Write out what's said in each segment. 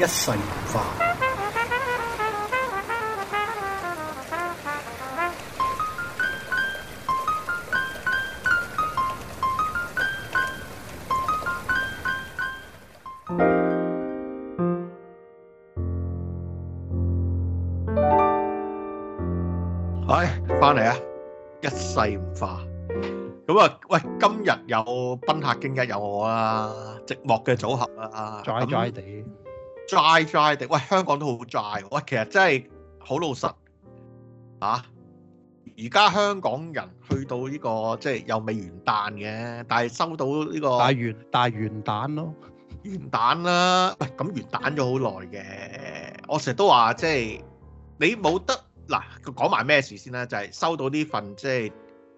一世唔化。哎，翻嚟啊！一世唔化咁啊。喂，今日有賓客經一有我啊，寂寞嘅組合啊，拽拽地。齋齋地喂，香港都好齋，喂，其實真係好老實啊！而家香港人去到呢、這個即係又未元旦嘅，但係收到呢、這個大元大元旦咯，完蛋啦！喂，咁完蛋咗好耐嘅，我成日都話即係你冇得嗱，講埋咩事先啦？就係、是、收到呢份即係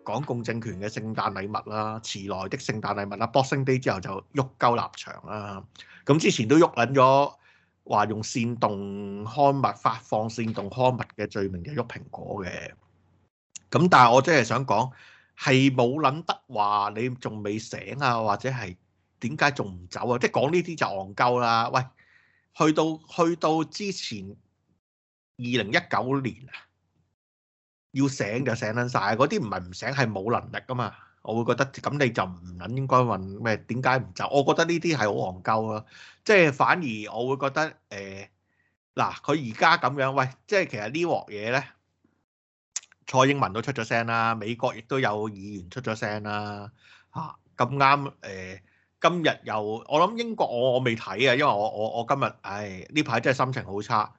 港共政權嘅聖誕禮物啦，遲來的聖誕禮物啦，Boxing Day 之後就喐鳩立場啦，咁之前都喐撚咗。話用煽動刊物發放煽動刊物嘅罪名就喐蘋果嘅，咁但係我真係想講係冇諗得話你仲未醒啊，或者係點解仲唔走啊？即係講呢啲就戇鳩啦。喂，去到去到之前二零一九年啊，要醒就醒撚晒，嗰啲唔係唔醒係冇能力啊嘛。我會覺得咁你就唔撚應該問咩？點解唔走？我覺得呢啲係好戇鳩啊，即係反而我會覺得誒嗱，佢而家咁樣喂，即係其實呢鑊嘢咧，蔡英文都出咗聲啦，美國亦都有議員出咗聲啦，嚇咁啱誒，今日又我諗英國我我未睇啊，因為我我我今日唉呢排真係心情好差，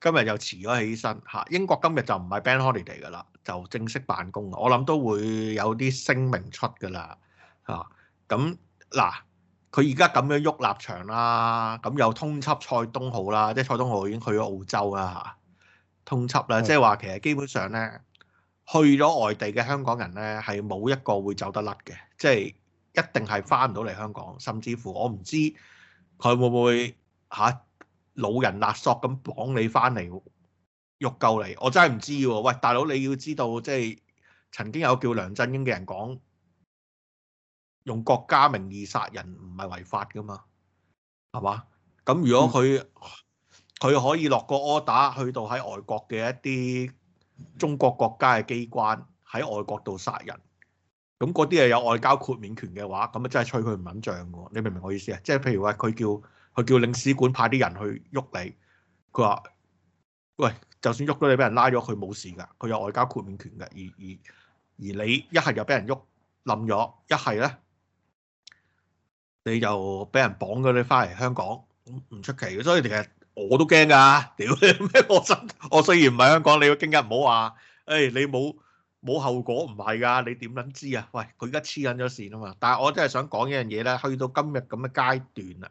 今日又遲咗起身嚇、啊，英國今日就唔係 bank holiday 噶啦。就正式辦公，我諗都會有啲聲明出㗎啦嚇。咁嗱，佢而家咁樣喐立場啦，咁又通緝蔡東浩啦，即係蔡東浩已經去咗澳洲啦，通緝啦，即係話其實基本上呢，去咗外地嘅香港人呢，係冇一個會走得甩嘅，即係一定係翻唔到嚟香港，甚至乎我唔知佢會唔會嚇、啊、老人勒索咁綁你翻嚟。喐夠嚟，我真係唔知喎、啊。喂，大佬，你要知道，即係曾經有叫梁振英嘅人講，用國家名義殺人唔係違法噶嘛，係嘛？咁如果佢佢可以落個 order 去到喺外國嘅一啲中國國家嘅機關喺外國度殺人，咁嗰啲係有外交豁免權嘅話，咁咪真係吹佢唔肯張嘅喎？你明唔明我意思啊？即係譬如話，佢叫佢叫領事館派啲人去喐你，佢話喂。就算喐咗你，俾人拉咗佢冇事噶，佢有外交豁免權嘅，而而而你一係就俾人喐冧咗，一係咧你就俾人綁咗你翻嚟香港，唔出奇嘅。所以其實我都驚噶，屌你咩我身，我雖然唔喺香港，你要驚一唔好話，誒你冇冇後果，唔係噶，你點撚知啊？喂，佢而家黐緊咗線啊嘛，但係我真係想講一樣嘢咧，去到今日咁嘅階段啦，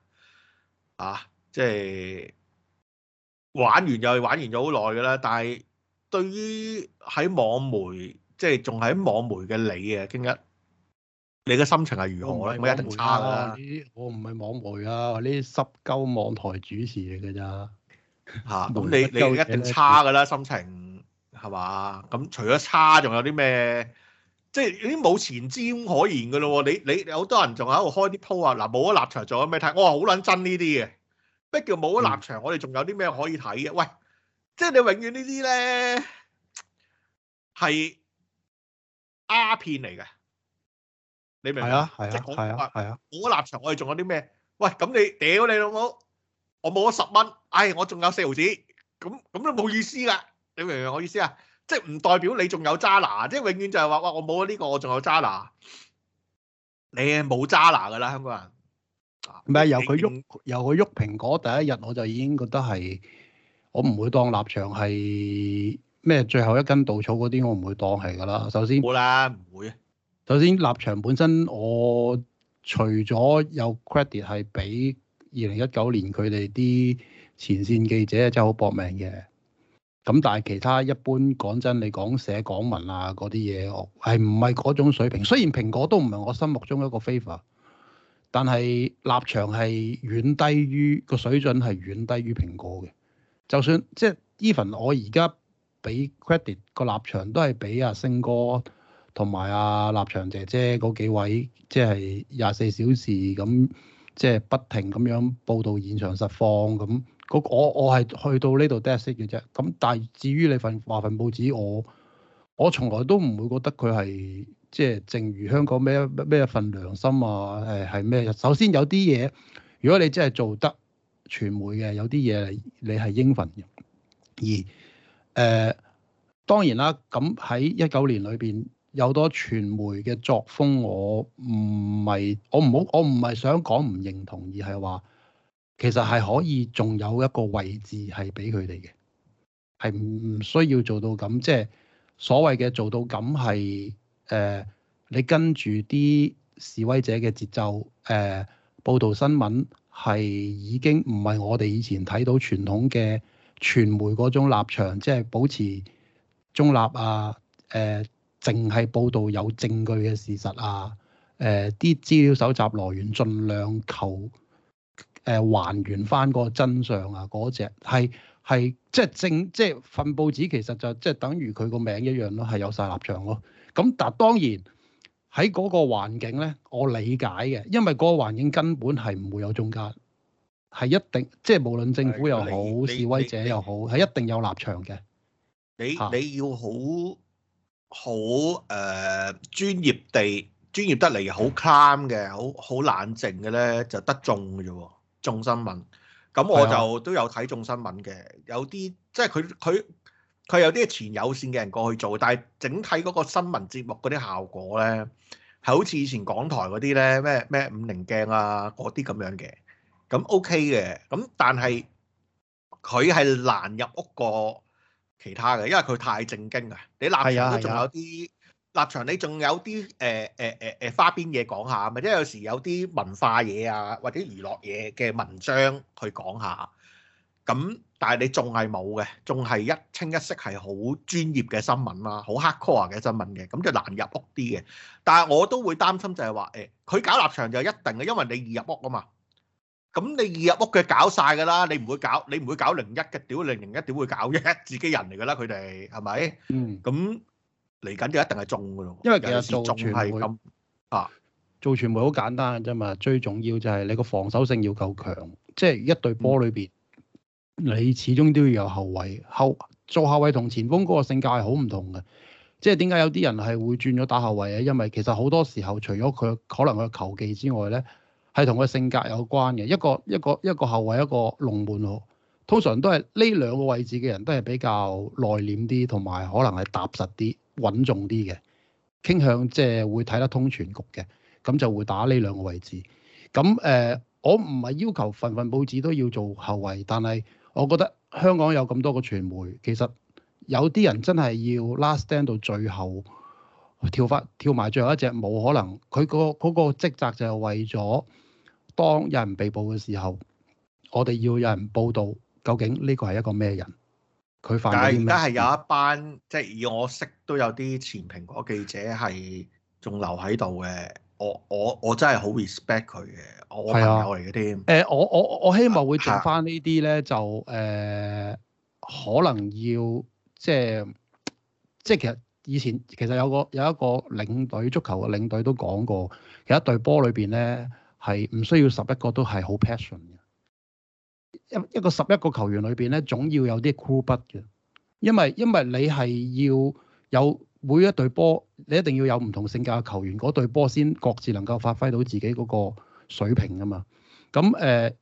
啊，即係。玩完又係玩完咗好耐㗎啦，但係對於喺網媒，即係仲喺網媒嘅你啊，經一，你嘅心情係如何咧？我一定差㗎啦！我唔係網媒啊，啊我呢、啊、濕鳩網台主持嚟㗎咋嚇？咁、啊、 你你一定差㗎啦， 心情係嘛？咁除咗差，仲有啲咩？即係已經冇前瞻可言㗎咯喎！你你有好多人仲喺度開啲鋪啊嗱，冇咗立場做，仲有咩睇？我話好撚憎呢啲嘅。咩叫冇咗立場？我哋仲有啲咩可以睇嘅？喂，即係你永遠呢啲咧係鴉片嚟嘅，你明唔明？係啊係啊係啊！冇咗立場，我哋仲有啲咩？喂，咁你屌你老母！我冇咗十蚊，唉，我仲有四毫子，咁咁都冇意思噶，你明唔明我意思啊？即係唔代表你仲有渣拿，即係永遠就係話哇，我冇咗呢個，我仲有渣拿。你係冇渣拿噶啦，香港人。唔係由佢喐，由佢喐蘋果第一日我就已經覺得係，我唔會當立場係咩最後一根稻草嗰啲，我唔會當係㗎喇。首先冇啦，唔會。首先立場本身，我除咗有 credit 係俾二零一九年佢哋啲前線記者真，真係好搏命嘅。咁但係其他一般講真，你講寫港文啊嗰啲嘢，我係唔係嗰種水平？雖然蘋果都唔係我心目中一個 favor。但係立場係遠低於個水準，係遠低於蘋果嘅。就算即係 even 我而家俾 credit 個立場都係俾阿星哥同埋阿立場姐姐嗰幾位，即係廿四小時咁即係不停咁樣報導現場實況咁。嗰，我我係去到呢度 dead seat 嘅啫。咁但係至於你份話份報紙，我我從來都唔會覺得佢係。即係正如香港咩咩一份良心啊，誒係咩？首先有啲嘢，如果你真係做得傳媒嘅，有啲嘢你係應份嘅。而誒、呃、當然啦，咁喺一九年裏邊有多傳媒嘅作風我，我唔係我唔好我唔係想講唔認同，而係話其實係可以仲有一個位置係俾佢哋嘅，係唔需要做到咁即係所謂嘅做到咁係。誒、呃，你跟住啲示威者嘅節奏，誒、呃，報道新聞係已經唔係我哋以前睇到傳統嘅傳媒嗰種立場，即係保持中立啊，誒、呃，淨係報道有證據嘅事實啊，誒、呃，啲資料搜集來源盡量求誒還原翻個真相啊，嗰隻係係即係正即係份報紙，其實就即係等於佢個名一樣咯，係有晒立場咯。咁但當然喺嗰個環境呢，我理解嘅，因為嗰個環境根本係唔會有中間，係一定即係無論政府又好，示威者又好，係你一定有立場嘅。你你要好好誒專業地專業得嚟好 calm 嘅，好好的冷靜嘅呢，就得眾嘅啫喎，眾新聞。咁我就的都有睇眾新聞嘅，有啲即係佢佢。佢有啲係前有線嘅人過去做，但係整體嗰個新聞節目嗰啲效果咧，係好似以前港台嗰啲咧咩咩五菱鏡啊嗰啲咁樣嘅，咁 OK 嘅，咁但係佢係難入屋過其他嘅，因為佢太正經啊。你立場都仲有啲、啊啊、立場你，你仲有啲誒誒誒誒花邊嘢講下咪嘛，即係有時有啲文化嘢啊或者娛樂嘢嘅文章去講下。咁，但係你仲係冇嘅，仲係一清一色係好專業嘅新聞啦，好 hard core 嘅新聞嘅，咁就難入屋啲嘅。但係我都會擔心就係話，誒，佢搞立場就係一定嘅，因為你易入屋啊嘛。咁你易入屋嘅搞曬㗎啦，你唔會搞，你唔會搞零一嘅，屌，零零一點會搞啫，自己人嚟㗎啦，佢哋係咪？嗯。咁嚟緊就一定係中㗎咯。因為有時仲係咁啊，做傳媒好簡單嘅啫嘛，最重要就係你個防守性要夠強，即係一隊波裏邊。你始終都要有後衛，後做後衛同前鋒嗰個性格係好唔同嘅，即係點解有啲人係會轉咗打後衛啊？因為其實好多時候除，除咗佢可能佢球技之外咧，係同佢性格有關嘅。一個一個一個後衛，一個龍門佬，通常都係呢兩個位置嘅人都係比較內斂啲，同埋可能係踏實啲、穩重啲嘅，傾向即係會睇得通全局嘅，咁就會打呢兩個位置。咁誒、呃，我唔係要求份份報紙都要做後衛，但係。我覺得香港有咁多個傳媒，其實有啲人真係要 last stand 到最後跳翻跳埋最後一隻，冇可能。佢、嗰個嗰、嗰個職責就係為咗當有人被捕嘅時候，我哋要有人報導究竟呢個係一個咩人。但係而家係有一班即係、即係、以我識都有啲前蘋果記者係仲留喺度嘅。我我我真係好 respect 佢嘅，我係啊，我朋友嚟嘅添。誒，我我我希望會做翻呢啲咧，就誒、呃、可能要即係即係其實以前其實有個有一個領隊足球嘅領隊都講過，有一隊波裏邊咧係唔需要十一個都係好 passion 嘅，一一個十一個球員裏邊咧總要有啲 cool 筆嘅，因為因為你係要有。每一隊波，你一定要有唔同性格嘅球員，嗰隊波先各自能夠發揮到自己嗰個水平啊嘛。咁誒、呃，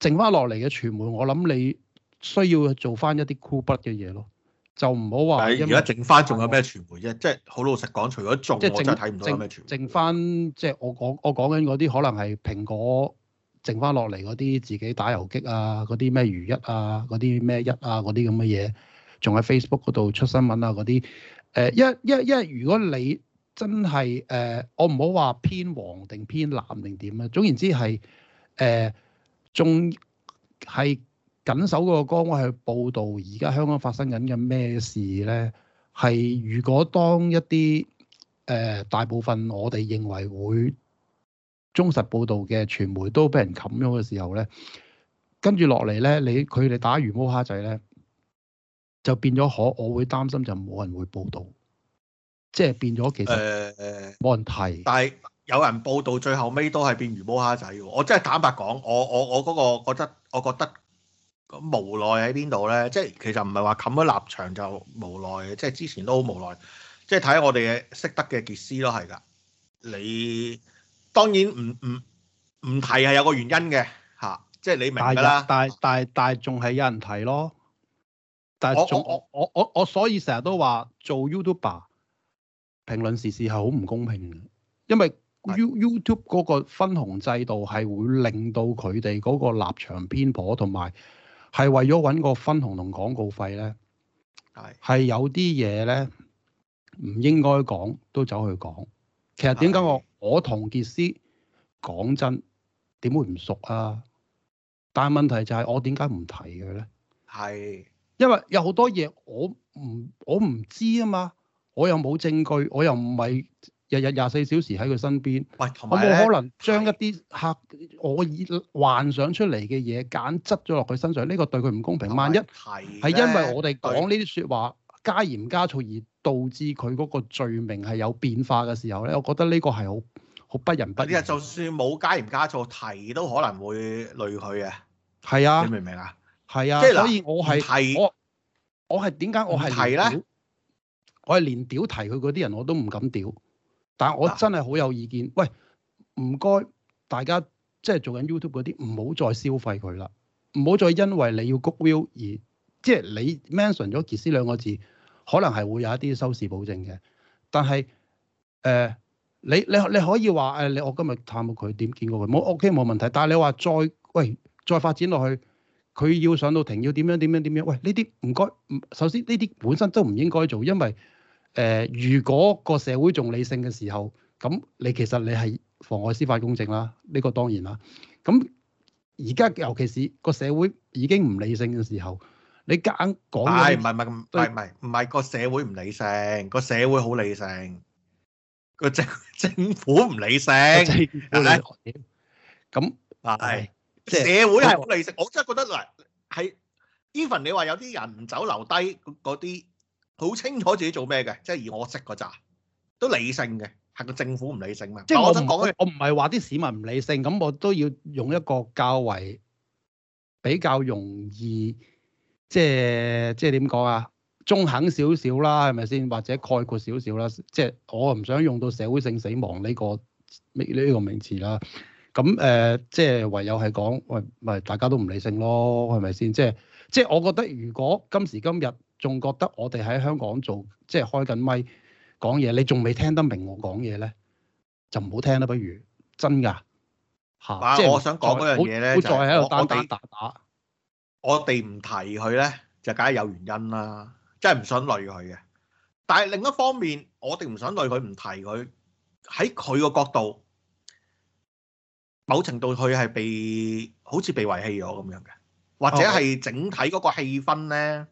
剩翻落嚟嘅傳媒，我諗你需要做翻一啲酷筆嘅嘢咯，就唔好話。而家剩翻仲有咩傳媒啫？即係好老實講，除咗作，即係睇唔到咩傳媒剩剩剩翻，即係我講我講緊嗰啲可能係蘋果剩翻落嚟嗰啲自己打遊擊啊，嗰啲咩如一啊，嗰啲咩一啊，嗰啲咁嘅嘢，仲喺 Facebook 嗰度出新聞啊嗰啲。因因因為，uh, yeah, yeah, 如果你真係誒，uh, 我唔好話偏黃定偏藍定點啊，總言之係誒，uh, 仲係緊守個崗位去報導而家香港發生緊嘅咩事咧？係如果當一啲誒、uh, 大部分我哋認為會忠實報導嘅傳媒都俾人冚咗嘅時候咧，跟住落嚟咧，你佢哋打魚毛蝦仔咧？就變咗可，我會擔心就冇人會報道，即係變咗其實冇人提、呃。但係有人報道，最後尾都係變魚毛蝦仔。我真係坦白講，我我我嗰個覺得，我覺得無奈喺邊度咧？即係其實唔係話冚咗立場就無奈，即係之前都好無奈。即係睇我哋嘅識得嘅傑斯咯，係㗎。你當然唔唔唔提係有個原因嘅嚇、啊，即係你明㗎啦。但但但仲係有人睇咯。但係我我我我所以成日都話做 YouTuber 評論時事係好唔公平嘅，因為 You 是的 YouTube 嗰個分紅制度係會令到佢哋嗰個立場偏頗，同埋係為咗揾個分紅同廣告費呢係係是的 有啲嘢呢唔應該講都走去講。其實點解我是的 我同傑斯講真點會唔熟啊？但係問題就係我點解唔提佢呢？係。因為有好多嘢我唔我唔知啊嘛，我又冇證據，我又唔係日日廿四小時喺佢身邊，有我冇可能將一啲客提我以幻想出嚟嘅嘢揀執咗落佢身上，呢個對佢唔公平。萬一係因為我哋講呢啲說話對加鹽加醋而導致佢嗰個罪名係有變化嘅時候咧，我覺得呢個係好好不仁不義。其實就算冇加鹽加醋，提都可能會累佢嘅。係啊，你明唔明啊？係啊，所以我係提我我係點解我係屌？我係連，連屌提佢嗰啲人我都唔敢屌，但係我真係好有意見。喂，唔該大家即係做緊 YouTube 嗰啲，唔好再消費佢啦，唔好再因為你要谷 view 而即係你 mention 咗傑斯兩個字，可能係會有一啲收視保證嘅。但係誒、呃，你你你可以話誒、呃，你我今日探過佢點，見過佢冇 OK，冇問題。但係你話再喂再發展落去。佢要上到庭，要點樣點樣點樣？喂，呢啲唔該，首先呢啲本身都唔應該做，因為誒，如果個社會仲理性嘅時候，咁你其實你係妨礙司法公正啦，呢個當然啦。咁而家尤其是個社會已經唔理性嘅時候，你夾硬講，唔係唔係唔係唔係，唔係個社會唔理性，個社會好理性，個政政府唔理性，咁係。就是、社會係好理性， 我真係覺得嗱，喺 Even 你話有啲人唔走留低嗰啲，好清楚自己做咩嘅，即係而我識嗰扎都理性嘅，係個政府唔理性嘛。即係我想講我唔係話啲市民唔理性，咁我都要用一個較為比較容易，即係即係點講啊？中肯少少啦，係咪先？或者概括少少啦，即係我唔想用到社會性死亡呢、呢個呢呢、呢個名詞啦。咁誒、嗯呃，即係唯有係講，喂，咪大家都唔理性咯，係咪先？即係即係，我覺得如果今時今日仲覺得我哋喺香港做，即係開緊咪講嘢，你仲未聽得明我講嘢咧，就唔好聽啦。不如真㗎嚇，啊、即係是 我想講嗰樣嘢咧、就是，就我哋唔提佢咧，就梗係有原因啦，即係唔想累佢嘅。但係另一方面，我哋唔想累佢，唔提佢喺佢個角度。某程度佢係被好似被遺棄咗咁樣嘅，或者係整體嗰個氣氛咧。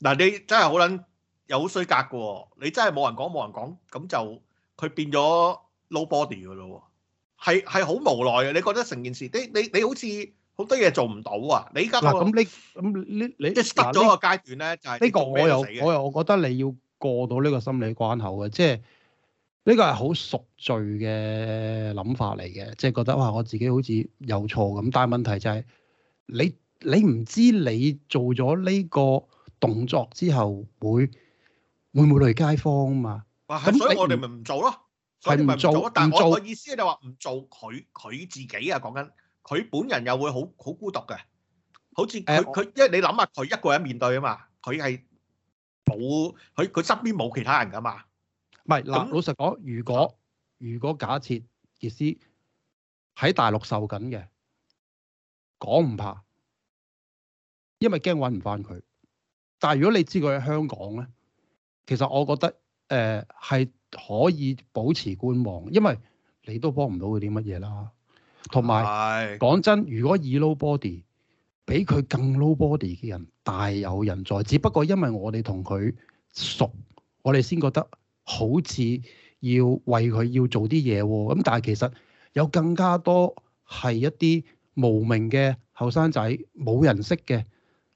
嗱，你真係好撚有衰格嘅喎！你真係冇人講冇人講，咁就佢變咗 nobody 嘅咯喎，係係好無奈嘅。你覺得成件事，你你你好似好多嘢做唔到啊！你而家嗱咁你咁你你嗱，即係失咗個階段咧，就係呢個我又我又我覺得你要過到呢個心理關口嘅，即係。呢個係好贖罪嘅諗法嚟嘅，即係覺得哇，我自己好似有錯咁。但係問題就係你你唔知你做咗呢個動作之後會會唔會累街坊啊嘛？咁所以我哋咪唔做咯，係唔做，唔做。但係我嘅意思就話唔做佢佢自己啊，講緊佢本人又會好好孤獨嘅，好似佢佢因為你諗下佢一個人面對啊嘛，佢係冇佢佢側邊冇其他人㗎嘛。唔係嗱，老實講，如果如果假設傑斯喺大陸受緊嘅，講唔怕，因為驚揾唔翻佢。但係如果你知佢喺香港咧，其實我覺得誒係、呃、可以保持觀望，因為你都幫唔到佢啲乜嘢啦。同埋係講真，如果二 nobody 比佢更 nobody 嘅人大有人在，只不過因為我哋同佢熟，我哋先覺得。好似要為佢要做啲嘢喎，咁但係其實有更加多係一啲無名嘅後生仔，冇人識嘅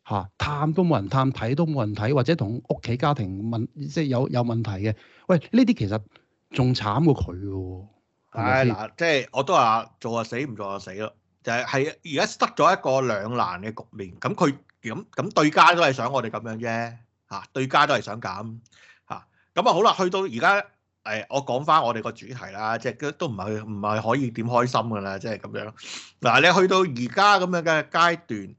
嚇，探都冇人探，睇都冇人睇，或者同屋企家庭問，即係有有問題嘅。喂，呢啲其實仲慘過佢嘅喎。係嗱，即係我都話做啊死唔做啊死咯，就係係而家得咗一個兩難嘅局面。咁佢，咁咁對家都係想我哋咁樣啫，嚇、啊、對家都係想咁。咁啊好啦，去到而家，誒、哎、我講翻我哋個主題啦，即係都唔係唔係可以點開心噶啦，即係咁樣。嗱你去到而家咁樣嘅階段，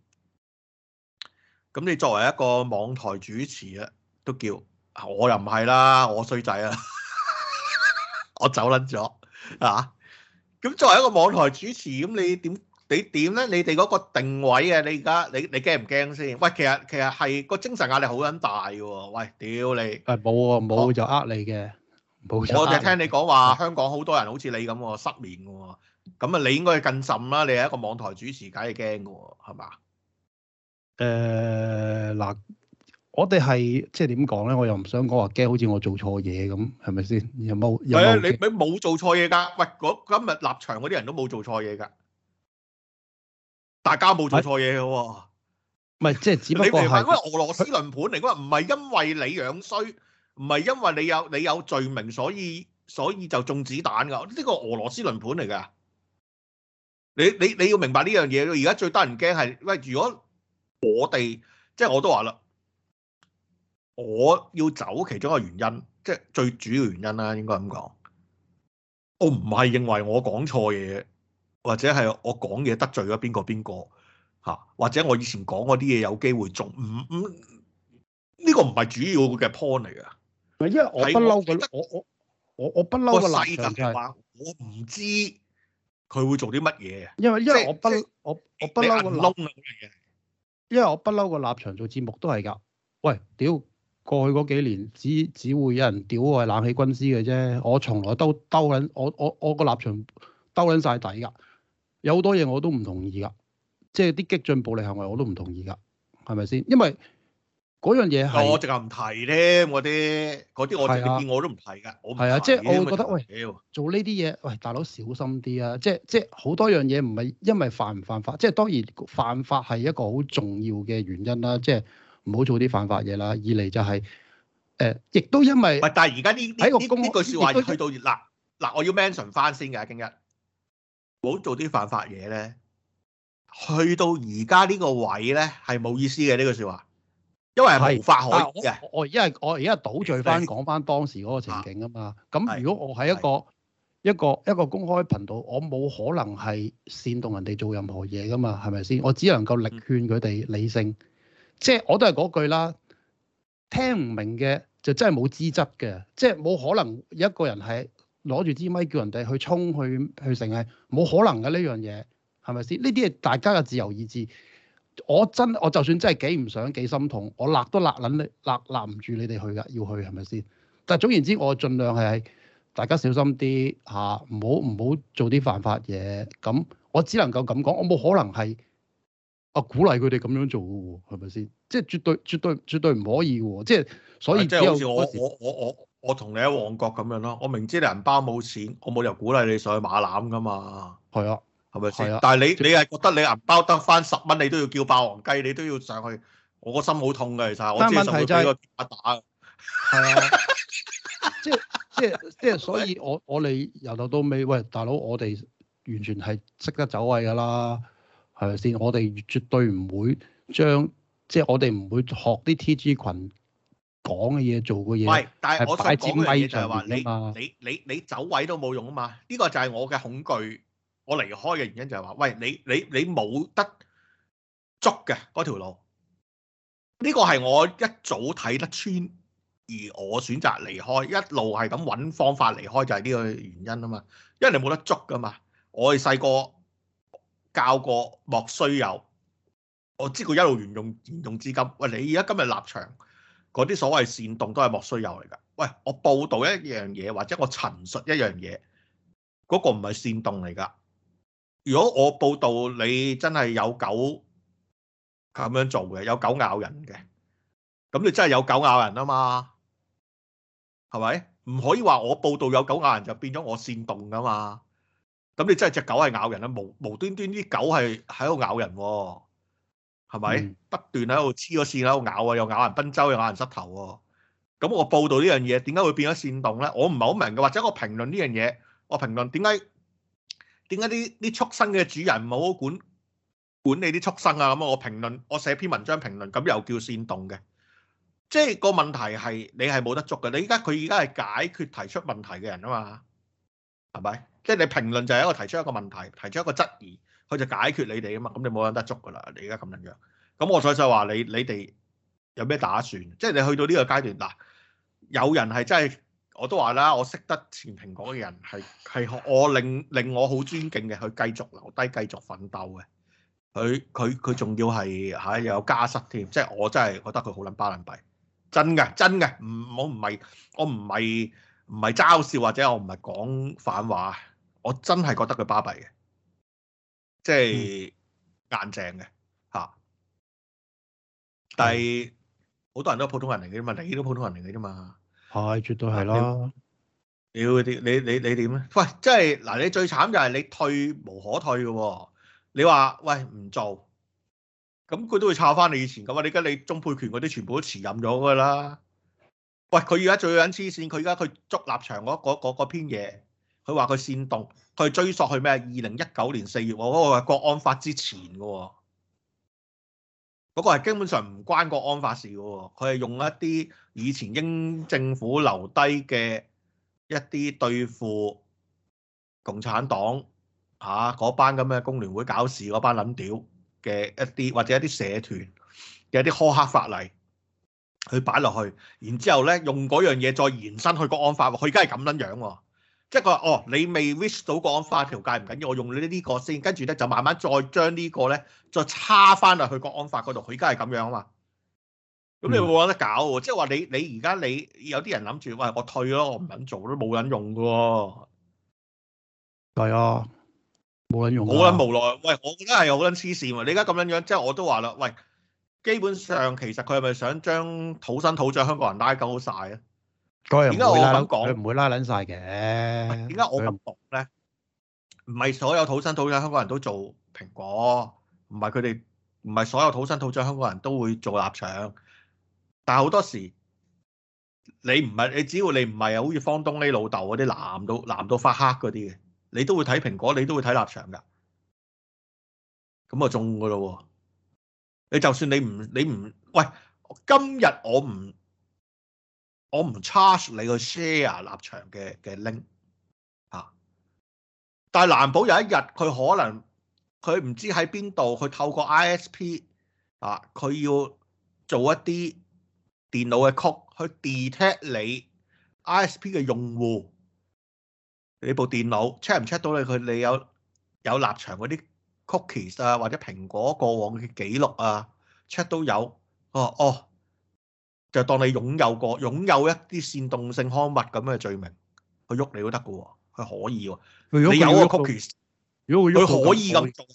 咁你作為一個網台主持啊，都叫我又唔係啦，我衰仔啊， 我走撚咗啊！咁作為一個網台主持，咁你點？你點咧？你哋嗰個定位啊！你而家你你驚唔驚先？喂，其實其實係個精神壓力好撚大嘅喎。喂，屌你！誒冇喎，冇就呃你嘅，冇就。我就聽你講話，香港好多人好似你咁喎，失眠嘅喎。咁啊，你應該係更甚啦。你係一個網台主持，梗係驚嘅喎，係嘛？誒嗱，我哋係即係點講咧？我又唔想講話驚，好似我做錯嘢咁，係咪先？有冇？有啊，你你冇做錯嘢㗎。喂，嗰今日立場嗰啲人都冇做錯嘢㗎。大家冇做錯嘢㗎喎，唔係即係只不過係你唔係嗰個俄羅斯輪盤嚟，嗰個唔係因為你樣衰，唔係因為你有你有罪名，所以所以就中子彈㗎，呢個俄羅斯輪盤嚟㗎。你你你要明白呢樣嘢咯。而家最得人驚係，喂，如果我哋即係我都話啦，我要走其中一個原因，即係最主要原因啦，應該咁講。我唔係認為我講錯嘢。或者係我講嘢得罪咗邊個邊個嚇？或者我以前講嗰啲嘢有機會中，唔唔呢個唔係主要嘅 point 嚟噶。唔係因為我不嬲個我我我我不嬲個立場我唔知佢會做啲乜嘢啊。因為因為我不嬲我我，我，我，我，我，我不嬲個立，就是，因為，因，為因為我不嬲個立場做節目都係噶。喂屌，過去嗰幾年只只會有人屌我係冷氣軍師嘅啫。我從來都兜緊我我我個立場兜緊晒底㗎。有好多嘢我都唔同意噶，即係啲激進暴力行為我都唔同意噶，係咪先？因為嗰樣嘢係我淨係唔提咧，我啲嗰啲我淨係見我都唔提噶，我係啊，即係我會覺得喂，做呢啲嘢，喂大佬小心啲啊！即係即係好多樣嘢唔係因為犯唔犯法，即係當然犯法係一個好重要嘅原因啦，即係唔好做啲犯法嘢啦。二嚟就係誒，亦都因為喂，但係而家呢喺呢呢句說話去到熱辣，嗱，我要 mention 翻先噶，今日。冇做啲犯法嘢咧，去到而家呢個位咧係冇意思嘅呢個說話，因為係冇法可言嘅。我而家我而家倒敘翻講翻當時嗰個情景啊嘛。咁的如果我喺一個的一個一個公開頻道，我冇可能係煽動人哋做任何嘢噶嘛，係咪先？我只能夠力勸佢哋理性，嗯、即係我都係嗰句啦。聽唔明嘅就真係冇資質嘅，即係冇可能一個人係。攞住支咪叫人哋去衝去去成係冇可能嘅呢樣嘢，係咪先？呢啲係大家嘅自由意志。我真，我就算真係幾唔想、幾心痛，我勒都勒撚你勒勒唔住你哋去㗎，要去係咪先？但總言之，我盡量係大家小心啲吓，唔好唔好做啲犯法嘢。咁我只能夠咁講，我冇可能係啊鼓勵佢哋咁樣做㗎喎，係咪先？即係絕對、絕對、絕對唔可以喎。即係所以只有我我我我。我同你喺旺角咁樣咯，我明知你銀包冇錢，我冇理由鼓勵你上去馬攬噶嘛。係啊，係咪先？啊、但係你就你係覺得你銀包得翻十蚊，你都要叫霸王雞，你都要上去。我個心好痛嘅，其實。但係問題就係、是、打打。係啊，即係即係即係，所以我我哋由頭到尾，喂大佬，我哋完全係識得走位噶啦，係咪先？我哋絕對唔會將即係、就是、我哋唔會學啲 TG 群。講嘅嘢，做嘅嘢，唔係，但係我想講嘅嘢就係話你你你你走位都冇用啊嘛。呢個就係我嘅恐懼，我離開嘅原因就係話，喂，你你你冇得捉嘅嗰條路，呢個係我一早睇得穿，而我選擇離開，一路係咁揾方法離開就係呢個原因啊嘛。因為你冇得捉噶嘛。我哋細個教過莫須有，我知佢一路沿用沿用至今。喂，你而家今日立場？嗰啲所謂煽動都係莫須有嚟㗎。喂，我報道一樣嘢或者我陳述一樣嘢，嗰個唔係煽動嚟㗎。如果我報道你真係有狗咁樣做嘅，有狗咬人嘅，咁你真係有狗咬人啊嘛？係咪？唔可以話我報道有狗咬人就變咗我煽動㗎嘛？咁你真係隻狗係咬人啊？無無端端啲狗係喺度咬人喎。係咪不斷喺度黐個線喺度咬啊？又咬人賓周，又咬人膝頭喎。咁我報道呢樣嘢，點解會變咗煽動咧？我唔係好明嘅，或者我評論呢樣嘢，我評論點解點解啲啲畜生嘅主人唔係好管管理啲畜生啊？咁我評論，我寫篇文章評論，咁又叫煽動嘅。即係個問題係你係冇得捉嘅。你依家佢依家係解決提出問題嘅人啊嘛，係咪？即係你評論就係一個提出一個問題，提出一個質疑。佢就解決你哋啊嘛，咁你冇撚得捉噶啦！你而家咁樣樣，咁我所以就話你，你哋有咩打算？即係你去到呢個階段，嗱，有人係真係，我都話啦，我識得前蘋果嘅人係係我令令我好尊敬嘅，去繼續留低，繼續奮鬥嘅。佢佢佢仲要係嚇、啊、有家室添，即係我真係覺得佢好撚巴撚閉，真嘅真嘅，唔我唔係我唔係唔係嘲笑或者我唔係講反話，我真係覺得佢巴閉嘅。即係硬淨嘅，吓！但係好多人都係普通人嚟嘅啫嘛，你都普通人嚟嘅啫嘛，係、嗯、絕對係啦。你會點？你你你點咧？喂，即係嗱，你最慘就係你退無可退嘅、哦。你話喂唔做，咁佢都會炒返你以前噶嘛？你而家你鍾沛權嗰啲全部都辭任咗噶啦。喂，佢而家最緊黐線，佢而家佢捉立場嗰篇嘢。佢話佢煽動，佢追溯去咩？二零一九年四月，嗰個係國安法之前嘅，嗰個係根本上唔關國安法事嘅。佢係用一啲以前英政府留低嘅一啲對付共產黨嚇嗰班咁嘅工聯會搞事嗰班撚屌嘅一啲，或者一啲社團嘅一啲苛刻法例去擺落去，然之後咧用嗰樣嘢再延伸去國安法。佢而家係咁樣樣喎。即係佢話哦，你未 reach 到國安法條界唔緊要，我用你、呢個、呢個先，跟住咧就慢慢再將個呢個咧再差翻落去國安法嗰度，佢而家係咁樣嘛？咁你會冇得搞喎！即係話你你而家你有啲人諗住喂，我退咯，我唔肯做都冇人用嘅喎。係啊，冇、啊、人用。冇、啊、人無奈，喂！我覺得係好撚黐線喎！你而家咁樣樣，即、就、係、是、我都話啦，喂！基本上其實佢係咪想將土生土長香港人拉鳩晒啊？點解我咁講？佢唔會拉捻晒嘅。點解我咁搏咧？唔係所有土生土長香港人都做蘋果，唔係佢哋唔係所有土生土長香港人都會做立場。但係好多時，你唔係你，只要你唔係啊，好似方東呢老豆嗰啲藍到藍到發黑嗰啲嘅，你都會睇蘋果，你都會睇立場噶。咁啊，中噶咯。你就算你唔你唔喂，今日我唔。我唔 charge 你去 share 立場嘅嘅 link 嚇、啊，但係難保有一日佢可能佢唔知喺邊度，去透過 ISP 啊，佢要做一啲電腦嘅 code 去 detect 你 ISP 嘅用戶，你部電腦 check 唔 check 到你？佢你有有立場嗰啲 cookies 啊，或者蘋果過往嘅記錄啊，check 都有哦、啊、哦。就當你擁有過擁有一啲煽動性刊物咁嘅罪名，佢喐你都得嘅喎，佢可以喎、哦。以如果你有個 cookie，如果佢喐，佢可以咁做。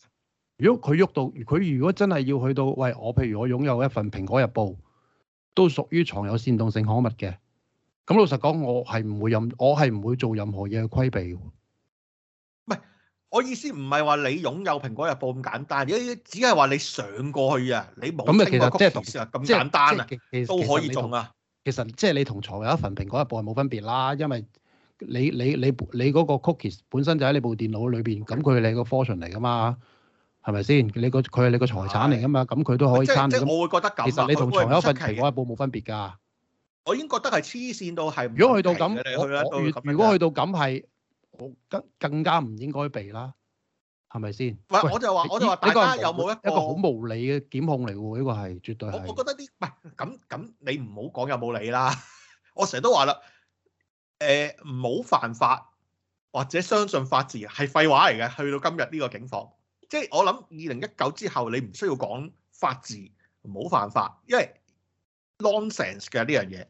如果佢喐到，佢如果真係要去到，喂，我譬如我擁有一份《蘋果日報》，都屬於藏有煽動性刊物嘅。咁老實講，我係唔會任，我係唔會做任何嘢去規避。我意思唔係話你擁有蘋果日報咁簡單，只係話你上過去啊，你冇蘋果 cookies 咁簡單啊，都可以中啊。其實即係你同藏有一份蘋果日報係冇分別啦，因為你你你你嗰個 cookies 本身就喺你部電腦裏邊，咁佢係你個 fortune 嚟㗎嘛，係咪先？你個佢係你個財產嚟㗎嘛，咁佢的都可以攤。即，是即我會覺得咁其實你同藏有一份蘋果日報冇分別㗎。我已經覺得係黐線到係。如果去到咁，如如果去到咁係。更更加唔應該避啦，係咪先？喂，我就話，我就話，就大家有冇一個一個好無理嘅檢控嚟㗎？呢個係絕對係。我覺得呢唔咁咁，你唔好講有冇理啦。 我成日都話啦，誒唔好犯法或者相信法治係廢話嚟嘅。去到今日呢個警況，即係我諗二零一九之後，你唔需要講法治唔好犯法，因為 nonsense 嘅呢樣嘢。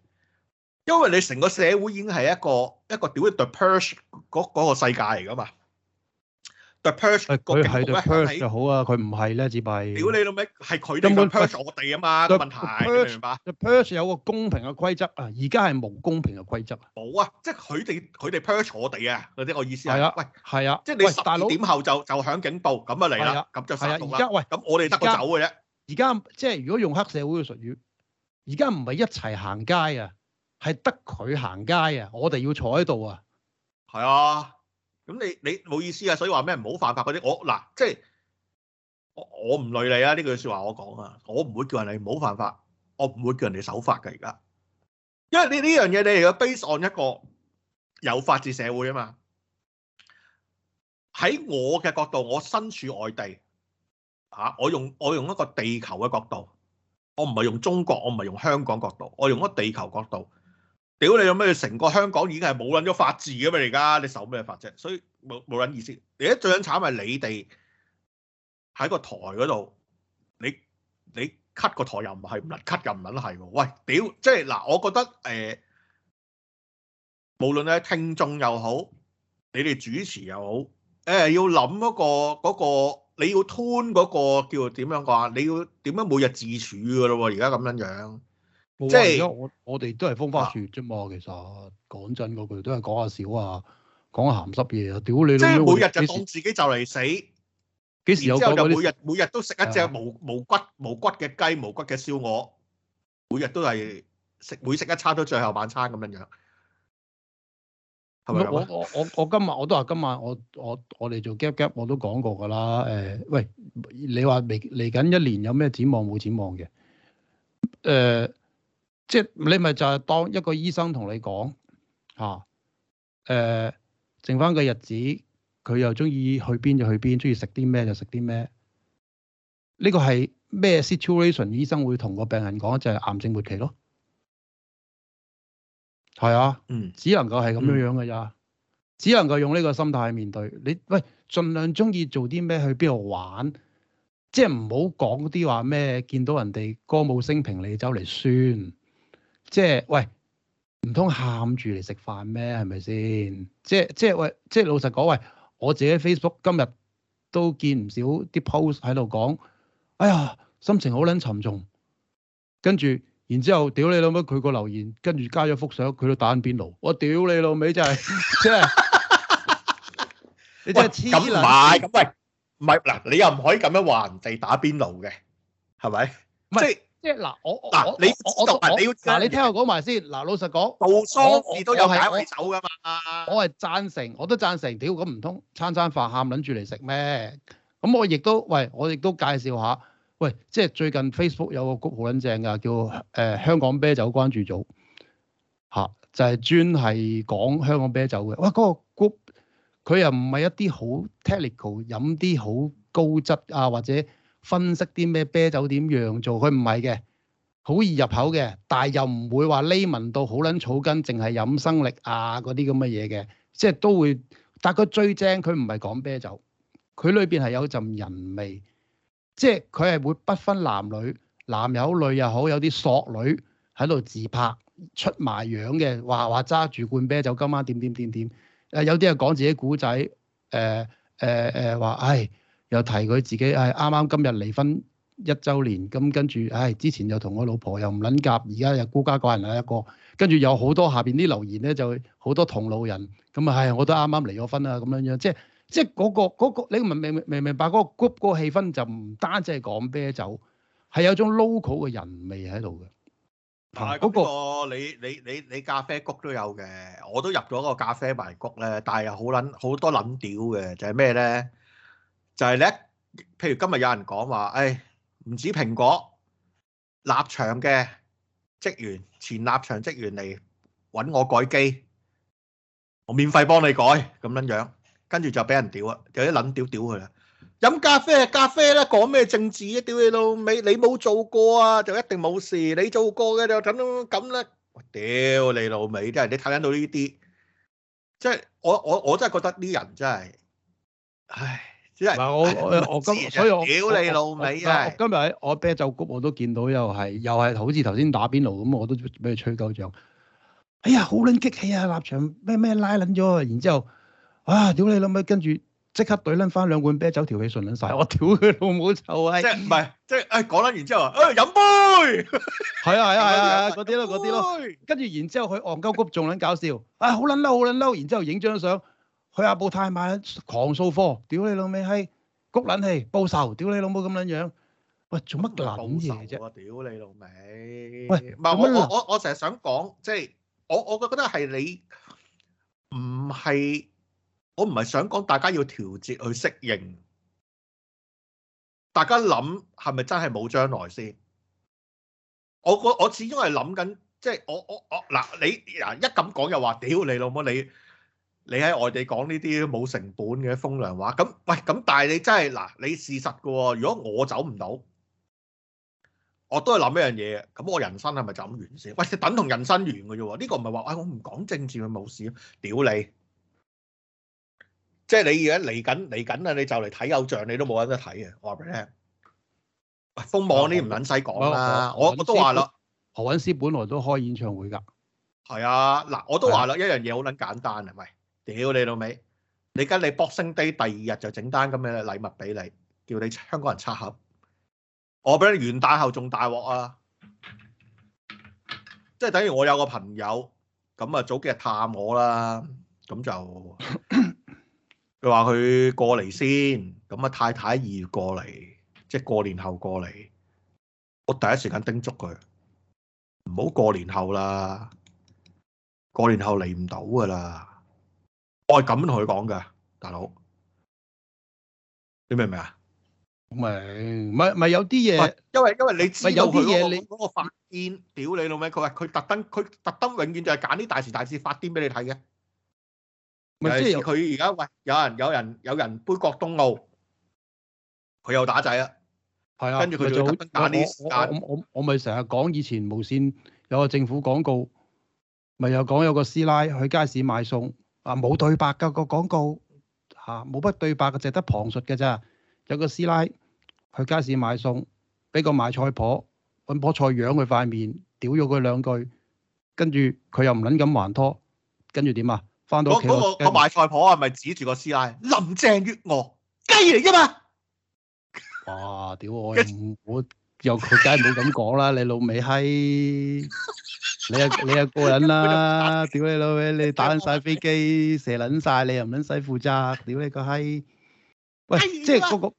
因為你成個社會已經係一個一個屌嘅 The Pers 嗰嗰個世界嚟噶嘛？The Pers 佢係 The Pers 就好啊，佢唔係咧，只咪屌你老味，係佢哋。根本 pers 我哋啊嘛，個問題明白？The Pers 有個公平嘅規則啊，而家係冇公平嘅規則。冇啊，即係佢哋佢哋 pers 我哋啊！嗰啲我意思係啊，喂，係啊，即係你十二點後就就響警報咁啊嚟啦，咁就殺毒啦。而家喂，咁我哋得個走嘅啫。而家即係如果用黑社會嘅術語，而家唔係一齊行街啊！係得佢行街啊！我哋要坐喺度啊！係啊！咁你你冇意思啊！所以話咩唔好犯法嗰啲，我嗱即係我我唔累你啊！呢句說話我講啊！我唔會叫人哋唔好犯法，我唔會叫人哋守法噶。而家因為呢呢樣嘢，你如要 base on 一個有法治社會啊嘛，喺我嘅角度，我身處外地吓、啊，我用我用一個地球嘅角度，我唔係用中國，我唔係用香港角度，我用一個地球角度。屌你有咩？成個香港已經係冇撚咗法治噶嘛？而家你守咩法啫？所以冇冇撚意思。而家最撚慘係你哋喺個台嗰度，你你 cut 個台又唔係唔撚 cut 又唔撚係喎。喂，屌！即係嗱，我覺得誒、呃，無論係聽眾又好，你哋主持又好，誒、呃、要諗嗰、嗰個、嗰個、你要吞 u、嗰、嗰個叫點樣講啊？你要點樣每日自處噶咯？而家咁樣樣。即係我我哋都係風花雪啫嘛。其實講真嗰句，都係講下笑啊，講下鹹濕嘢啊。屌你！即係每日就當自己就嚟死幾時有？之後就每日每日都食一隻冇冇骨冇骨嘅雞，冇骨嘅燒鵝，每日都係食每食一餐都最後晚餐咁樣樣係咪啊？我我我我今日我都話，今日我我我哋做 gap gap 我都講過㗎啦。誒，喂，你話嚟嚟緊一年有咩展望冇展望嘅？誒。即係你咪就係當一個醫生同你講吓，誒、啊呃，剩翻嘅日子，佢又中意去邊就去邊，中意食啲咩就食啲咩。呢個係咩 situation？醫生會同個病人講就係、是、癌症末期咯，係啊，嗯，只能夠係咁樣樣嘅咋，嗯、只能夠用呢個心態去面對。你喂，盡量中意做啲咩，去邊度玩，即係唔好講啲話咩，見到人哋歌舞升平，你走嚟酸。即係喂，唔通喊住嚟食飯咩？係咪先？即係即係喂，即係老實講喂，我自己 Facebook 今日都見唔少啲 post 喺度講，哎呀，心情好撚沉重。跟住，然之後，屌你老母佢個留言，跟住加咗幅相，佢都打緊邊爐。我屌你老味，真係，即係， 你真係痴咁埋。喂，唔係，咁咪唔係嗱？你又唔可以咁樣話人哋打邊爐嘅，係咪？唔係，即係。嗱、啊、我嗱你我都嗱你要嗱你聽我講埋先。嗱老實講，多數，我都有解圍酒㗎嘛。我係贊成，我都贊成。屌咁唔通餐餐飯喊撚住嚟食咩？咁我亦都喂，我亦都介紹下。喂，即係最近 Facebook 有個 group 好撚正㗎，叫誒香港啤酒關注組。嚇、啊，就係、是、專係講香港啤酒嘅。哇，嗰、那個 group 佢又唔係一啲好 technical，飲啲好高質啊或者。分析啲咩啤酒點樣做？佢唔係嘅，好易入口嘅，但係又唔會話匿聞到好撚草根，淨係飲生力啊嗰啲咁嘅嘢嘅，即係都會。但係佢最正，佢唔係講啤酒，佢裏邊係有陣人味，即係佢係會不分男女，男又好女又好，有啲索女喺度自拍出埋樣嘅，話話揸住罐啤酒今晚點點點點。誒有啲係講自己古仔，誒誒誒話，唉。又提佢自己，唉、哎，啱啱今日離婚一週年，咁跟住，唉、哎，之前又同我老婆又唔撚夾，而家又孤家寡人啊一個，跟住有好多下邊啲留言咧，就好多同路人，咁啊，唉，我都啱啱離咗婚啦，咁樣樣，即係即係、那、嗰個、那個、你明明明唔明白嗰、那個 group 個氣氛就唔單止係講啤酒，係有種 local 嘅人味喺度嘅。但係是嗰、嗯那個、那個那個、你你你你咖啡谷都有嘅，我都入咗個咖啡埋谷咧，但係又好撚好多撚屌嘅，就係咩咧？就係咧，譬如今日有人講話，誒唔止蘋果立場嘅職員、前立場職員嚟揾我改機，我免費幫你改咁樣樣，跟住就俾人屌啊！有啲撚屌屌佢啦，飲咖啡係咖啡啦，講咩政治啊？屌你老味，你冇做過啊，就一定冇事。你做過嘅就咁咁啦。我屌你老味，真係你睇緊到呢啲，即係我我我真係覺得呢啲人真係，唉～我我今，啊啊、所以我屌你老味！真今日喺我啤酒谷我都見到又係又係好似頭先打邊爐咁，我都俾佢吹鳩脹。哎呀，好撚激氣啊！立場咩咩拉撚咗，然之後啊，屌你老母，跟住即刻隊撚返兩罐啤酒，條氣順撚晒。我屌佢老母臭閪！即係唔係？即係誒講撚，然之後誒飲杯。係啊係啊係啊，嗰啲咯嗰啲咯。跟住然之後去戇鳩谷仲撚搞笑，啊好撚嬲好撚嬲，然之後影張相。佢阿布泰買狂掃貨，屌你老味，係谷撚氣報仇，屌你老母咁撚樣，喂做乜撚嘢啫？我屌你老味！喂，唔係我我我我成日想講，即係我我覺覺得係你唔係，我唔係想講大家要調節去適應，大家諗係咪真係冇將來先？我我我始終係諗緊，即係我我我嗱你嗱一咁講又話屌你老母你。你喺外地講呢啲冇成本嘅風涼話，咁喂咁，但係你真係嗱，你事實㗎喎。如果我走唔到，我都係諗一樣嘢，咁我人生係咪就咁完先？喂，你等同人生完㗎啫。呢、這個唔係話，唉、哎，我唔講政治咪冇事，屌你！即係你而家嚟緊嚟緊啦，你就嚟睇偶像，你都冇得睇嘅我話畀你聽？封網啲唔撚使講啦。我、哎、我，我，我，我都話啦，何韻詩本來都開演唱會㗎。係啊，嗱，我都話啦，一樣嘢好撚簡單係咪？是屌你老味！你跟你 Boxing Day，第二日就整單咁嘅禮物俾你，叫你香港人拆盒。我俾你元旦後仲大鑊啊！即係等於我有個朋友咁啊，早幾日探我啦，咁就佢話佢過嚟先，咁啊太太二月過嚟，即係過年後過嚟。我第一時間叮囑佢唔好過年後啦，過年後嚟唔到噶啦。我係咁同佢講嘅，大佬，你明唔明啊？明，唔係，唔係有啲嘢，因為因為你知、那個、有啲嘢，我你嗰個發癲，屌你老味！佢話佢特登，佢特登，永遠就係揀啲大事大事發癲俾你睇嘅。咪即係佢而家，喂，有人有人有人杯葛冬奧，佢又打仔啦，係啊，跟住佢就特登揀啲。我我我咪成日講以前無線有個政府廣告，咪又講有個師奶去街市買餸。啊，冇對白噶，這個廣告嚇，冇、啊、乜對白嘅，淨得旁述嘅咋？有個師奶去街市買餸，俾個賣菜婆揾棵菜養佢塊面，屌咗佢兩句，跟住佢又唔撚敢還拖，跟住點啊？翻到屋企，個賣菜婆係咪指住個師奶？林鄭月娥雞嚟㗎嘛！哇！屌我！又佢梗係冇咁講啦，你老味閪～你又你又過癮啦！屌你老味，你打緊晒飛機，射卵晒，你又唔卵使負責，屌你個閪！喂，即係嗰個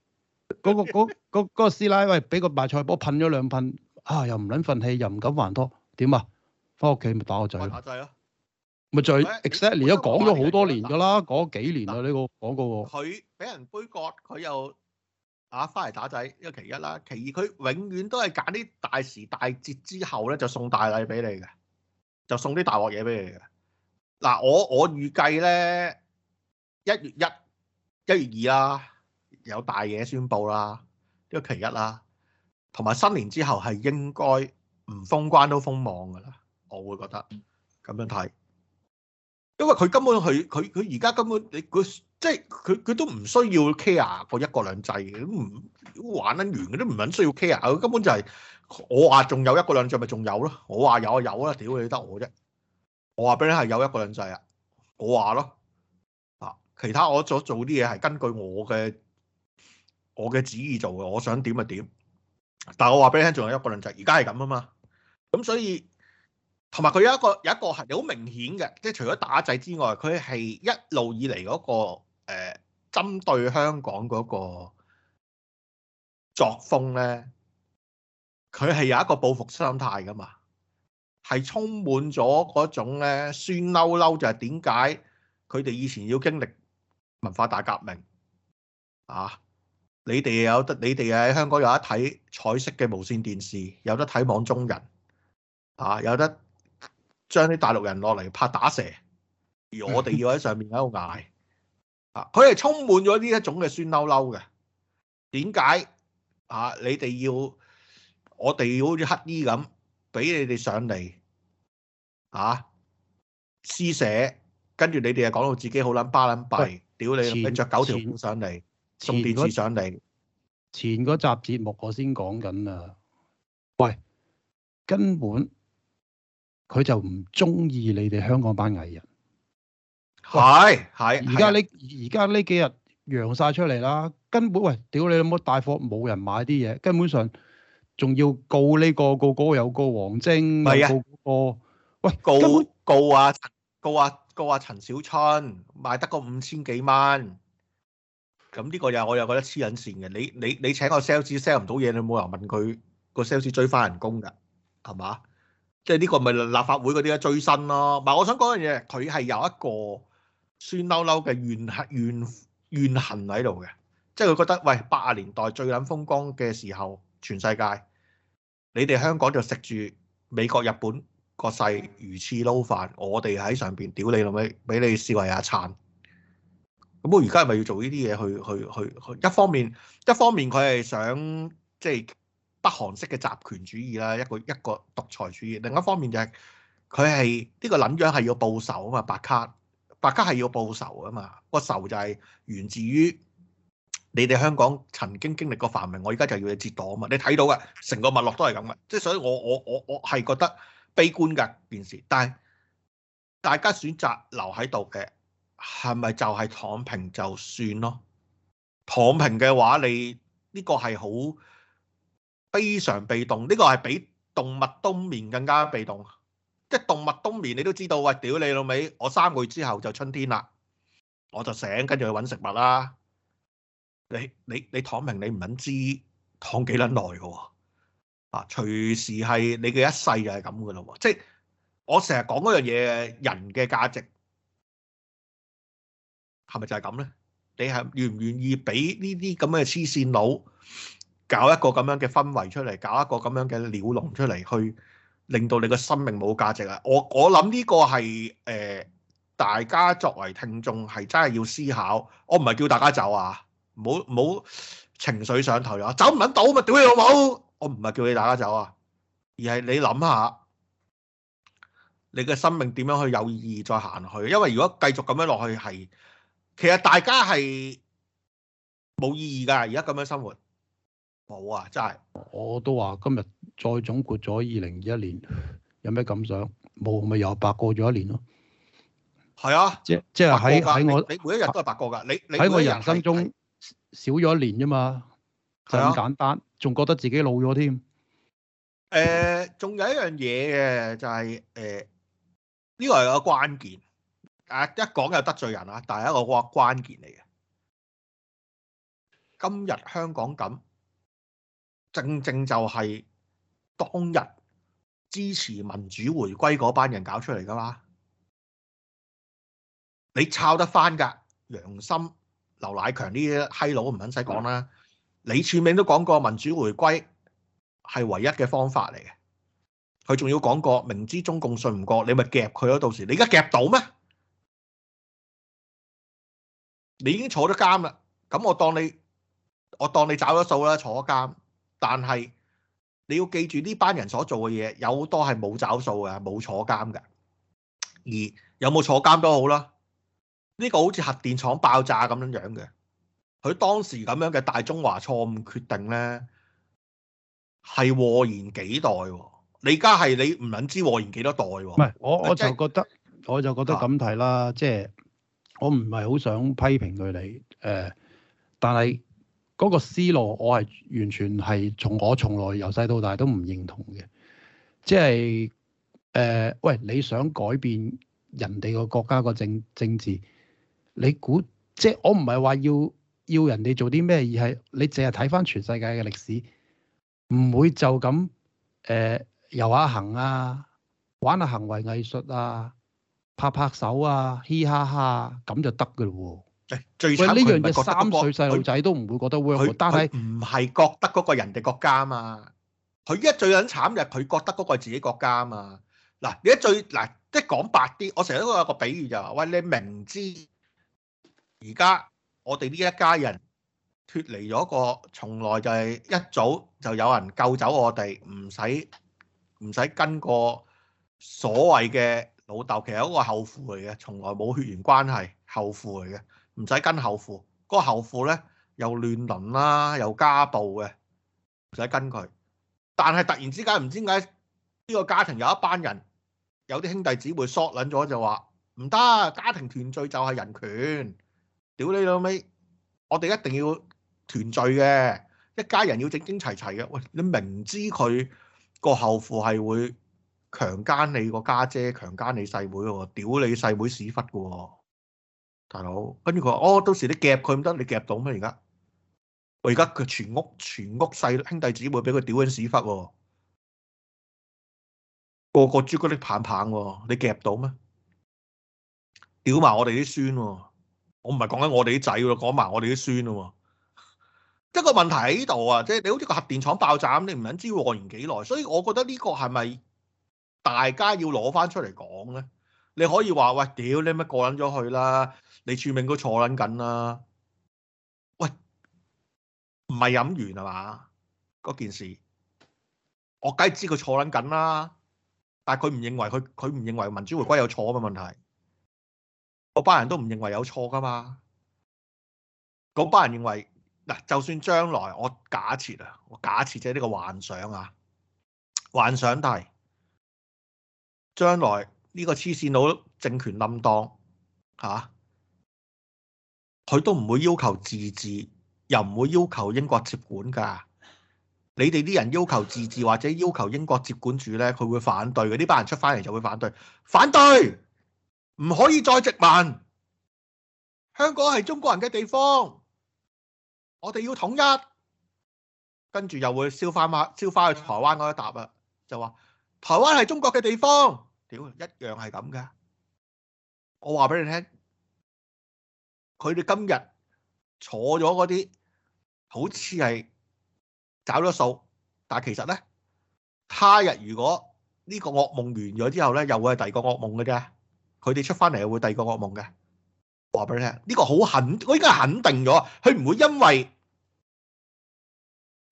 嗰個嗰嗰嗰個師奶，喂，俾個白菜波噴咗兩噴，啊，又唔卵憤氣，又唔敢還拖，點啊？翻屋企咪打我仔咯！打仔咯，咪就係 exactly 都講咗好多年噶啦，講咗幾年啦呢個廣告。佢俾人杯葛，佢又打翻嚟打仔，呢個其一啦。其二，佢永遠都係揀啲大時大節之後咧，就送大禮俾你嘅。就送啲大鑊嘢俾你嘅，嗱、啊、我我預計咧一月一、一月二啦、啊，有大嘢宣佈啦，呢、這個其一啦，同埋新年之後係應該唔封關都封網㗎喇，我會覺得咁樣睇，因為佢根本佢佢佢而家根本你佢即係佢佢都唔需要 care 個一國兩制嘅，唔玩得完，佢都唔肯需要 care，佢根本就係、是。我話仲有一個兩制咪仲有咯，我話有啊有啦，屌你得我啫，我話俾你係有一個兩制啊，我話咯，啊其他我所做啲嘢係根據我嘅我嘅旨意做嘅，我想點就點。但係我話俾你聽，仲有一個兩制，而家係咁啊嘛，咁所以同埋佢有一個有一個係好明顯嘅，即係除咗打制之外，佢係一路以嚟嗰、嗰個誒、呃、針對香港嗰個作風咧。佢係有一個報復心態噶嘛，係充滿咗嗰種咧酸溜溜，就係點解佢哋以前要經歷文化大革命啊？你哋有得，你哋喺香港有得睇彩色嘅無綫電視，有得睇網中人啊，有得將啲大陸人落嚟拍打蛇，而我哋要喺上面喺度嗌啊！佢係充滿咗呢一種嘅酸溜溜嘅，點解啊？你哋要？我哋好似乞衣咁俾你哋上嚟啊！施捨，跟住你哋又講到自己好撚巴，巴，巴，撚閉前，屌你！你着九條褲上嚟，前送電視上嚟。前嗰集節目我先講緊啊。喂，根本佢就唔中意你哋香港班藝人，係係而家呢？而家呢幾日揚晒出嚟啦，根本喂，屌你老母！大貨冇人買啲嘢，根本上。仲要告呢個告嗰個，有個王晶，咪告個喂告告啊陳告啊告啊陳小春，賣得個五千幾蚊，咁呢個又我又覺得黐撚線嘅。你你你請個 sales sell 唔到嘢，你冇人問佢個 sales 追翻人工㗎，係嘛？即係呢個咪立法會嗰啲追薪咯。唔係，我想講嘅嘢，佢係有一個酸溜溜嘅怨恨怨怨恨喺度嘅，即係佢覺得喂八十年代最撚風光嘅時候，全世界。你哋香港就食住美國、日本個細魚翅撈飯，我哋喺上邊屌你老味，俾你視為一餐。咁我而家係咪要做呢啲嘢去去去去？一方面，一方面佢係想即係、就是、北韓式嘅集權主義啦，一個一個獨裁主義。另一方面就係佢係呢個諗樣係要報仇啊嘛，白卡白卡係要報仇啊嘛，個仇就係源自於。你哋香港曾經經歷過繁榮，我而家就要你折墮啊嘛！你睇到嘅成個脈絡都係咁嘅，即係所以我，我我我我係覺得悲觀嘅件事。但係大家選擇留喺度嘅，係咪就係躺平就算咯？躺平嘅話，你呢個係好非常被動，呢個係比動物冬眠更加被動。即係動物冬眠，你都知道，喂，屌你老味，我三個月之後就春天啦，我就醒，跟住去揾食物啦。你你你躺平，你唔肯知躺幾捻耐嘅喎，啊，隨時係你嘅一世就係咁嘅咯。即係我成日講嗰樣嘢，人嘅價值係咪就係咁咧？你係願唔願意俾呢啲咁嘅黐線佬搞一個咁樣嘅氛圍出嚟，搞一個咁樣嘅鳥籠出嚟，去令到你個生命冇價值啊？我我諗呢個係誒、呃，大家作為聽眾係真係要思考，我唔係叫大家走啊。唔好唔好情緒上頭又走唔揾到嘛，屌你老母！我唔係叫你大家走啊，而係你諗下，你嘅生命點樣去有意義再行去？因為如果繼續咁樣落去係，其實大家係冇意義㗎。而家咁樣生活冇啊，真係。我都話今日再總括咗二零二一年有咩感想？冇咪又白過咗一年咯。係啊，即即係喺喺我你，你每一日都係白過㗎。你你喺我人生中。少咗一年啫嘛，係咁簡單，仲是的 覺得自己老咗添、呃。誒，仲有一樣嘢嘅就係、是、誒，呢個係個關鍵，誒一講就得罪人啦，但係一個關關鍵嚟嘅。今日香港咁，正正就係當日支持民主回歸嗰班人搞出嚟噶嘛，你抄得翻噶，良心。劉乃強呢啲閪佬唔肯使講啦，李柱銘都講過民主回歸係唯一嘅方法嚟嘅，佢仲要講過明知中共信唔過，你咪夾佢咯，到時你而家夾到咩？你已經坐咗監啦，咁我當你我當你找咗數啦，坐咗監，但係你要記住呢班人所做嘅嘢有好多係冇找數嘅，冇坐監嘅，而有冇坐監都好啦。呢個好似核電廠爆炸咁樣樣嘅，佢當時咁樣嘅大中華錯誤決定咧，係禍延幾代喎、哦？你而家係你唔諗知禍延幾多代喎、哦？唔係，我、即係、我就覺得，我就覺得咁睇啦，即係、啊即係、我唔係好想批評佢哋誒，但係嗰個思路我係完全係從我從來由細到大都唔認同嘅。即係誒喂，你想改變人哋個國家個政政治？你估即係我唔係話要要人哋做啲咩，而係你淨係睇翻全世界嘅歷史，唔會就咁誒、呃、遊下、啊、行啊，玩下、啊、行為藝術啊，拍拍手啊，嘻哈哈咁就、啊、得嘅咯喎。誒，最慘呢樣嘢三歲細路仔都唔會覺得會但係唔係覺得嗰個人哋國家啊嘛，佢一最撚慘就係佢覺得嗰個係自己國家啊嘛。嗱，你最一最嗱即係講白啲，我成日都有個比喻就話，喂，你明知。而家我哋呢一家人脫離咗個，從來就係一早就有人救走我哋，唔使唔使跟個所謂嘅老豆，其實一個後父嚟嘅，從來冇血緣關係，後父嚟嘅，唔使跟後父。個後父呢又亂倫啦，又家暴嘅，唔使跟佢。但係突然之間唔知點解呢個家庭有一班人，有啲兄弟姊妹索捻咗就話唔得，家庭團聚就係人權。屌你老味，我哋一定要團聚嘅，一家人要整整齊齊嘅。喂，你明知佢個後父係會強姦你個家姐，強姦你細妹喎，屌你細妹屎忽嘅喎，大佬。跟住佢話：哦，到時你夾佢唔得，你夾到咩？而家我而家個全屋全屋細兄弟姊妹俾佢屌緊屎忽喎，個個朱古力棒棒喎，你夾到咩？屌埋我哋啲孫喎！我唔係講緊我哋啲仔喎，講埋我哋啲孫咯喎，一個問題喺度啊！即係你好似個核電廠爆炸咁，你唔忍知過完幾耐，所以我覺得呢個係咪大家要攞翻出嚟講咧？你可以話喂，屌你乜過撚咗去啦，李柱銘都坐撚緊啦，喂唔係飲完係嘛？嗰件事我梗係知佢坐撚緊啦，但係佢唔認為佢，佢唔認為民主回歸有錯嘅問題。嗰班人都唔認為有錯㗎嘛？嗰班人認為嗱，就算將來我假設啊，我假設即係呢個幻想啊，幻想大將來呢個黐線佬政權冧檔吓，佢、啊、都唔會要求自治，又唔會要求英國接管㗎。你哋啲人要求自治或者要求英國接管主呢，佢會反對嘅。呢班人出翻嚟就會反對，反對。唔可以再殖民，香港係中國人嘅地方，我哋要統一，跟住又會燒翻埋，燒翻去台灣嗰一笪啊！就話台灣係中國嘅地方，屌，一樣係咁嘅。我話俾你聽，佢哋今日坐咗嗰啲，好似係找咗數，但係其實咧，他日如果呢個噩夢完咗之後咧，又會係第二個噩夢嘅啫。佢哋出翻嚟又會第二個噩夢嘅，話俾你聽，呢個好肯定，我應該肯定咗，佢唔會因為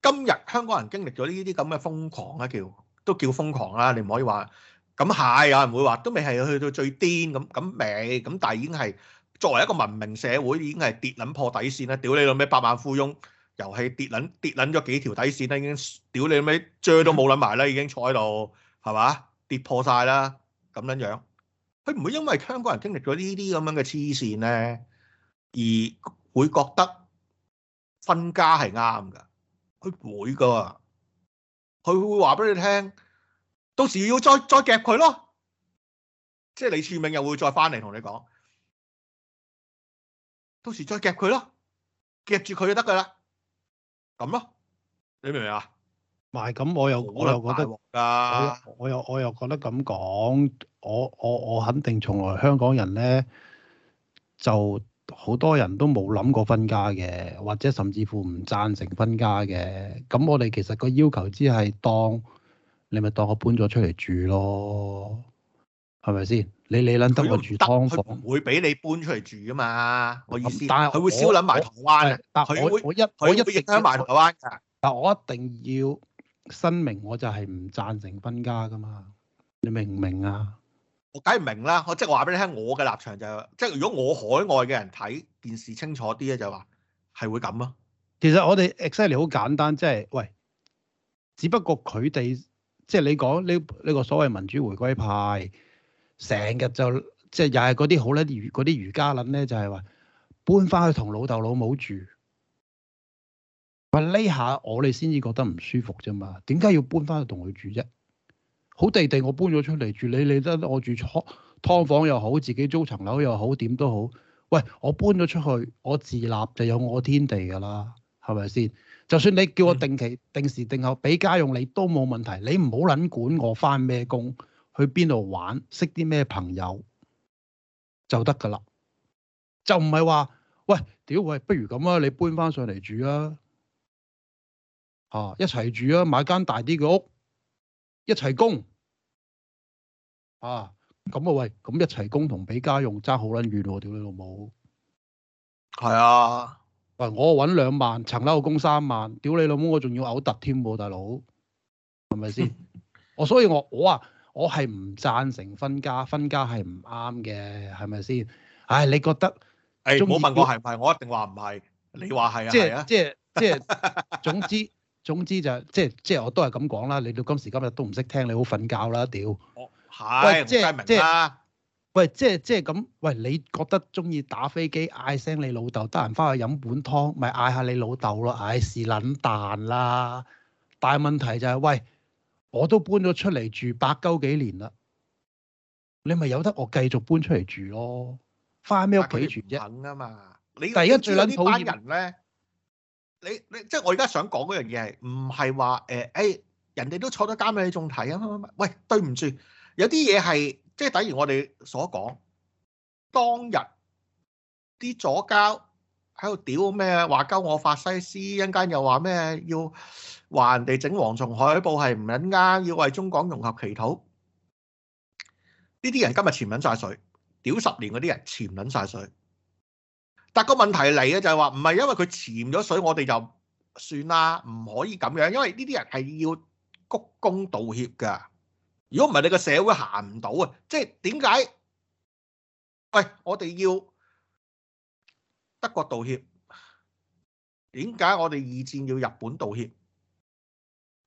今日香港人經歷咗呢啲咁嘅瘋狂啊，叫都叫瘋狂啦，你唔可以話咁係有人會話，都未係去到最癲咁咁未，咁但係已經係作為一個文明社會，已經係跌撚破底線啦，屌你老味，百萬富翁遊戲跌撚跌撚咗幾條底線啦，已經屌你老味，追都冇撚埋啦，已經坐喺度係嘛，跌破曬啦，咁樣樣。佢唔會因為香港人經歷咗呢啲咁樣嘅黐線咧，而會覺得分家係啱嘅。佢唔會噶，佢會話俾你聽，到時要再再夾佢咯。即係李柱銘又會再翻嚟同你講，到時再夾佢咯，夾住佢就得噶啦，咁咯，你明唔明啊？咪咁，嗯、我又我又覺得，我，我又我又覺得咁講，我我我肯定從來香港人咧，就好多人都冇諗過分家嘅，或者甚至乎唔贊成分家嘅。咁我哋其實個要求只係當，你咪當我搬咗出嚟住咯，係咪先？你你諗得，得我住劏房，唔會俾你搬出嚟住噶嘛？我意思，但係我佢會少諗埋台灣，但係我我一我一定都諗埋台灣，但我一定要。新明我就係唔贊成分家噶嘛，你明唔明啊？我梗係唔明啦，我即係話俾你聽，我嘅立場就係、即係如果我海外嘅人睇件事清楚啲咧、啊，就話係會咁咯。其實我哋 exactly 好簡單，即、就、係、係、喂，只不過佢哋即係你講呢呢個所謂民主回歸派，成日就即係又係嗰啲好叻啲嗰啲儒家諗咧，就係、係、話搬翻去同老豆老母住。喂，呢下我哋先至覺得唔舒服啫嘛？點解要搬翻去同佢住啫？好地地我搬咗出嚟住，你你得我住倉劏房又好，自己租層樓又好，點都好。喂，我搬咗出去，我自立就有我天地噶啦，係咪先？就算你叫我定期，定時，定候俾家用，你都冇問題。你唔好捻管我翻咩工，去邊度玩，識啲咩朋友就得噶啦。就唔係話喂屌喂，不如咁啊，你搬翻上嚟住啊！啊！一齊住啊，買間大啲嘅屋，一齊供啊！咁啊，啊喂，咁一齊供同俾家用爭好撚遠喎！屌你老母！係啊，喂，我搵兩萬，層樓我供三萬，屌你老母，我仲要嘔突添喎，大佬係咪先？我 所以我，我我啊，我係唔贊成分家，分家係唔啱嘅，係咪先？唉、哎，你覺得？唉、哎，唔好歡問我係唔係，我一定話唔係。你話係啊，啊？即係即係即係，總之。 總之就係、即係即係我都係咁講啦，你到今時今日都唔識聽，你好瞓覺啦，屌！我係即係即係，喂即係即係咁，喂你覺得中意打飛機嗌聲你老豆得閒翻去飲碗湯，咪嗌下你老豆咯，唉是撚蛋啦！但係問題就係、是，喂我都搬咗出嚟住八九幾年啦，你咪由得我繼續搬出嚟住咯？翻咩屋企住啫等吖嘛？你但而家最撚討厭咧。你你即係我而、欸、家想講嗰樣嘢係唔係話，誒誒人哋都坐咗監，你仲睇啊？喂，對唔住，有啲嘢係即係等於我哋所講，當日啲左膠，喺度屌咩話鳩我法西斯，一陣間又話咩要話人哋整蝗蟲海報係唔撚啱，要為中港融合祈禱，呢啲人今日潛撚晒水，屌十年嗰啲人潛撚晒水。但個問題嚟嘅就係話，唔係因為佢潛咗水，我哋就算啦，唔可以咁樣，因為呢啲人係要鞠躬道歉嘅。如果唔係，你個社會行唔到啊！即係點解？喂，我哋要德國道歉，點解我哋二戰要日本道歉？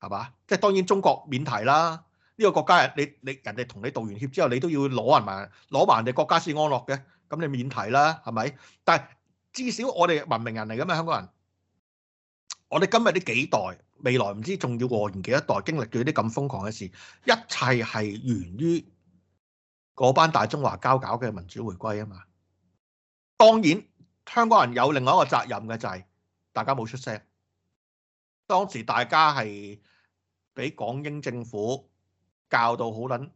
係嘛？即係當然中國免提啦。呢個國家你你人哋同你道完歉之後，你都要攞人埋攞埋人哋國家先安樂嘅，咁你免提啦，係咪？但係。至少我哋文明人嚟噶嘛，香港人。我哋今日呢幾代，未來唔知仲要過完幾多代，經歷咗啲咁瘋狂嘅事，一切係源於嗰班大中華交搞嘅民主回歸啊嘛。當然，香港人有另外一個責任嘅就係、是、大家冇出聲。當時大家係俾港英政府教到好撚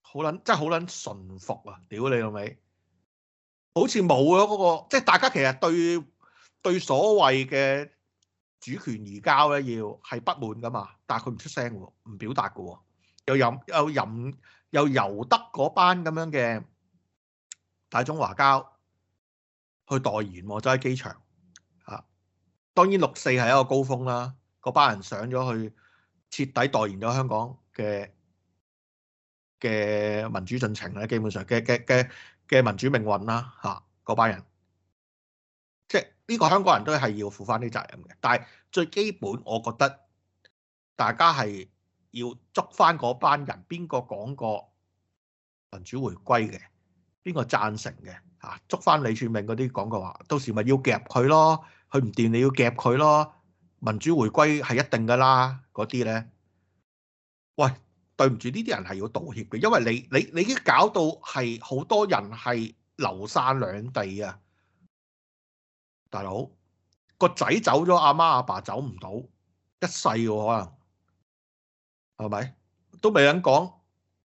好撚，真係好撚順服啊！屌你老味。好似冇咗嗰個，即係大家其實對對所謂嘅主權移交咧，要係不滿噶嘛？但係佢唔出聲，唔表達噶，又任又任又由得嗰班咁樣嘅大中華膠去代言，即係機場吓、啊。當然六四係一個高峰啦，嗰班人上咗去徹底代言咗香港嘅嘅民主進程咧，基本上嘅嘅嘅。嘅民主命運啦、啊，嚇嗰班人，即係呢個香港人都係要負翻啲責任嘅。但係最基本，我覺得大家係要捉翻嗰班人，邊個講過民主回歸嘅，邊個贊成嘅吓，捉翻李柱銘嗰啲講過話，到時咪要夾佢咯，佢唔掂你要夾佢咯，民主回歸係一定噶啦，嗰啲咧喂。對唔住，呢啲人係要道歉嘅，因為你你你已經搞到係好多人係流散兩地啊！大佬個仔走咗，阿媽阿爸走唔到一世喎，可能係咪？都未敢講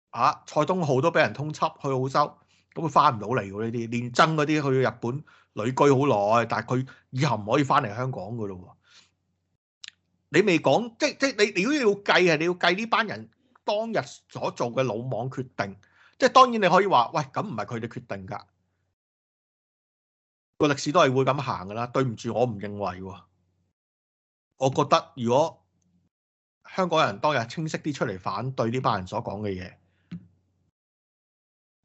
啊！蔡東豪都俾人通緝去澳洲，咁佢翻唔到嚟喎。呢啲連真嗰啲去日本旅居好耐，但係佢以後唔可以翻嚟香港噶咯喎！你未講，即即你你如果要計係，你要計呢班人。當日所做嘅魯莽決定，即係當然你可以話：喂，咁唔係佢哋決定㗎，個歷史都係會咁行㗎啦。對唔住，我唔認為喎。我覺得如果香港人當日清晰啲出嚟反對呢班人所講嘅嘢，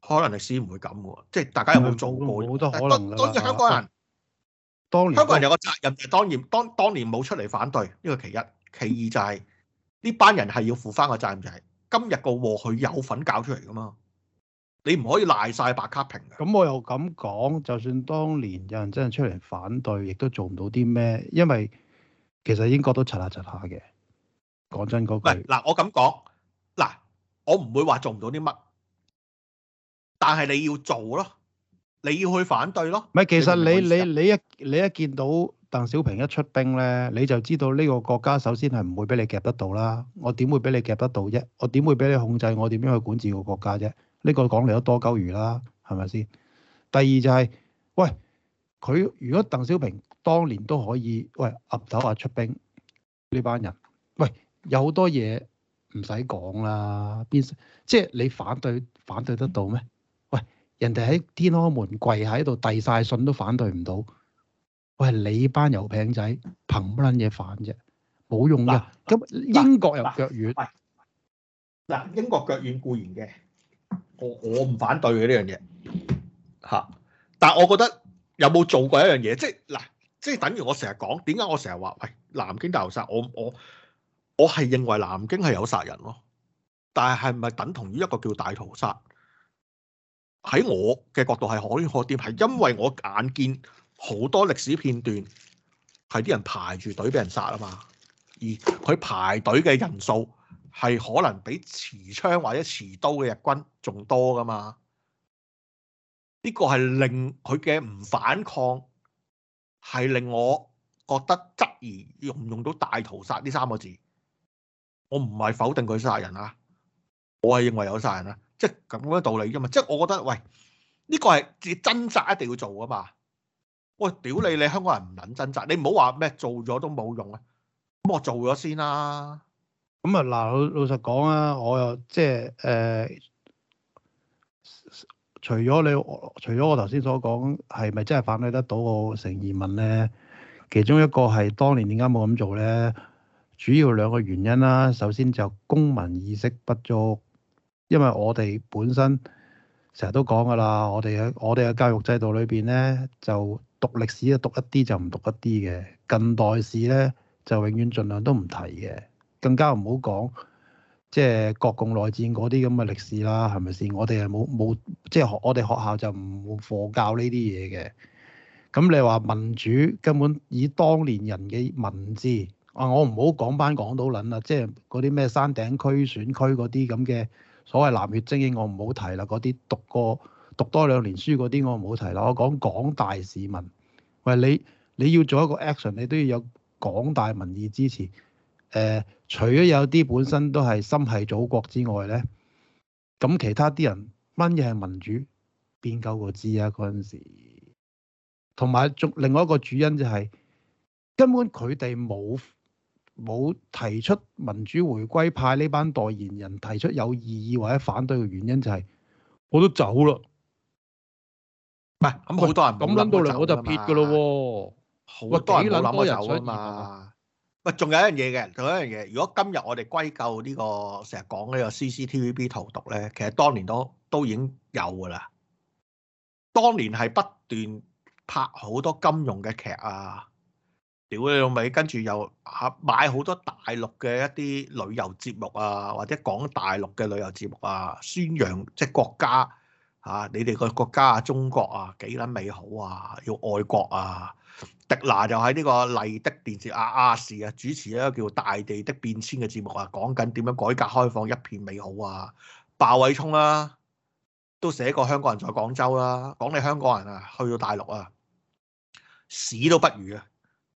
可能歷史唔會咁喎。即係大家有冇做過？冇冇多可能啦。當年香港人，啊、當年香港人有個責任，就當然當當年冇出嚟反對呢個其一，其二就係呢班人係要負翻個責任、就係今日個佢有份搞出嚟㗎嘛？你唔可以賴晒白卡評嘅。咁我又咁講，就算當年有人真係出嚟反對，亦都做唔到啲咩，因為其實英國都窒下窒下嘅。講真嗰句。喂，嗱，我咁講，嗱，我唔會話做唔到啲乜，但係你要做咯，你要去反對咯。唔係，其實你你你一你一見到。鄧小平一出兵咧，你就知道呢個國家首先係唔會俾你夾得到啦。我點會俾你夾得到啫？我點會俾你控制？我點樣去管治個國家啫？呢個講嚟都多鳩餘啦，係咪先？第二就係，喂，佢如果鄧小平當年都可以，喂，岌頭啊出兵呢班人，喂，有好多嘢唔使講啦。邊即係你反對反對得到咩？喂，人哋喺天安門跪喺度遞晒信都反對唔到。我係你班油餅仔，憑乜撚嘢反啫？冇用㗎。咁英國又腳軟。嗱，英國腳軟固然嘅，我我唔反對呢樣嘢嚇。但係我覺得有冇做過一樣嘢？即係嗱，即係等於我成日講點解我成日話喂南京大屠殺，我我我係認為南京係有殺人咯。但係係咪等同於一個叫大屠殺？喺我嘅角度係可圈可點，係因為我眼見。好多歷史片段係啲人排住隊俾人殺啊嘛，而佢排隊嘅人數係可能比持槍或者持刀嘅日軍仲多噶嘛，呢個係令佢嘅唔反抗係令我覺得質疑用唔用到大屠殺呢三個字。我唔係否定佢殺人啊，我係認為有殺人啊，即係咁樣道理啫嘛。即係我覺得喂，呢個係自己真殺一定要做噶嘛。我屌你！你香港人唔撚掙扎，你唔好話咩做咗都冇用啊！咁我做咗先啦，啊。咁啊嗱，老實講啊，我又即係誒，除咗你，除咗我頭先所講，係咪真係反對得到我成移民咧？其中一個係當年點解冇咁做咧？主要兩個原因啦。首先就公民意識不足，因為我哋本身成日都講㗎啦，我哋嘅我哋嘅教育制度裏邊咧就，讀歷史啊，讀一啲就唔讀一啲嘅，近代史咧就永遠儘量都唔提嘅，更加唔好講即係國共內戰嗰啲咁嘅歷史啦，係咪先？我哋係冇冇即係學我哋學校就唔會課教呢啲嘢嘅。咁你話民主根本以當年人嘅文字啊，我唔好講翻港島撚啦，即係嗰啲咩山頂區選區嗰啲咁嘅，所謂南越精英我唔好提啦，嗰啲讀過。讀多兩年書嗰啲，我冇提啦。我講廣大市民，喂你，你要做一個 action，你都要有廣大民意支持。誒、呃，除咗有啲本身都係心係祖國之外咧，咁其他啲人，乜嘢係民主，邊鳩個知啊？嗰陣時，同埋仲另外一個主因就係、是、根本佢哋冇冇提出民主回歸派呢班代言人提出有異議或者反對嘅原因、就是，就係我都走啦。唔係，咁好、嗯嗯、多人咁諗到兩個就撇噶咯喎，好、嗯、多人冇諗到有啊嘛。喂、嗯，仲有一樣嘢嘅，仲有一樣嘢。如果今日我哋歸咎、這個、個呢個成日講呢個 CCTVB 荼毒咧，其實當年都都已經有噶啦。當年係不斷拍好多金融嘅劇啊，屌你老味，跟住又吓買好多大陸嘅一啲旅遊節目啊，或者講大陸嘅旅遊節目啊，宣揚即係國家。嚇、啊！你哋個國家啊，中國啊，幾撚美好啊！要愛國啊！狄娜就喺呢個麗的電視亞亞視啊，主持一個叫《大地的變遷》嘅節目啊，講緊點樣改革開放一片美好啊！鮑偉聰啦、啊，都寫過《香港人在廣州》、啊啦，講你香港人啊，去到大陸啊，屎都不如啊！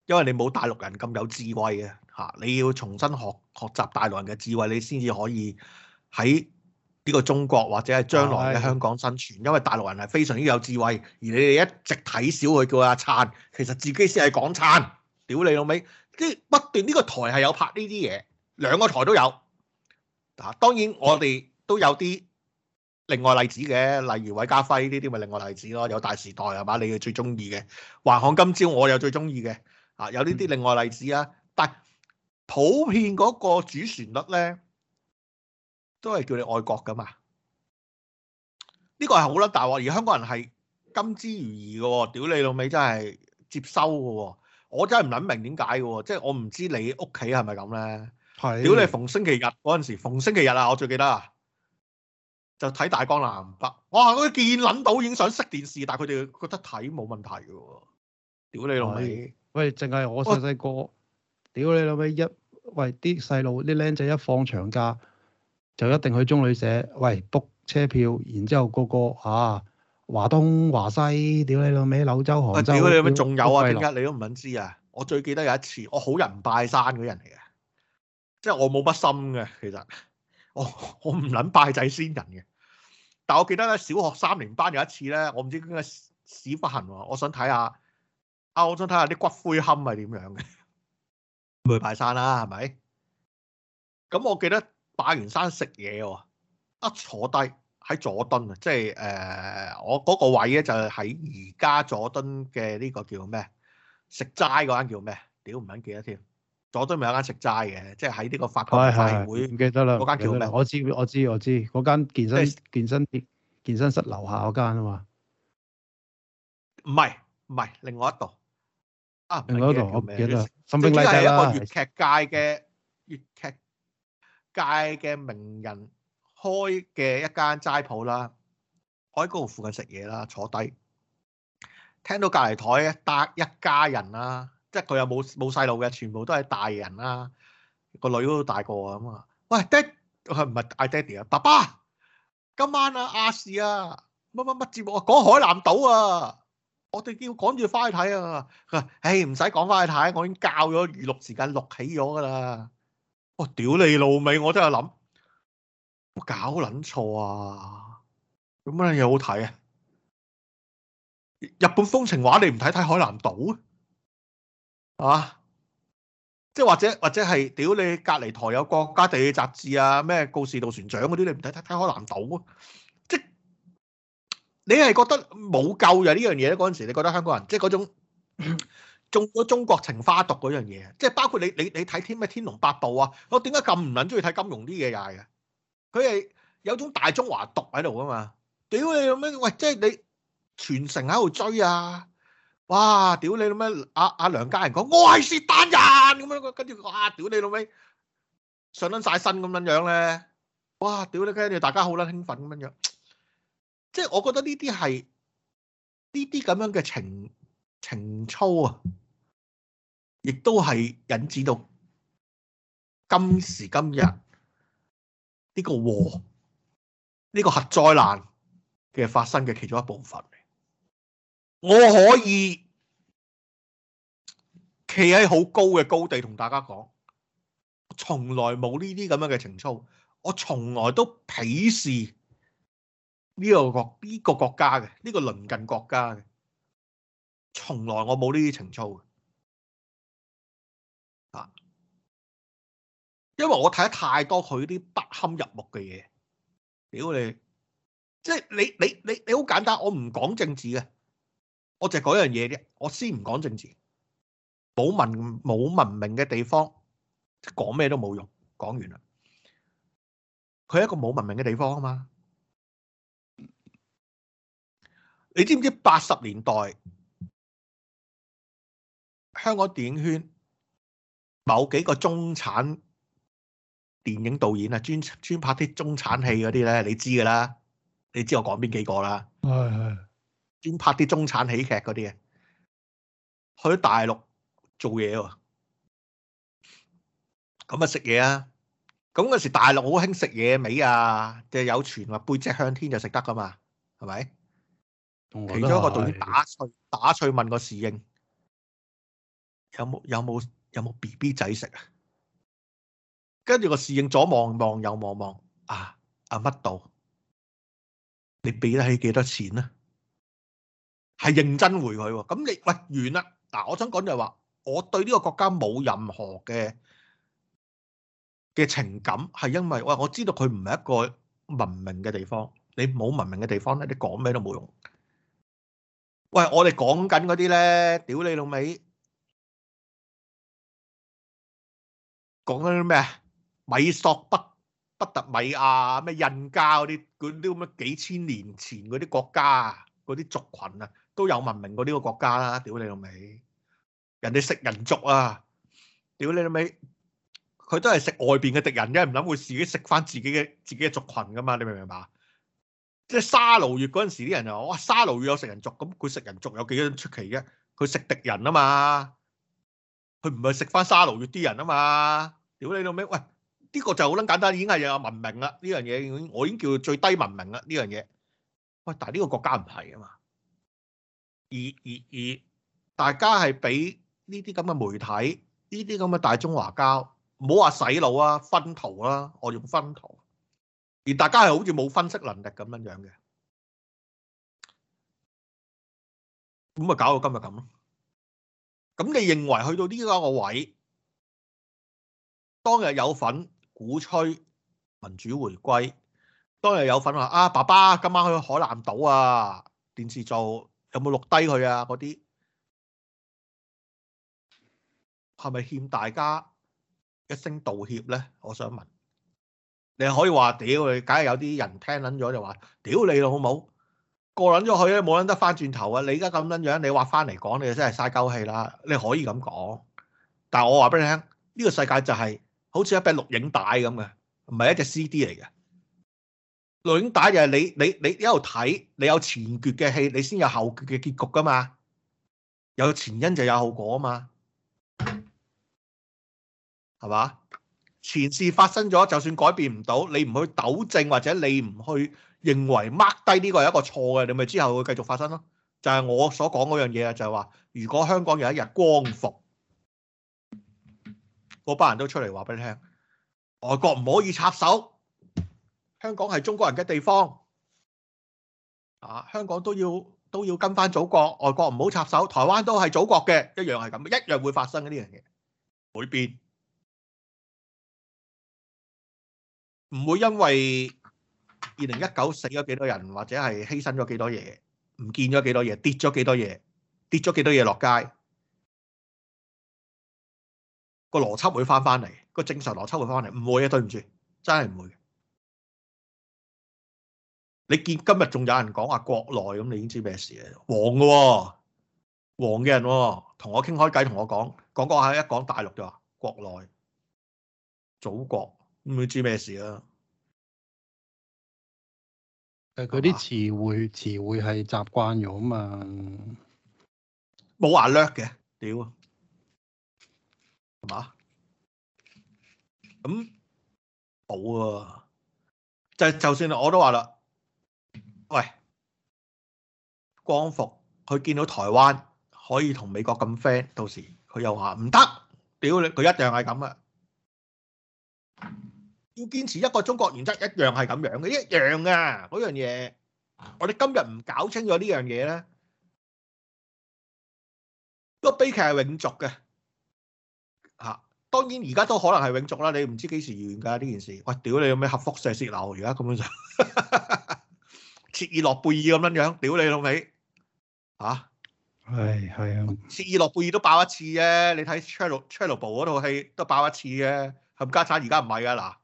因為你冇大陸人咁有智慧啊。嚇、啊，你要重新學學習大陸人嘅智慧，你先至可以喺。呢個中國或者係將來嘅香港生存，的因為大陸人係非常之有智慧，而你哋一直睇小佢叫阿燦、啊，其實自己先係港燦，屌你老味，即不斷呢、這個台係有拍呢啲嘢，兩個台都有。啊，當然我哋都有啲另外例子嘅，例如韋家輝呢啲咪另外例子咯，有《大時代》係嘛？你哋最中意嘅《還看今朝》，我又最中意嘅啊，有呢啲另外例子啊。但普遍嗰個主旋律咧。都係叫你愛國噶嘛？呢、這個係好甩大喎，而香港人係甘之如飴噶喎，屌你老味真係接收噶喎、哦，我真係唔諗明點解噶，即係我唔知你屋企係咪咁咧。係的，屌你逢星期日嗰陣時，逢星期日啊，我最記得啊，就睇大江南北。我話嗰啲見捻到影相、想熄電視，但係佢哋覺得睇冇問題噶喎、哦。屌你老味，喂，淨係我細細個，屌你老味，一喂啲細路啲僆仔一放長假。就一定去中旅社，喂，book 車票，然之後、個個啊，華東、華西，屌你老味柳州、河，屌你老味，仲有啊？點解你都唔肯知啊？我最記得有一次，我好人拜山嗰人嚟嘅，即係我冇乜心嘅，其實我我唔撚拜仔先人嘅。但係我記得咧，小學三年班有一次咧，我唔知點解屎忽痕喎，我想睇下，啊，我想睇下啲骨灰龕係點樣嘅，去會拜山啦、啊，係咪？咁我記得。拜完山食嘢喎，一坐低喺佐敦啊，即係誒我嗰個位咧就喺而家佐敦嘅呢個叫咩食齋嗰間叫咩？屌唔肯記得添，佐敦咪有間食齋嘅，即係喺呢個法國大會唔記得啦。嗰間叫咩？我知我知我知嗰間健身健身啲健身室樓下嗰間啊嘛，唔係唔係另外一度啊，另外一度我唔記得啦。呢個係一個粵劇界嘅粵劇界嘅名人開嘅一間齋鋪啦，我喺嗰度附近食嘢啦，坐低聽到隔籬台搭一家人啦，即係佢又冇冇細路嘅，全部都係大人啦，個女都大個咁啊！喂，爹，佢唔係嗌爹哋啊，爸爸，今晚啊，亞視啊，乜乜乜節目啊，講海南島啊，我哋要趕住翻去睇啊！佢話：，誒，唔使趕翻去睇，我已經教咗娛樂時間錄起咗噶啦。我、哦、屌你老味，我都係諗，搞捻錯啊！有乜嘢好睇啊？日本風情畫你唔睇睇海南島啊？即係或者或者係屌你隔籬台有國家地理雜誌啊？咩告示導船長嗰啲你唔睇睇睇海南島啊？即係你係覺得冇救嘅呢樣嘢咧？嗰陣時你覺得香港人即係嗰種？ 中咗中國情花毒嗰樣嘢，即係包括你你你睇天咩天龍八部啊！我點解咁唔撚中意睇金融啲嘢又係？佢係有種大中華毒喺度啊嘛！屌你老咩！喂，即係你全城喺度追啊！哇！屌你老咩！阿、啊、阿、啊、梁家仁講「我係契丹人」咁樣，跟住佢話屌你老味，上撚晒身咁樣樣咧！哇！屌你跟住大家好撚興奮咁樣樣，即係我覺得呢啲係呢啲咁樣嘅情情操啊！亦都係引致到今時今日呢個禍，呢個核災難嘅發生嘅其中一部分。我可以企喺好高嘅高地同大家講，我從來冇呢啲咁樣嘅情操，我從來都鄙視呢個國呢個國家嘅呢個鄰近國家嘅，從來我冇呢啲情操。因為我睇得太多佢啲不堪入目嘅嘢，屌你！即係你你你你好簡單，我唔講政治嘅，我就係講樣嘢啫，我先唔講政治，冇文冇文明嘅地方，講咩都冇用。講完啦，佢係一個冇文明嘅地方啊嘛。你知唔知八十年代香港電影圈某幾個中產？電影導演啊，專專拍啲中產戲嗰啲咧，你知噶啦，你知我講邊幾個啦。係係，專拍啲中產喜劇嗰啲嘢，去咗大陸做嘢喎。咁啊食嘢啊，咁嗰時大陸好興食野味啊，即係有傳聞背脊向天就食得噶嘛，係咪？哦、其中一個導演是是打趣打趣問個侍應：有冇有冇有冇 B B 仔食啊？跟住個侍應左望望右望望，啊啊乜道？你俾得起幾多錢咧？係認真回佢喎。咁你喂完啦嗱，我想講就係話，我對呢個國家冇任何嘅嘅情感，係因為喂我知道佢唔係一個文明嘅地方。你冇文明嘅地方咧，你講咩都冇用。喂，我哋講緊嗰啲咧，屌你老味，講緊啲咩啊？米索不不特米亞咩印加嗰啲嗰啲咁嘅幾千年前嗰啲國家啊嗰啲族群啊都有文明過呢個國家啦！屌你老味，人哋食人族啊！屌你老味，佢都係食外邊嘅敵人嘅，唔諗會自己食翻自己嘅自己嘅族群噶嘛？你明唔明白？即係沙勞越嗰陣時啲人又話，哇！沙勞越有食人族，咁佢食人族有幾多出奇嘅？佢食敵人啊嘛，佢唔係食翻沙勞越啲人啊嘛！屌你老味，喂！呢個就好撚簡單，已經係有文明啦。呢樣嘢我已經叫最低文明啦。呢樣嘢喂，但係呢個國家唔係啊嘛。而而而大家係俾呢啲咁嘅媒體，呢啲咁嘅大中華膠，唔好話洗腦啊、薰陶啦、啊。我用薰陶。而大家係好似冇分析能力咁樣樣嘅，咁啊搞到今日咁。咁你認為去到呢個位，當日有份。鼓吹民主回歸，當日有份話啊，爸爸今晚去海南島啊，電視做有冇錄低佢啊？嗰啲係咪欠大家一聲道歉咧？我想問，你可以話屌，屌你，梗係有啲人聽撚咗就話屌你咯，好唔好？過撚咗去咧，冇撚得翻轉頭啊！你而家咁撚樣，你話翻嚟講，你真係嘥鳩氣啦！你可以咁講，但係我話俾你聽，呢個世界就係。好似一隻錄影帶咁嘅，唔係一隻 CD 嚟嘅。錄影帶就係你你你一路睇，你有前決嘅戲，你先有後決嘅結局㗎嘛。有前因就有後果啊嘛。係嘛？前事發生咗，就算改變唔到，你唔去糾正或者你唔去認為 mark 低呢個係一個錯嘅，你咪之後會繼續發生咯。就係、是、我所講嗰樣嘢啊，就係話如果香港有一日光復。嗰班人都出嚟話俾你聽，外國唔可以插手，香港係中國人嘅地方，啊，香港都要都要跟翻祖國，外國唔好插手。台灣都係祖國嘅，一樣係咁，一樣會發生呢樣嘢，會變，唔會因為二零一九死咗幾多人，或者係犧牲咗幾多嘢，唔見咗幾多嘢，跌咗幾多嘢，跌咗幾多嘢落街。個邏輯會翻翻嚟，個正常邏輯會翻嚟，唔會嘅，對唔住，真係唔會。你見今日仲有人講話國內咁，你已經知咩事啦？黃嘅喎、哦，黃嘅人喎、哦，同我傾開偈，同我講一講講下，一講大陸就話國內，祖國，唔會知咩事啊。誒，佢啲詞彙詞彙係習慣咗啊嘛，冇話略嘅，屌啊！嘛咁保啊！就就算我都話啦，喂，光復佢見到台灣可以同美國咁 friend，到時佢又話唔得，屌你！佢一樣係咁嘅，要堅持一個中國原則一樣係咁樣嘅，一樣嘅！嗰樣嘢，我哋今日唔搞清楚呢樣嘢咧，個悲劇係永續嘅。嚇、啊！當然而家都可能係永續啦，你唔知幾時完㗎呢、啊、件事。哇！屌你有咩核輻射泄漏流？而家根本就切爾諾貝爾咁樣樣，屌你老味嚇！係係啊！切、哎哎、爾諾貝爾都爆一次啫、啊，你睇《Chernobyl》嗰套戲都爆一次嘅。冚家鏟而家唔係啊！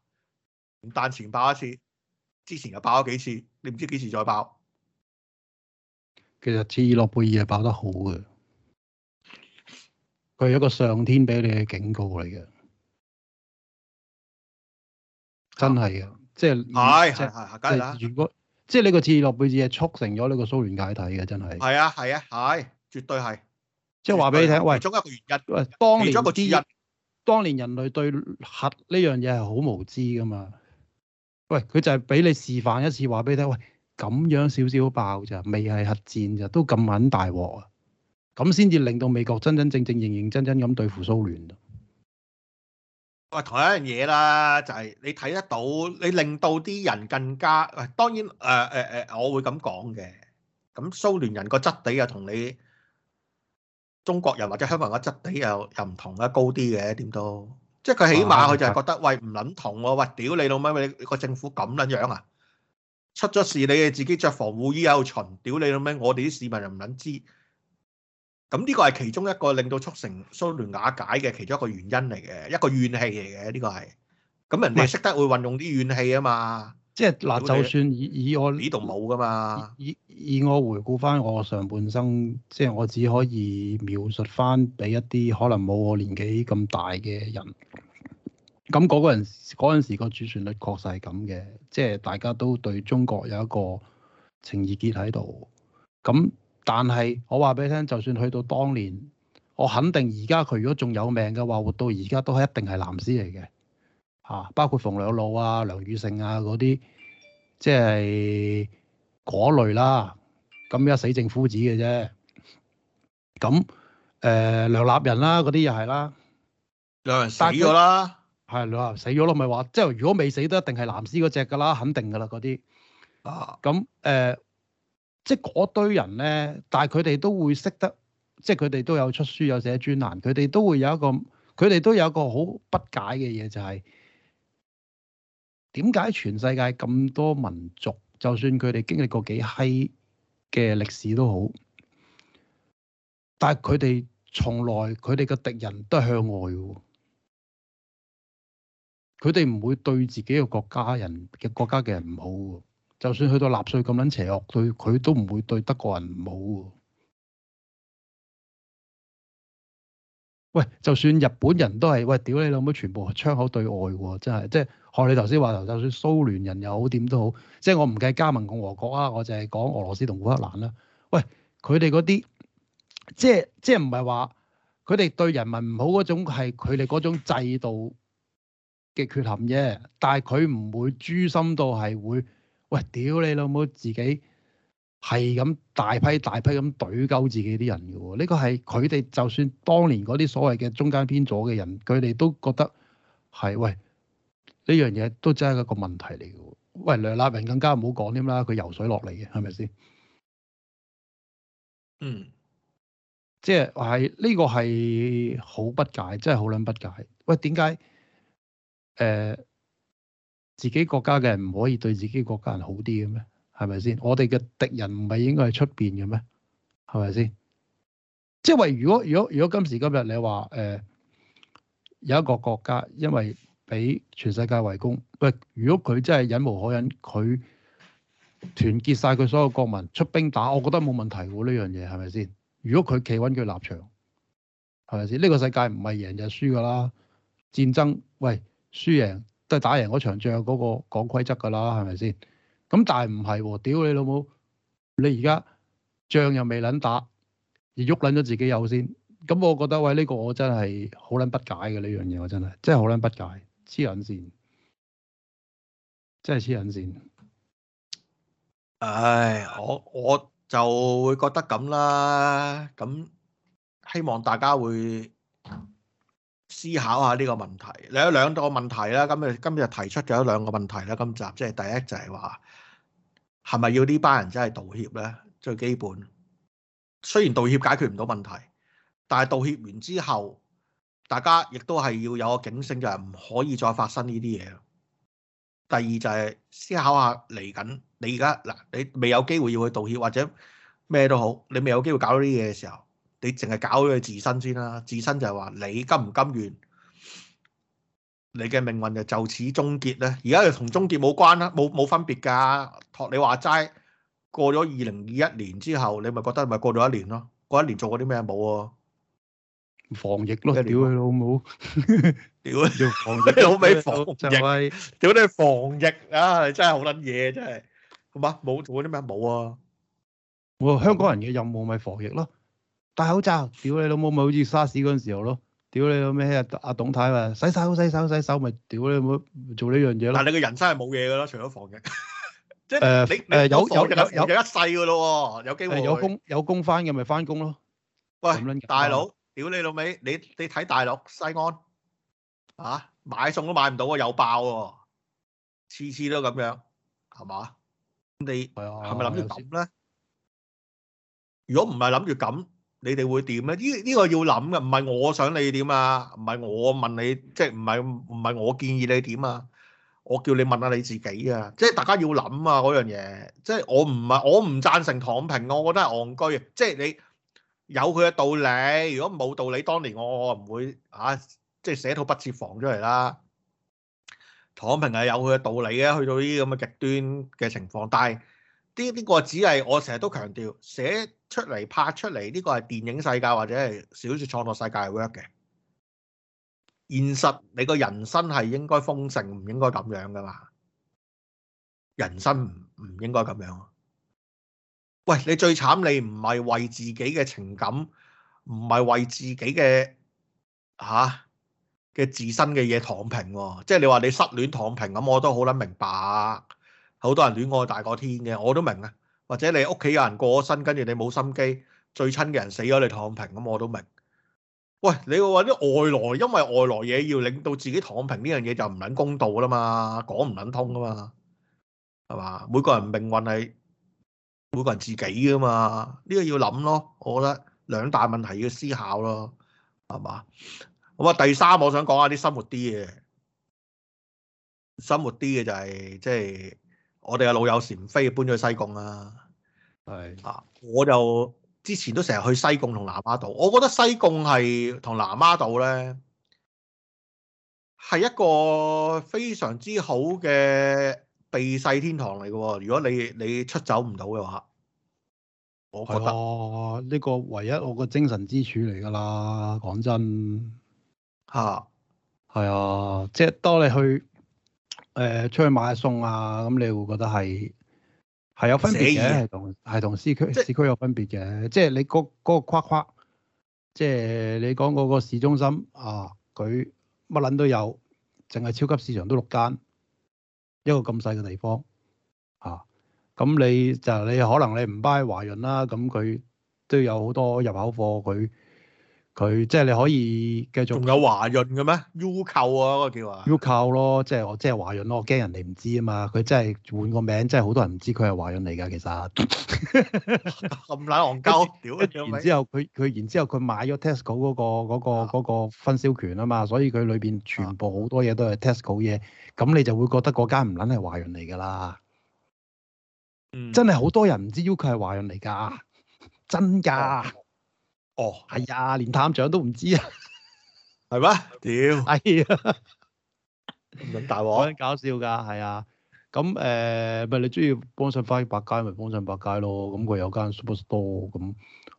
嗱，彈前爆一次，之前又爆咗幾次，你唔知幾時再爆。其實切爾諾貝爾係爆得好嘅。佢係一個上天俾你嘅警告嚟嘅，真係嘅，啊、即係係係係梗係如果即係呢個切爾諾貝爾係促成咗呢個蘇聯解體嘅，真係。係啊，係啊，係，絕對係。即係話俾你聽，喂，其中一個原因，喂，當年之日，中當年人類對核呢樣嘢係好無知噶嘛？喂，佢就係俾你示範一次，話俾你聽，喂，咁樣少少爆咋，未係核戰咋，都咁撚大鑊啊！咁先至令到美國真真正正認認真真咁對付蘇聯。喂，同有一樣嘢啦，就係你睇得到，你令到啲人更加誒。當然誒誒誒，我會咁講嘅。咁蘇聯人個質地又同你中國人或者香港人個質地又又唔同啦，高啲嘅點都。即係佢起碼佢就係覺得喂唔撚同喎，喂屌你老母，你個政府咁撚樣啊！出咗事你哋自己著防護衣喺度巡，屌你老母，我哋啲市民又唔撚知。咁呢個係其中一個令到促成蘇聯瓦解嘅其中一個原因嚟嘅，一個怨氣嚟嘅，呢個係。咁人哋識得會運用啲怨氣啊嘛。即係嗱，就算以以我呢度冇噶嘛。以以我回顧翻我上半生，即係我只可以描述翻俾一啲可能冇我年紀咁大嘅人。咁嗰個人嗰陣時個主旋律確實係咁嘅，即係大家都對中國有一個情意結喺度。咁但係我話俾你聽，就算去到當年，我肯定而家佢如果仲有命嘅話，活到而家都係一定係藍絲嚟嘅嚇。包括馮兩老啊、梁宇成啊嗰啲，即係嗰類啦、啊。咁而家死剩夫子嘅啫。咁誒、呃，梁立人啦、啊，嗰啲又係啦。梁人死咗啦。係是梁立人死咗咯，咪話即係如果未死都一定係藍絲嗰隻㗎啦，肯定㗎啦嗰啲。啊。咁誒。呃即係嗰堆人咧，但係佢哋都會識得，即係佢哋都有出書，有寫專欄，佢哋都會有一個，佢哋都有一個好不解嘅嘢，就係點解全世界咁多民族，就算佢哋經歷過幾閪嘅歷史都好，但係佢哋從來佢哋嘅敵人都係向外嘅，佢哋唔會對自己嘅國家人嘅國家嘅人唔好嘅。就算去到納粹咁撚邪惡對佢都唔會對德國人唔好喎。喂，就算日本人都係喂屌你老母，全部窗口對外喎，真係即係學你頭先話頭。就算蘇聯人又好點都好，即係我唔計加盟共和國啊，我就係講俄羅斯同烏克蘭啦，啊。喂，佢哋嗰啲即係即係唔係話佢哋對人民唔好嗰種係佢哋嗰種制度嘅缺陷啫，但係佢唔會誅心到係會。喂，屌你老母，自己係咁大批大批咁懟鳩自己啲人嘅喎、哦，呢、這個係佢哋就算當年嗰啲所謂嘅中間偏左嘅人，佢哋都覺得係喂呢樣嘢都真係一個問題嚟嘅喎。喂，梁立文更加唔好講添啦，佢游水落嚟嘅，係咪先？嗯，即係係呢個係好不解，真係好捻不解。喂，點解？誒、呃？自己國家嘅人唔可以對自己國家人好啲嘅咩？係咪先？我哋嘅敵人唔係應該係出邊嘅咩？係咪先？即係因為如果如果如果今時今日你話誒、呃、有一個國家因為俾全世界圍攻，喂，如果佢真係忍無可忍，佢團結晒佢所有國民出兵打，我覺得冇問題喎，呢樣嘢係咪先？如果佢企穩佢立場係咪先？呢個世界唔係贏就係輸噶啦，戰爭喂，輸贏。都係打贏嗰場仗嗰個講規則㗎啦，係咪先？咁但係唔係喎，屌你老母！你而家仗又未撚打，而喐撚咗自己有先，咁、嗯、我覺得喂呢、這個我真係好撚不解嘅呢樣嘢，這個，我真係真係好撚不解，黐撚綫，真係黐撚綫。唉，我我就會覺得咁啦，咁希望大家會。思考下呢個問題，你有兩個問題啦。咁啊，今日提出咗兩個問題啦。今集即係第一就係話係咪要呢班人真係道歉呢？最基本，雖然道歉解決唔到問題，但係道歉完之後，大家亦都係要有個警醒，就係唔可以再發生呢啲嘢。第二就係思考下嚟緊，你而家嗱，你未有機會要去道歉或者咩都好，你未有機會搞到呢啲嘢嘅時候。你淨係搞佢自身先啦，自身就係話你甘唔甘願，你嘅命運就就此終結咧。而家就同終結冇關啦，冇冇分別噶。托你話齋，過咗二零二一年之後，你咪覺得咪過咗一年咯？過一年做過啲咩冇啊？防疫咯，屌佢老母，屌你！防疫，屌你！防疫啊！真係好撚嘢，真係好嘛？冇做過啲咩冇啊？我香港人嘅任務咪防疫咯。戴口罩，屌你老母，咪好似沙士嗰陣時候咯，屌你老咩啊！阿董太話：洗手、洗手、洗手，咪屌你冇做呢樣嘢咯。但係你個人生係冇嘢㗎咯，除咗防疫，即係誒你誒有有有有一世㗎咯喎，有機會。有工有工翻嘅咪翻工咯。喂，大佬屌你老味，你你睇大陸西安啊，買餸都買唔到啊，有爆喎，次次都咁樣係嘛？你係咪諗住咁咧？如果唔係諗住咁。你哋會點咧？呢、呢、呢個要諗嘅，唔係我想你點啊，唔係我問你，即係唔係唔係我建議你點啊？我叫你問下你自己啊！即係大家要諗啊嗰樣嘢，即係我唔係我唔贊成躺平，我覺得係戇居啊！即係你有佢嘅道理，如果冇道理，當年我我唔會嚇、啊，即係寫套不設防出嚟啦。躺平係有佢嘅道理嘅，去到呢啲咁嘅極端嘅情況，但係呢呢個只係我成日都強調寫。出嚟拍出嚟，呢、這個係電影世界或者係小説創作世界 work 嘅。現實你個人生係應該豐盛，唔應該咁樣㗎嘛。人生唔唔應該咁樣。喂，你最慘，你唔係為自己嘅情感，唔係為自己嘅嚇嘅自身嘅嘢躺平喎、哦。即係你話你失戀躺平咁，我都好撚明白、啊。好多人戀愛大過天嘅，我都明啊。或者你屋企有人過咗身，跟住你冇心機，最親嘅人死咗，你躺平咁，我都明。喂，你會話啲外來，因為外來嘢要令到自己躺平呢樣嘢就唔撚公道啦嘛，講唔撚通噶嘛，係嘛？每個人命運係每個人自己噶嘛，呢個要諗咯。我覺得兩大問題要思考咯，係嘛？咁啊，第三我想講下啲生活啲嘅，生活啲嘅就係即係我哋嘅老友馮飛搬咗去西貢啦。係啊！是我就之前都成日去西貢同南丫島，我覺得西貢係同南丫島咧，係一個非常之好嘅避世天堂嚟噶、哦。如果你你出走唔到嘅話，我覺得呢、啊這個唯一我個精神支柱嚟噶啦。講真，吓係啊！即係、啊就是、當你去誒、呃、出去買下餸啊，咁你會覺得係。係有分別嘅，係同係同市區市區有分別嘅，即係你嗰嗰個框框，即係你講嗰個市中心啊，佢乜撚都有，淨係超級市場都六間，一個咁細嘅地方嚇，咁、啊、你就你可能你唔 buy 華潤啦，咁佢都有好多入口貨佢。佢即係你可以繼續，仲有華潤嘅咩？U 購啊，嗰個叫話。U 購咯，即係我即係華潤咯。我驚人哋唔知啊嘛。佢真係換個名，真係好多人唔知佢係華潤嚟噶。其實咁撚戇鳩，屌啊！然之後佢佢，然之後佢買咗 Tesco 嗰個嗰個嗰個分銷權啊嘛，所以佢裏邊全部好多嘢都係 Tesco 嘢。咁你就會覺得嗰間唔撚係華潤嚟㗎啦。嗯，真係好多人唔知 U 購係華潤嚟㗎，真㗎。哦，係啊，連探長都唔知啊，係嘛？屌，係啊，咁大鑊，好搞笑噶，係啊。咁誒，咪你中意幫襯返百佳咪幫襯百佳咯。咁佢有間 superstore，咁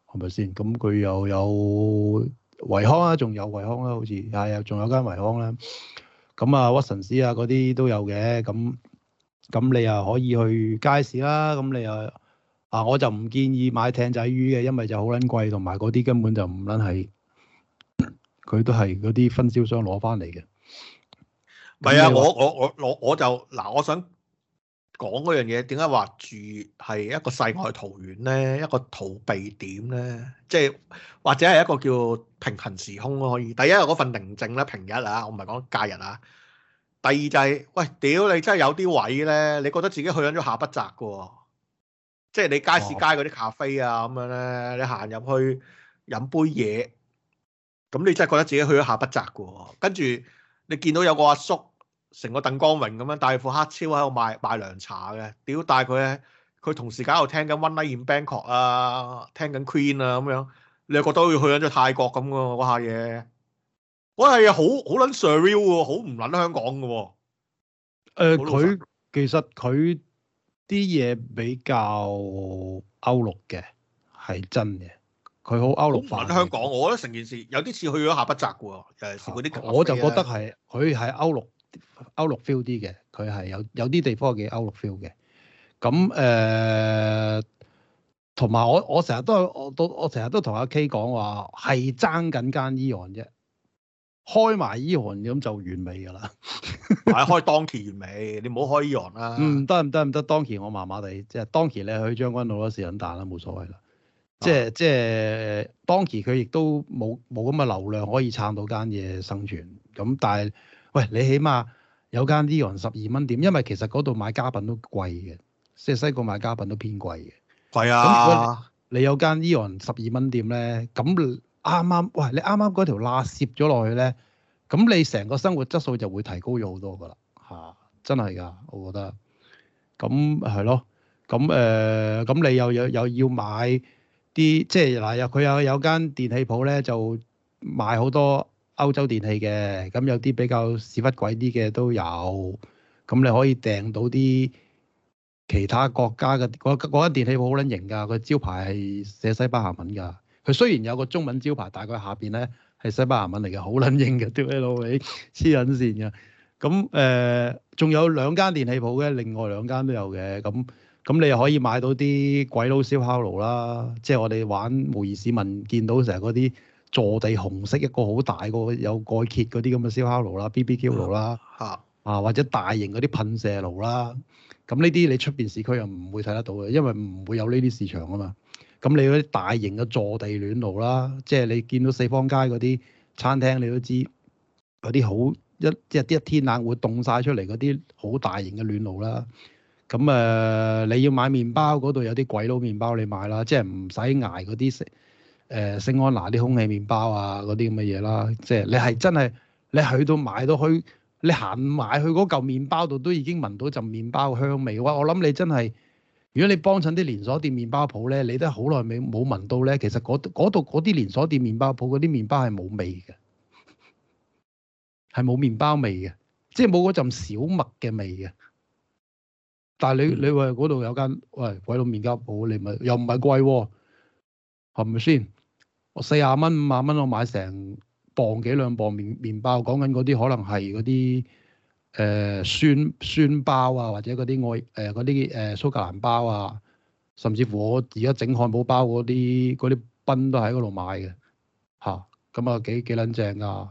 係咪先？咁佢又有維康啊，仲有維康啦，好似係啊，仲有間維康啦。咁啊，Watsons 啊嗰啲都有嘅。咁咁你又可以去街市啦。咁你又～啊！我就唔建議買艇仔魚嘅，因為就好撚貴，同埋嗰啲根本就唔撚係，佢都係嗰啲分銷商攞翻嚟嘅。唔係啊！我我我我我就嗱，我想講嗰樣嘢，點解話住係一個世外桃源咧？一個逃避點咧？即係或者係一個叫平行時空都可以。第一，嗰份寧靜咧，平日啊，我唔係講假日啊。第二就係，喂，屌你真係有啲位咧，你覺得自己去緊咗下不雜嘅喎。即係你街市街嗰啲咖啡啊咁、哦、樣咧，你行入去飲杯嘢，咁你真係覺得自己去咗下北澤嘅喎。跟住你見到有個阿叔成個鄧光榮咁樣，戴副黑超喺度賣賣涼茶嘅，屌！但佢咧，佢同時喺度聽緊 One Night in Bangkok 啊，聽緊 Queen 啊咁樣，你又覺得好似去緊咗泰國咁嘅嗰下嘢。我係好好撚 surreal 好唔撚香港嘅喎。佢、呃、其實佢。啲嘢比較歐陸嘅係真嘅，佢好歐陸化。香港、嗯，我覺得成件事有啲似去咗下北澤嘅喎，尤其係啲。我就覺得係佢喺歐陸歐陸 feel 啲嘅，佢係有有啲地方嘅歐陸 feel 嘅。咁、嗯、誒，同、呃、埋我我成日都我，我都我成日都同阿 K 講話係爭緊間醫院啫。開埋依行咁就完美噶啦，係啊開當期完美，你唔好開依行啦。嗯，得唔得唔得？當期我麻麻地，即係當期你去將軍澳都蝕緊蛋啦，冇所謂啦。即係即係當期佢亦都冇冇咁嘅流量可以撐到間嘢生存。咁但係喂，你起碼有間依行十二蚊店，因為其實嗰度買家品都貴嘅，即係西貢買家品都偏貴嘅。貴啊你，你有間依行十二蚊店咧，咁。啱啱，哇！你啱啱嗰條罅攝咗落去咧，咁你成個生活質素就會提高咗好多噶啦，嚇、啊！真係㗎，我覺得。咁係咯，咁誒，咁、嗯嗯嗯嗯嗯、你又又又要買啲，即係嗱，又佢又有間電器鋪咧，就買好多歐洲電器嘅，咁有啲比較屎忽鬼啲嘅都有。咁你可以訂到啲其他國家嘅嗰嗰間電器鋪，好撚型㗎，佢招牌係寫西班牙文㗎。佢雖然有個中文招牌，大概佢下邊咧係西班牙文嚟嘅，好撚英嘅屌你老味黐撚線㗎。咁誒， 仲、嗯呃、有兩間電器鋪嘅，另外兩間都有嘅。咁、嗯、咁、嗯、你又可以買到啲鬼佬燒烤，烤爐啦，即係我哋玩模擬市民見到成日嗰啲坐地紅色一個好大個有蓋揭嗰啲咁嘅燒烤爐啦、B B Q 爐啦嚇 啊，或者大型嗰啲噴射爐啦。咁呢啲你出邊市區又唔會睇得到嘅，因為唔會有呢啲市場啊嘛。咁你嗰啲大型嘅坐地暖爐啦，即係你見到四方街嗰啲餐廳，你都知嗰啲好一一啲一天冷會凍晒出嚟嗰啲好大型嘅暖爐啦。咁誒、呃，你要買麵包，嗰度有啲鬼佬麵包你買啦，即係唔使捱嗰啲誒聖安娜啲空氣麵包啊嗰啲咁嘅嘢啦。即係你係真係你去到買到去，你行埋去嗰嚿麵包度都已經聞到陣麵包香味嘅話，我諗你真係～如果你幫襯啲連鎖店麵包鋪咧，你都好耐未冇聞到咧。其實嗰度嗰啲連鎖店麵包鋪嗰啲麵包係冇味嘅，係冇麵包味嘅，即係冇嗰陣小麥嘅味嘅。但係你你話嗰度有間喂鬼佬麵包鋪，你咪又唔係貴，係咪先？我四十蚊五十蚊，我買成磅幾兩磅麵麵包，講緊嗰啲可能係嗰啲。誒、呃、酸酸包啊，或者嗰啲我誒嗰啲誒蘇格蘭包啊，甚至乎我而家整漢堡包嗰啲嗰啲賓都喺嗰度買嘅嚇，咁啊幾幾撚正㗎，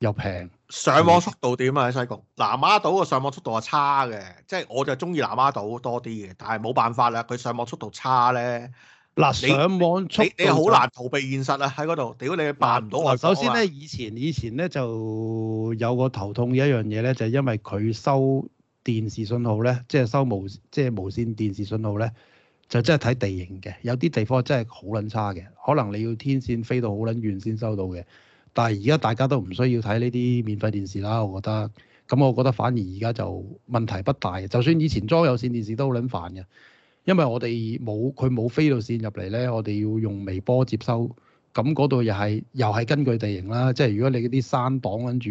又平。上網速度點啊？喺西貢，南丫島個上網速度係差嘅，即係我就中意南丫島多啲嘅，但係冇辦法啦，佢上網速度差咧。嗱，上網，你你好難逃避現實啊！喺嗰度，屌你辦唔到我啊。首先咧，以前以前咧就有個頭痛嘅一樣嘢咧，就係因為佢收電視信號咧，即係收無即係無線電視信號咧，就真係睇地形嘅。有啲地方真係好撚差嘅，可能你要天線飛到好撚遠先收到嘅。但係而家大家都唔需要睇呢啲免費電視啦，我覺得。咁我覺得反而而家就問題不大嘅。就算以前裝有線電視都好撚煩嘅。因為我哋冇佢冇飛到線入嚟咧，我哋要用微波接收，咁嗰度又係又係根據地形啦，即係如果你啲山擋跟住，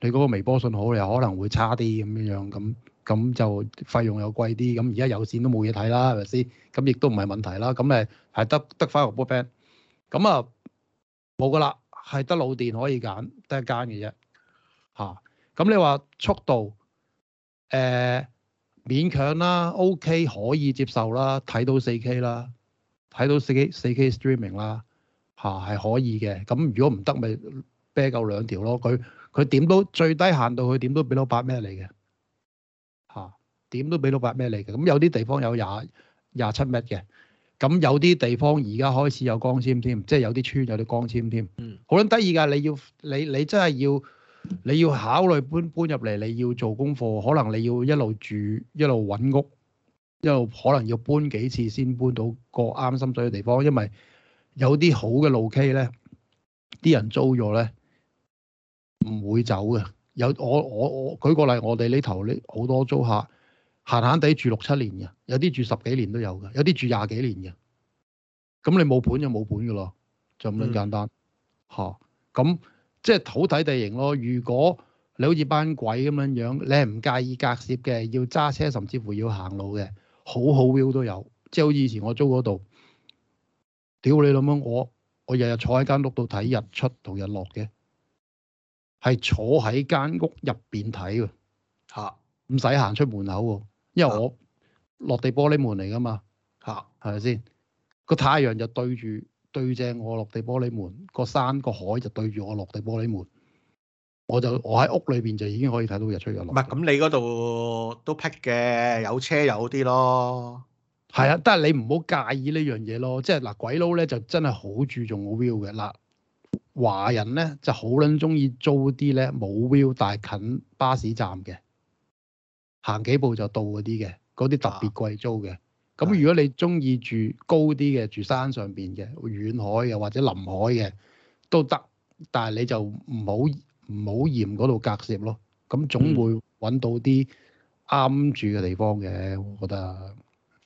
你嗰個微波信號又可能會差啲咁樣樣，咁咁就費用又貴啲，咁而家有線都冇嘢睇啦係咪先？咁亦都唔係問題啦，咁誒係得得翻個 broadband 咁啊冇噶啦，係得老電可以揀，得一間嘅啫吓，咁，啊，你話速度誒？欸勉強啦，OK 可以接受啦，睇到 4K 啦，睇到 4K 4K streaming 啦，嚇、啊、係可以嘅。咁、啊、如果唔得咪啤夠兩條咯。佢佢點都最低限度、ah，佢、啊、點都俾到八咩嚟嘅，嚇點都俾到八咩嚟嘅。咁有啲地方有廿廿七 met 嘅，咁有啲地方而家開始有光纖添，即係有啲村有啲光纖添。嗯，好撚得意㗎，你要你你，你真係要。你要考慮搬搬入嚟，你要做功課，可能你要一路住，一路揾屋，一路可能要搬幾次先搬到個啱心水嘅地方。因為有啲好嘅路 K 呢，啲人租咗呢唔會走嘅。有我我我舉個例，我哋呢頭呢好多租客，閒閒地住六七年嘅，有啲住十幾年都有嘅，有啲住廿幾年嘅。咁你冇本就冇本噶咯，就咁樣簡單吓。咁、嗯。啊即係好睇地形咯。如果你好似班鬼咁樣樣，你係唔介意隔涉嘅，要揸車甚至乎要行路嘅，好好 view 都有。即係好似以前我租嗰度，屌你老母！我我日日坐喺間屋度睇日出同日落嘅，係坐喺間屋入邊睇喎。吓、啊，唔使行出門口喎，因為我、啊、落地玻璃門嚟㗎嘛。吓、啊，係咪先？個太陽就對住。對正我落地玻璃門，個山個海就對住我落地玻璃門，我就我喺屋裏邊就已經可以睇到日出日落。唔係咁，你嗰度都辟嘅，有車有啲咯。係啊，但係你唔好介意呢樣嘢咯。即係嗱，鬼佬咧就真係好注重我 view 嘅嗱，華人咧就好撚中意租啲咧冇 view 但係近巴士站嘅，行幾步就到嗰啲嘅嗰啲特別貴租嘅。啊。咁如果你中意住高啲嘅，住山上邊嘅，遠海嘅或者臨海嘅都得，但係你就唔好唔好嫌嗰度隔涉咯。咁總會揾到啲啱住嘅地方嘅，我覺得。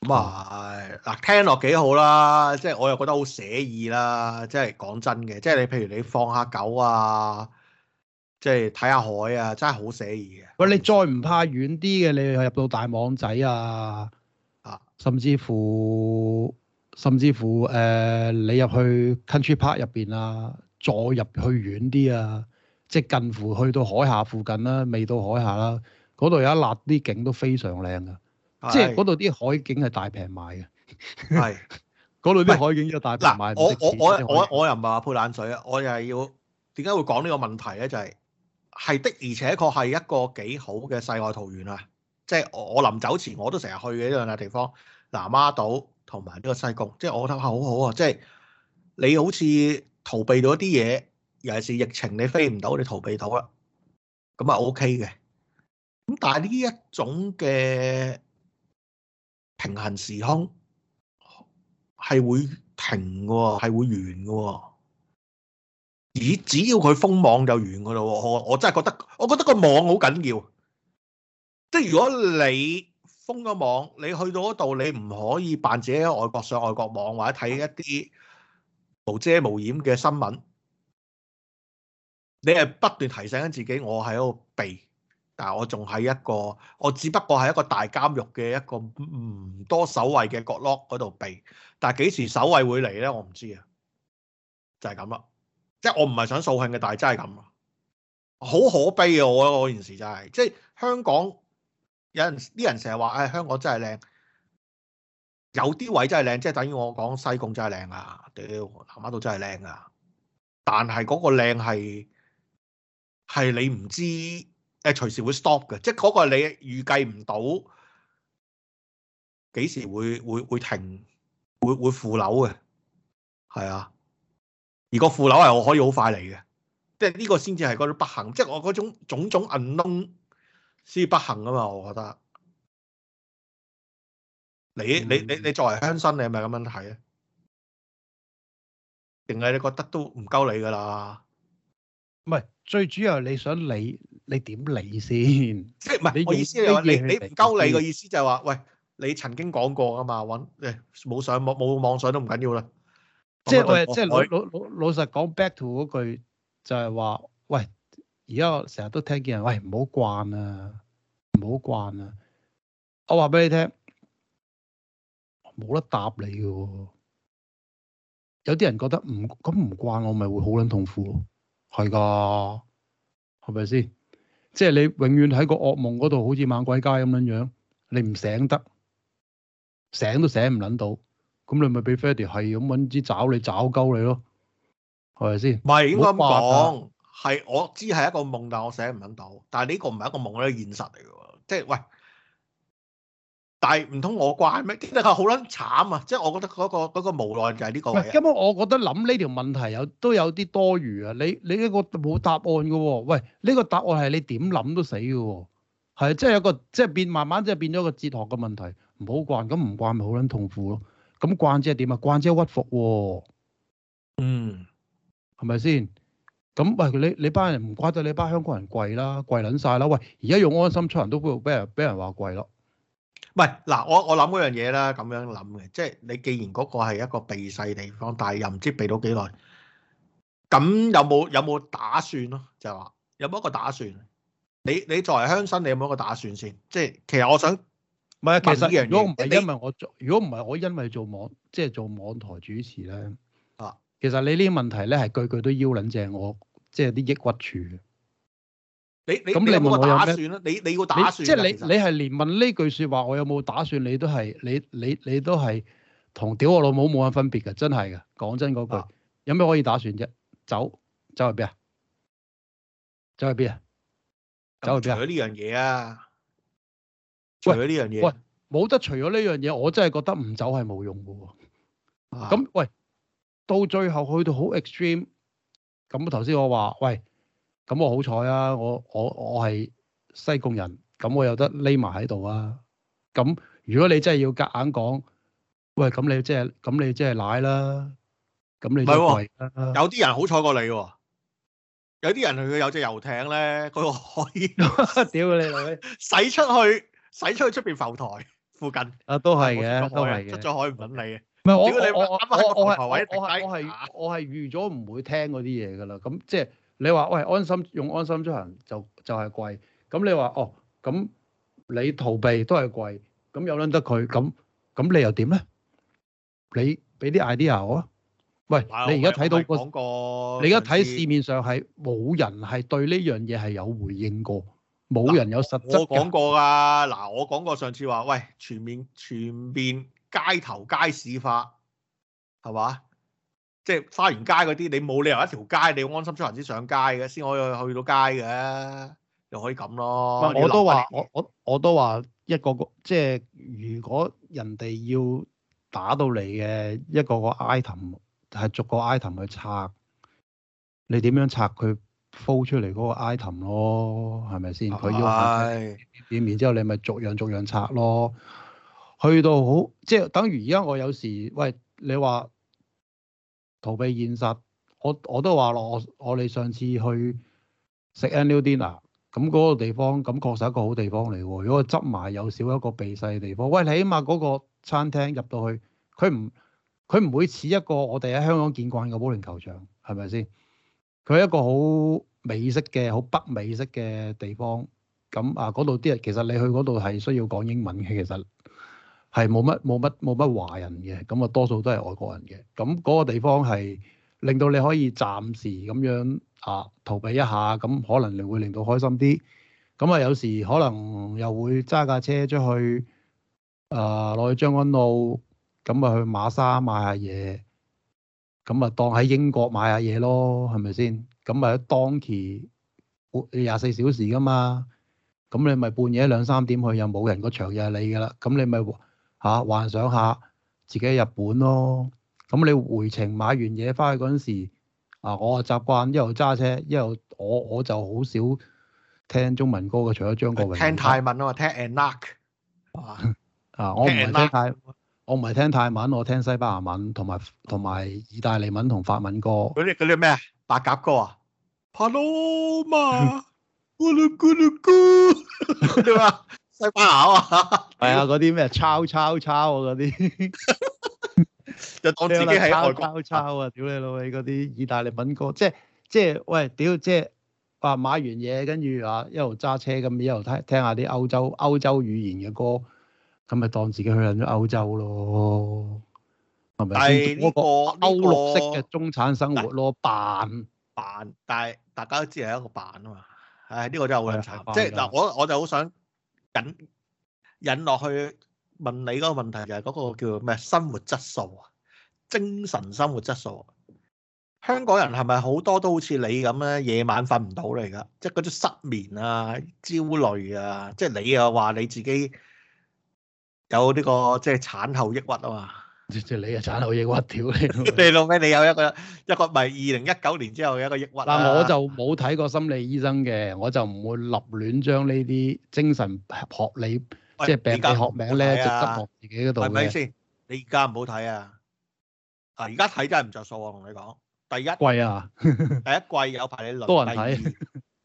咁、嗯、啊，嗱，聽落幾好啦，即係我又覺得好寫意啦，即係講真嘅，即係你譬如你放下狗啊，即係睇下海啊，真係好寫意嘅。喂，你再唔怕遠啲嘅，你入到大網仔啊！甚至乎，甚至乎，誒、呃，你入去 country park 入邊啊，再入去遠啲啊，即近乎去到海下附近啦、啊，未到海下啦、啊，嗰度有一壩啲景都非常靚噶，是即係嗰度啲海景係大平賣嘅，係嗰度啲海景又大平賣。是我我我我我又唔係話潑冷水啊，我又係要點解會講呢個問題咧？就係、是、係的，而且確係一個幾好嘅世外桃源啊！即係我我臨走前我都成日去嘅呢兩笪地方，南丫島同埋呢個西貢，即係我諗下好好啊！即係你好似逃避到一啲嘢，尤其是疫情你飛唔到，你逃避到啦，咁啊 OK 嘅。咁但係呢一種嘅平行時空係會停嘅喎，係會完嘅喎。只只要佢封網就完噶啦喎！我我真係覺得，我覺得個網好緊要。即係如果你封咗網，你去到嗰度，你唔可以扮自己喺外國上外國網或者睇一啲無遮無掩嘅新聞，你係不斷提醒緊自己，我喺度避，但係我仲喺一個，我只不過係一個大監獄嘅一個唔多守衞嘅角落嗰度避，但係幾時守衞會嚟呢？我唔知啊，就係咁啦。即係我唔係想掃興嘅，但係真係咁啊，好可悲啊！我覺得嗰件事就係、是，即係香港。有人啲人成日話誒香港真係靚，有啲位真係靚，即係等於我講西貢真係靚啊，屌南丫島真係靚啊，但係嗰個靚係係你唔知誒隨時會 stop 嘅，即係嗰個你預計唔到幾時會會會停會會負樓嘅，係啊，而個負樓係我可以好快嚟嘅，即係呢個先至係嗰種不幸，即係我嗰種，種種種 unknown 輸不幸啊嘛，我覺得你。你你你你作為鄉紳，你係咪咁樣睇咧？定係你覺得都唔鳩你噶啦？唔係，最主要係你想理，你點理先？即係唔係？你要我意思你你唔鳩你嘅意思就係話，喂，你曾經講過啊嘛，揾誒冇上網冇網上都唔緊要啦。即係是我即係老我老老老實講 back to 嗰句，就係話，喂。而家我成日都聽見人，喂唔好慣啦，唔好慣啦！我話俾你聽，冇得答你嘅喎。有啲人覺得唔咁唔慣，我咪會好撚痛苦咯。係噶，係咪先？即係你永遠喺個噩夢嗰度，好似猛鬼街咁樣樣，你唔醒得，醒都醒唔撚到，咁你咪俾 Freddy 係咁揾支爪你爪鳩你，你咯，係咪先？唔係應該講。係，我知係一個夢，但係我醒唔諗到。但係呢個唔係一個夢咧，個現實嚟嘅。即係喂，但係唔通我慣咩？真係好撚慘啊！即係我覺得嗰、嗰個嗰、嗰個無奈就係呢個。咁我我覺得諗呢條問題有都有啲多餘啊。你你呢個冇答案嘅喎、哦。喂，呢、呢個答案係你點諗都死嘅喎、哦。係即係有個即係、就是、變慢慢即係變咗個哲學嘅問題。唔好慣咁唔慣咪好撚痛苦咯。咁慣即係點啊？慣即係屈服喎、哦。嗯，係咪先？咁喂，你你班人唔怪得你班香港人跪啦，跪撚曬啦！喂，而家用安心出行都會俾人俾人話跪咯。唔係嗱，我我諗嗰樣嘢啦，咁樣諗嘅，即係你既然嗰個係一個避世地方，但係又唔知避到幾耐，咁有冇有冇打算咯？就係話有冇一個打算？你你作為鄉紳，你有冇一個打算先？即係其實我想，唔係其實如果唔係因為我做，如果唔係我因為做網即係做網台主持咧，啊，其實你呢啲問題咧係句句都邀撚正我。即係啲抑鬱處你你咁你問我有咩？你你要打算？即係你實你係連問呢句說話，我有冇打算？你都係你你你都係同屌我老母冇乜分別嘅，真係嘅。講真嗰句，啊、有咩可以打算啫？走走去邊啊？走去邊啊？走去邊啊？除咗呢樣嘢啊？除咗呢樣嘢，喂，冇得除咗呢樣嘢，我真係覺得唔走係冇用㗎。咁、啊、喂，到最後去到好 extreme。咁頭先我話，喂，咁我好彩啊，我我我係西貢人，咁我有得匿埋喺度啊。咁如果你真係要夾硬講，喂，咁你即係咁你即係奶啦。咁你即係奶啦。有啲人好彩過你喎，有啲人佢有隻遊艇咧，佢可以屌你老味，使出去，使出去出邊浮台附近。啊，都係嘅，都係嘅，出咗海唔揾你嘅。唔係我，我我我係我係我係我係預咗唔會聽嗰啲嘢㗎啦。咁即係你話我係安心用安心出行，就就係貴。咁你話哦，咁你逃避都係貴。咁又輪得佢咁，咁你又點咧？你俾啲 idea 啊？喂，你而家睇到個你而家睇市面上係冇人係對呢樣嘢係有回應過，冇人有實質。我講過㗎。嗱，我講過上次話，喂，全面全面。街頭街市化係嘛？即係花園街嗰啲，你冇理由一條街你要安心出行先上街嘅，先可以去到街嘅，又可以咁咯我我我。我都話，我我我都話一個個，即係如果人哋要打到你嘅一個個 item 係逐個 item 去拆，你點樣拆佢鋪出嚟嗰個 item 咯？係咪先？佢要點？然之後你咪逐樣逐樣拆咯。去到好，即係等於而家我有時喂，你話逃避現實，我我都話咯。我我哋上次去食 annual dinner，咁、嗯、嗰、那個地方咁確實一個好地方嚟喎、哦。如果執埋有少一個避世嘅地方，喂，你起碼嗰個餐廳入到去，佢唔佢唔會似一個我哋喺香港見慣嘅保齡球場，係咪先？佢係一個好美式嘅、好北美式嘅地方。咁、嗯、啊，嗰度啲人其實你去嗰度係需要講英文嘅，其實。係冇乜冇乜冇乜華人嘅，咁啊多數都係外國人嘅。咁嗰個地方係令到你可以暫時咁樣啊逃避一下，咁可能你會令到開心啲。咁啊有時可能又會揸架車出去啊落、呃、去將軍澳，咁啊去馬莎買下嘢，咁啊當喺英國買下嘢咯，係咪先？咁喺當期廿四小時噶嘛，咁你咪半夜兩三點去，又冇人，個場又係你㗎啦，咁你咪。嚇、啊，幻想下自己喺日本咯。咁、嗯、你回程買完嘢翻去嗰陣時，啊，我啊習慣一路揸車，一路我我就好少聽中文歌嘅，除咗張國榮。我聽泰文啊嘛，我聽 Anak 啊，我唔聽，聽，聽泰，我唔係聽泰文，我聽西班牙文同埋同埋意大利文同法文歌。嗰啲嗰啲咩啊？白鴿歌啊？Paloma 嘛？Good good good，西班牙啊，係 啊， 嗰啲咩抄抄抄啊嗰啲，就當自己喺外國抄抄啊！屌你老味，嗰啲意大利文歌，即係即係喂，屌即係話買完嘢，跟住啊一路揸車咁，一路聽聽下啲歐洲歐洲語言嘅歌，咁咪當自己去咗歐洲咯，係咪先？嗰、這個、個歐陸式嘅中產生活咯，扮扮，但係大家都知係一個扮啊嘛，唉，呢、這個真係好卵慘，即係嗱，我我就好想。引落去問你嗰個問題就係嗰個叫咩？生活質素啊，精神生活質素啊，香港人係咪好多都好似你咁咧？夜晚瞓唔到嚟噶，即係嗰啲失眠啊、焦慮啊，即係你又話你自己有呢個即係產後抑鬱啊嘛？即係你又產後抑鬱，屌你！你老味，你有一個一個咪二零一九年之後有一個抑鬱。嗱，我就冇睇過心理醫生嘅，我就唔會立亂將呢啲精神學理即係病理學名咧，就執落自己嗰度嘅。係咪先？你而家唔好睇啊！啊，而家睇真係唔着數，我同你講。第一貴啊，第一貴有排你輪。多人睇。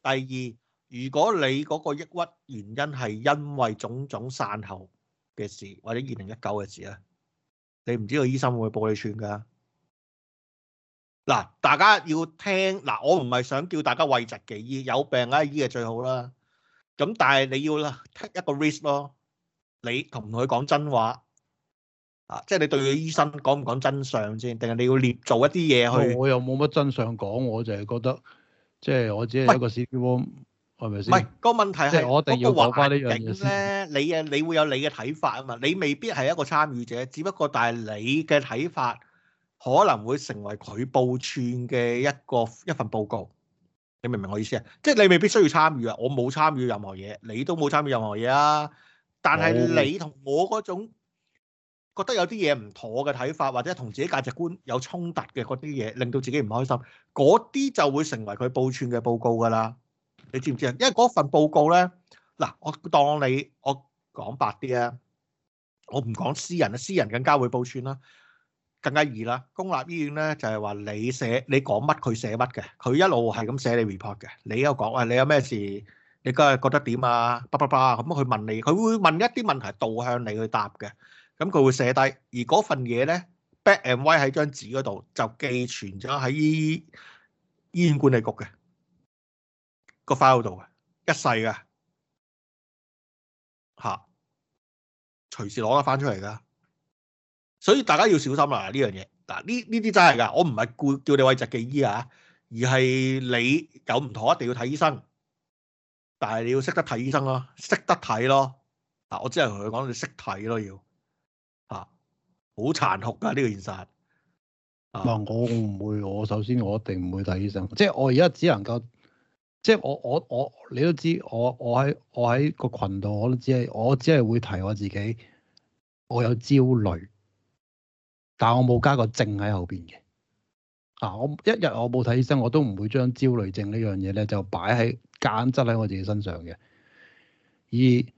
第二，如果你嗰個抑鬱原因係因為種種產後嘅事，或者二零一九嘅事咧。你唔知道醫生會唔會報你串噶，嗱，大家要聽嗱，我唔係想叫大家諱疾忌醫，有病咧醫係最好啦，咁但係你要啦，take 一個 risk 咯，你同佢講真話啊，即係你對佢醫生講唔講真相先，定係你要捏做一啲嘢去，哦，我又冇乜真相講，我就係覺得，即係我只係一個唔係個問題係個環境咧，你啊，你會有你嘅睇法啊嘛，你未必係一個參與者，只不過但係你嘅睇法可能會成為佢報串嘅一個一份報告。你明唔明我意思啊？即係你未必需要參與啊，我冇參與任何嘢，你都冇參與任何嘢啊。但係你同我嗰種覺得有啲嘢唔妥嘅睇法，或者同自己價值觀有衝突嘅嗰啲嘢，令到自己唔開心，嗰啲就會成為佢報串嘅報告㗎啦。你知唔知啊？因為嗰份報告咧，嗱，我當你我講白啲啊，我唔講私人啊，私人更加會報串啦，更加易啦。公立醫院咧就係話你寫你講乜佢寫乜嘅，佢一路係咁寫你 report 嘅。你又講，喂，你有咩事，你家覺得點啊？叭叭叭咁佢問你，佢會問一啲問題導向你去答嘅，咁佢會寫低。而嗰份嘢咧，back and white 喺張紙嗰度就寄存咗喺醫院管理局嘅。個 file 度嘅，一世噶，吓、啊，隨時攞得翻出嚟噶，所以大家要小心啊呢樣嘢，嗱呢呢啲真係噶，我唔係叫你諱疾忌醫啊，而係你有唔妥一定要睇醫生，但係你要識得睇醫生、啊、咯，識得睇咯，嗱我只係同佢講你識睇咯要，吓、啊，好殘酷噶呢個現實，嗱、啊、我唔會，我首先我一定唔會睇醫生，即係我而家只能夠。即係我我我，你都知我我喺我喺個群度，我都只係我只係會提我自己，我有焦慮，但我冇加個症喺後邊嘅。啊，我一日我冇睇醫生，我都唔會將焦慮症呢樣嘢咧就擺喺夾硬喺我自己身上嘅。而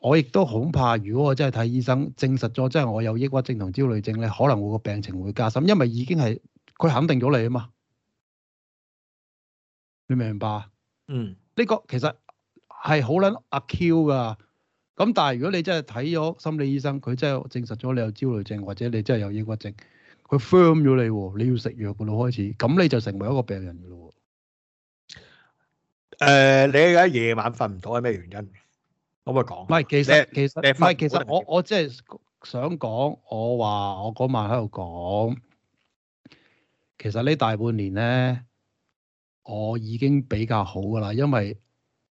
我亦都恐怕，如果我真係睇醫生，證實咗真係我有抑鬱症同焦慮症咧，可能我個病情會加深，因為已經係佢肯定咗你啊嘛。你明唔明白啊？嗯，呢個其實係好捻阿 Q 噶，咁但係如果你真係睇咗心理醫生，佢真係證實咗你有焦慮症或者你真係有抑鬱症，佢 firm 咗你，你要食藥噶咯，開始咁你就成為一個病人噶咯。誒、呃，你而家夜晚瞓唔到係咩原因？可唔可以講，唔係其實你其實唔係其實我我真係想講，我話我嗰晚喺度講，其實呢大半年咧。我已經比較好㗎啦，因為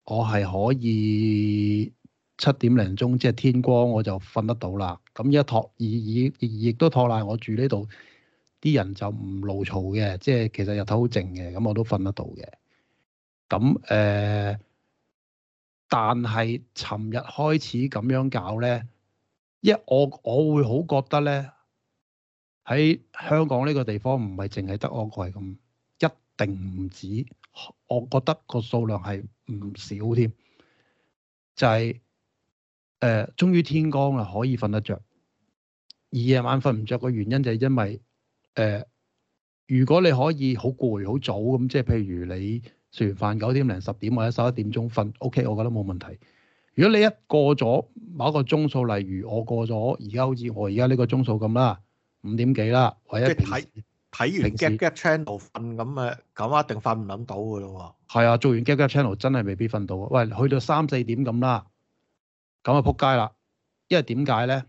我係可以七點零鐘即係、就是、天光我就瞓得到啦。咁一托，而而亦都托賴我住呢度啲人就唔露嘈嘅，即係其實日頭好靜嘅，咁我都瞓得到嘅。咁誒、呃，但係尋日開始咁樣搞咧，一我我會好覺得咧喺香港呢個地方唔係淨係得我個係咁。定唔止，我覺得個數量係唔少添。就係、是、誒，終、呃、於天光啦，可以瞓得着。而夜晚瞓唔着嘅原因就係因為誒、呃，如果你可以好攰、好早咁，即係譬如你食完飯九點零、十點或者十一點鐘瞓，OK，我覺得冇問題。如果你一過咗某一個鐘數，例如我過咗而家好似我而家呢個鐘數咁啦，五點幾啦，或者睇完 gap gap channel 瞓咁啊，咁一定瞓唔到噶咯喎。係啊，做完 gap gap channel 真係未必瞓到。啊，喂，去到三四點咁啦，咁啊撲街啦。因為點解咧？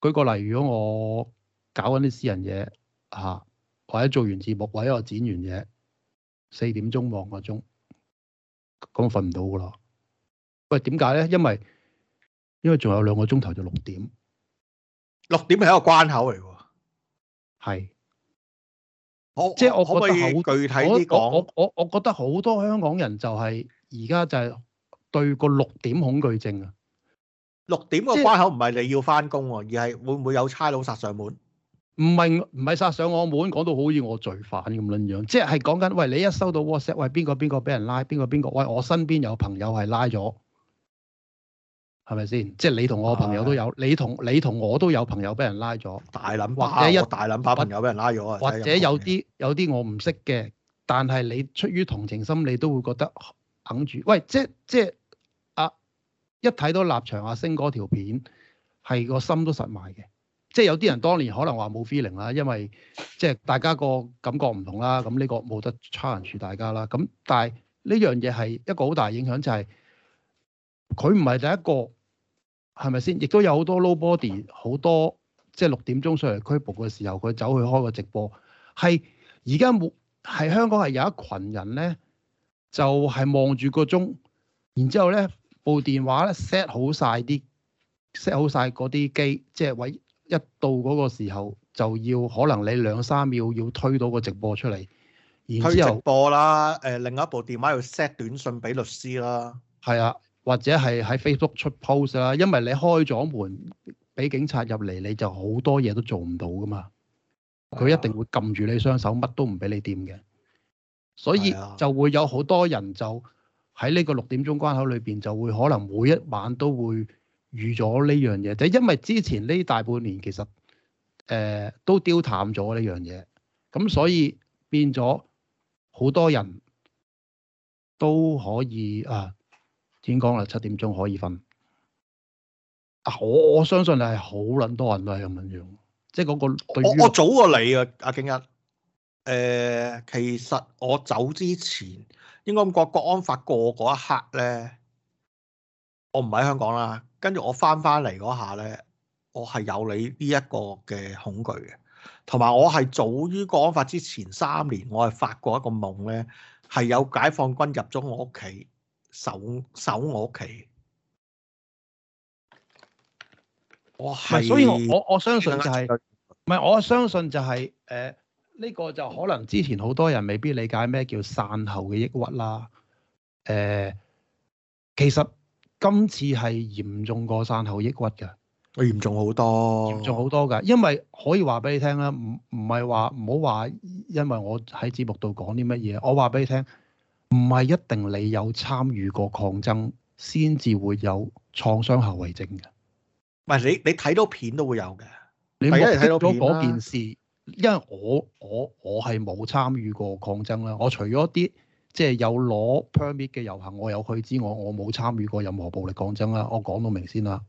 舉個例，如果我搞緊啲私人嘢嚇、啊，或者做完節目或者我剪完嘢，四點鐘望個鐘，咁瞓唔到噶咯。喂，點解咧？因為因為仲有兩個鐘頭，就六點。六點係一個關口嚟喎。係，即我即係好我覺得好具體啲講，我我，我覺得好多香港人就係而家就係對個六點恐懼症啊。六點個關口唔係你要翻工喎，就係、而係會唔會有差佬殺上門？唔係唔係殺上我門，講到好似我罪犯咁樣樣，即係講緊，喂，你一收到 WhatsApp，喂，邊個邊個俾人拉，邊個邊個，喂，我身邊有朋友係拉咗。係咪先？即係你同我朋友都有，哎、呀你同你同我都有朋友俾人拉咗，大諗或者一大諗把朋友俾人拉咗啊，或者有啲有啲我唔識嘅，但係你出於同情心，你都會覺得肯住。喂，即係即係啊！一睇到立場阿、啊、星嗰條片，係個心都實埋嘅。即係有啲人當年可能話冇 feeling 啦，因為即係大家個感覺唔同啦。咁呢個冇得 challenge 住大家啦。咁但係呢樣嘢係一個好大影響，就係佢唔係第一個。係咪先？亦都有好多 low body，好多即係六點鐘上嚟拘捕嘅時候，佢走去開個直播。係而家冇，係香港係有一群人咧，就係望住個鐘，然之後咧部電話咧 set 好晒啲 set 好晒嗰啲機，即係話一到嗰個時候就要，可能你兩三秒要推到個直播出嚟。然後推直播啦，誒、呃，另一部電話要 set 短信俾律師啦。係啊。或者係喺 Facebook 出 post 啦，因為你開咗門俾警察入嚟，你就好多嘢都做唔到噶嘛。佢一定會撳住你雙手，乜都唔俾你掂嘅。所以就會有好多人就喺呢個六點鐘關口裏邊，就會可能每一晚都會預咗呢樣嘢。就因為之前呢大半年其實誒、呃、都丟淡咗呢樣嘢，咁所以變咗好多人都可以啊。先講啊，七點鐘可以瞓。啊，我我相信你係好撚多人都係咁樣樣，即係嗰個對我我。我早過你啊，阿景一。誒、呃，其實我走之前，應該咁講，國安法過嗰一刻咧，我唔喺香港啦。跟住我翻翻嚟嗰下咧，我係有你呢一個嘅恐懼嘅，同埋我係早於國安法之前三年，我係發過一個夢咧，係有解放軍入咗我屋企。守守我屋企，我係，哦，所以我我相信就係，唔係 我相信就係，誒，呢個就可能之前好多人未必理解咩叫散後嘅抑鬱啦，誒，其實今次係嚴重過散後抑鬱㗎，嚴重好多，嚴重好多㗎，因為可以話俾你聽啦，唔唔係話唔好話，因為我喺節目度講啲乜嘢，我話俾你聽。唔係一定你有參與過抗爭先至會有創傷後遺症嘅。唔係你你睇到片都會有嘅。你睇到片睇到件事，因為我我我係冇參與過抗爭啦。我除咗啲即係有攞 permit 嘅遊行我有去之外，我冇參與過任何暴力抗爭啦。我講到明先啦。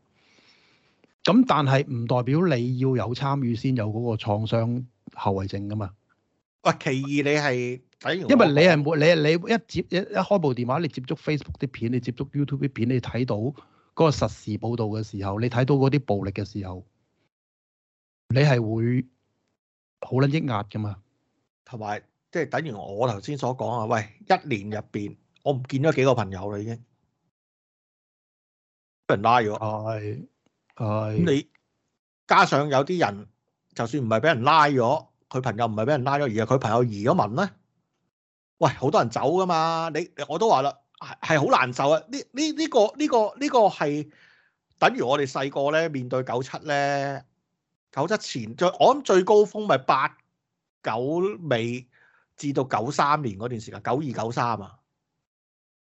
咁但係唔代表你要有參與先有嗰個創傷後遺症㗎嘛？喂，其二你係。因為你係冇你你一接一一開部電話，你接觸 Facebook 啲片，你接觸 YouTube 啲片，你睇到嗰個實時報導嘅時候，你睇到嗰啲暴力嘅時候，你係會好撚抑壓噶嘛？同埋即係等於我頭先所講啊！喂，一年入邊我唔見咗幾個朋友啦，已經俾人拉咗。係，係，你加上有啲人就算唔係俾人拉咗，佢朋友唔係俾人拉咗，而係佢朋友移咗民咧。喂，好多人走噶嘛？你，我都話啦，係好難受啊！呢呢呢個呢個呢個係等於我哋細個咧面對九七咧，九七前最，我諗最高峰咪八九尾至到九三年嗰段時間，九二九三啊嘛，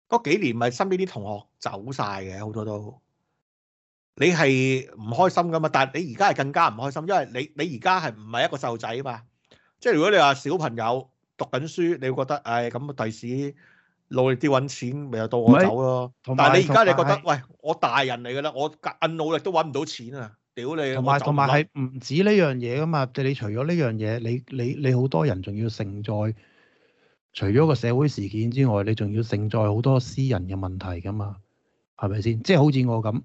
嗰幾年咪身邊啲同學走晒嘅，好多都，你係唔開心噶嘛？但係你而家係更加唔開心，因為你你而家係唔係一個細路仔啊嘛，即係如果你話小朋友。讀緊書，你會覺得，哎，咁第時努力啲揾錢，咪又到我走咯。但係你而家你覺得，喂，我大人嚟噶啦，我硬努力都揾唔到錢啊！屌你。同埋同埋係唔止呢樣嘢噶嘛？即係你除咗呢樣嘢，你你你好多人仲要承載，除咗個社會事件之外，你仲要承載好多私人嘅問題噶嘛？係咪先？即係好似我咁，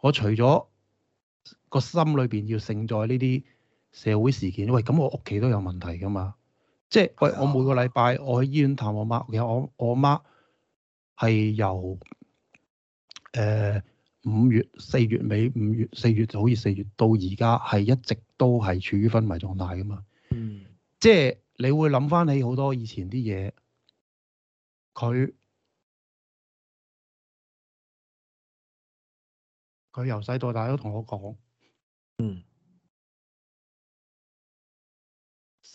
我除咗個心裏邊要承載呢啲社會事件，喂，咁我屋企都有問題噶嘛？即係，喂！我每個禮拜我去醫院探我媽。其實我我阿媽係由誒五月四月尾，五月四月就好似四月到而家係一直都係處於昏迷狀態噶嘛。嗯。即係你會諗翻起好多以前啲嘢，佢佢由細到大都同我講。嗯。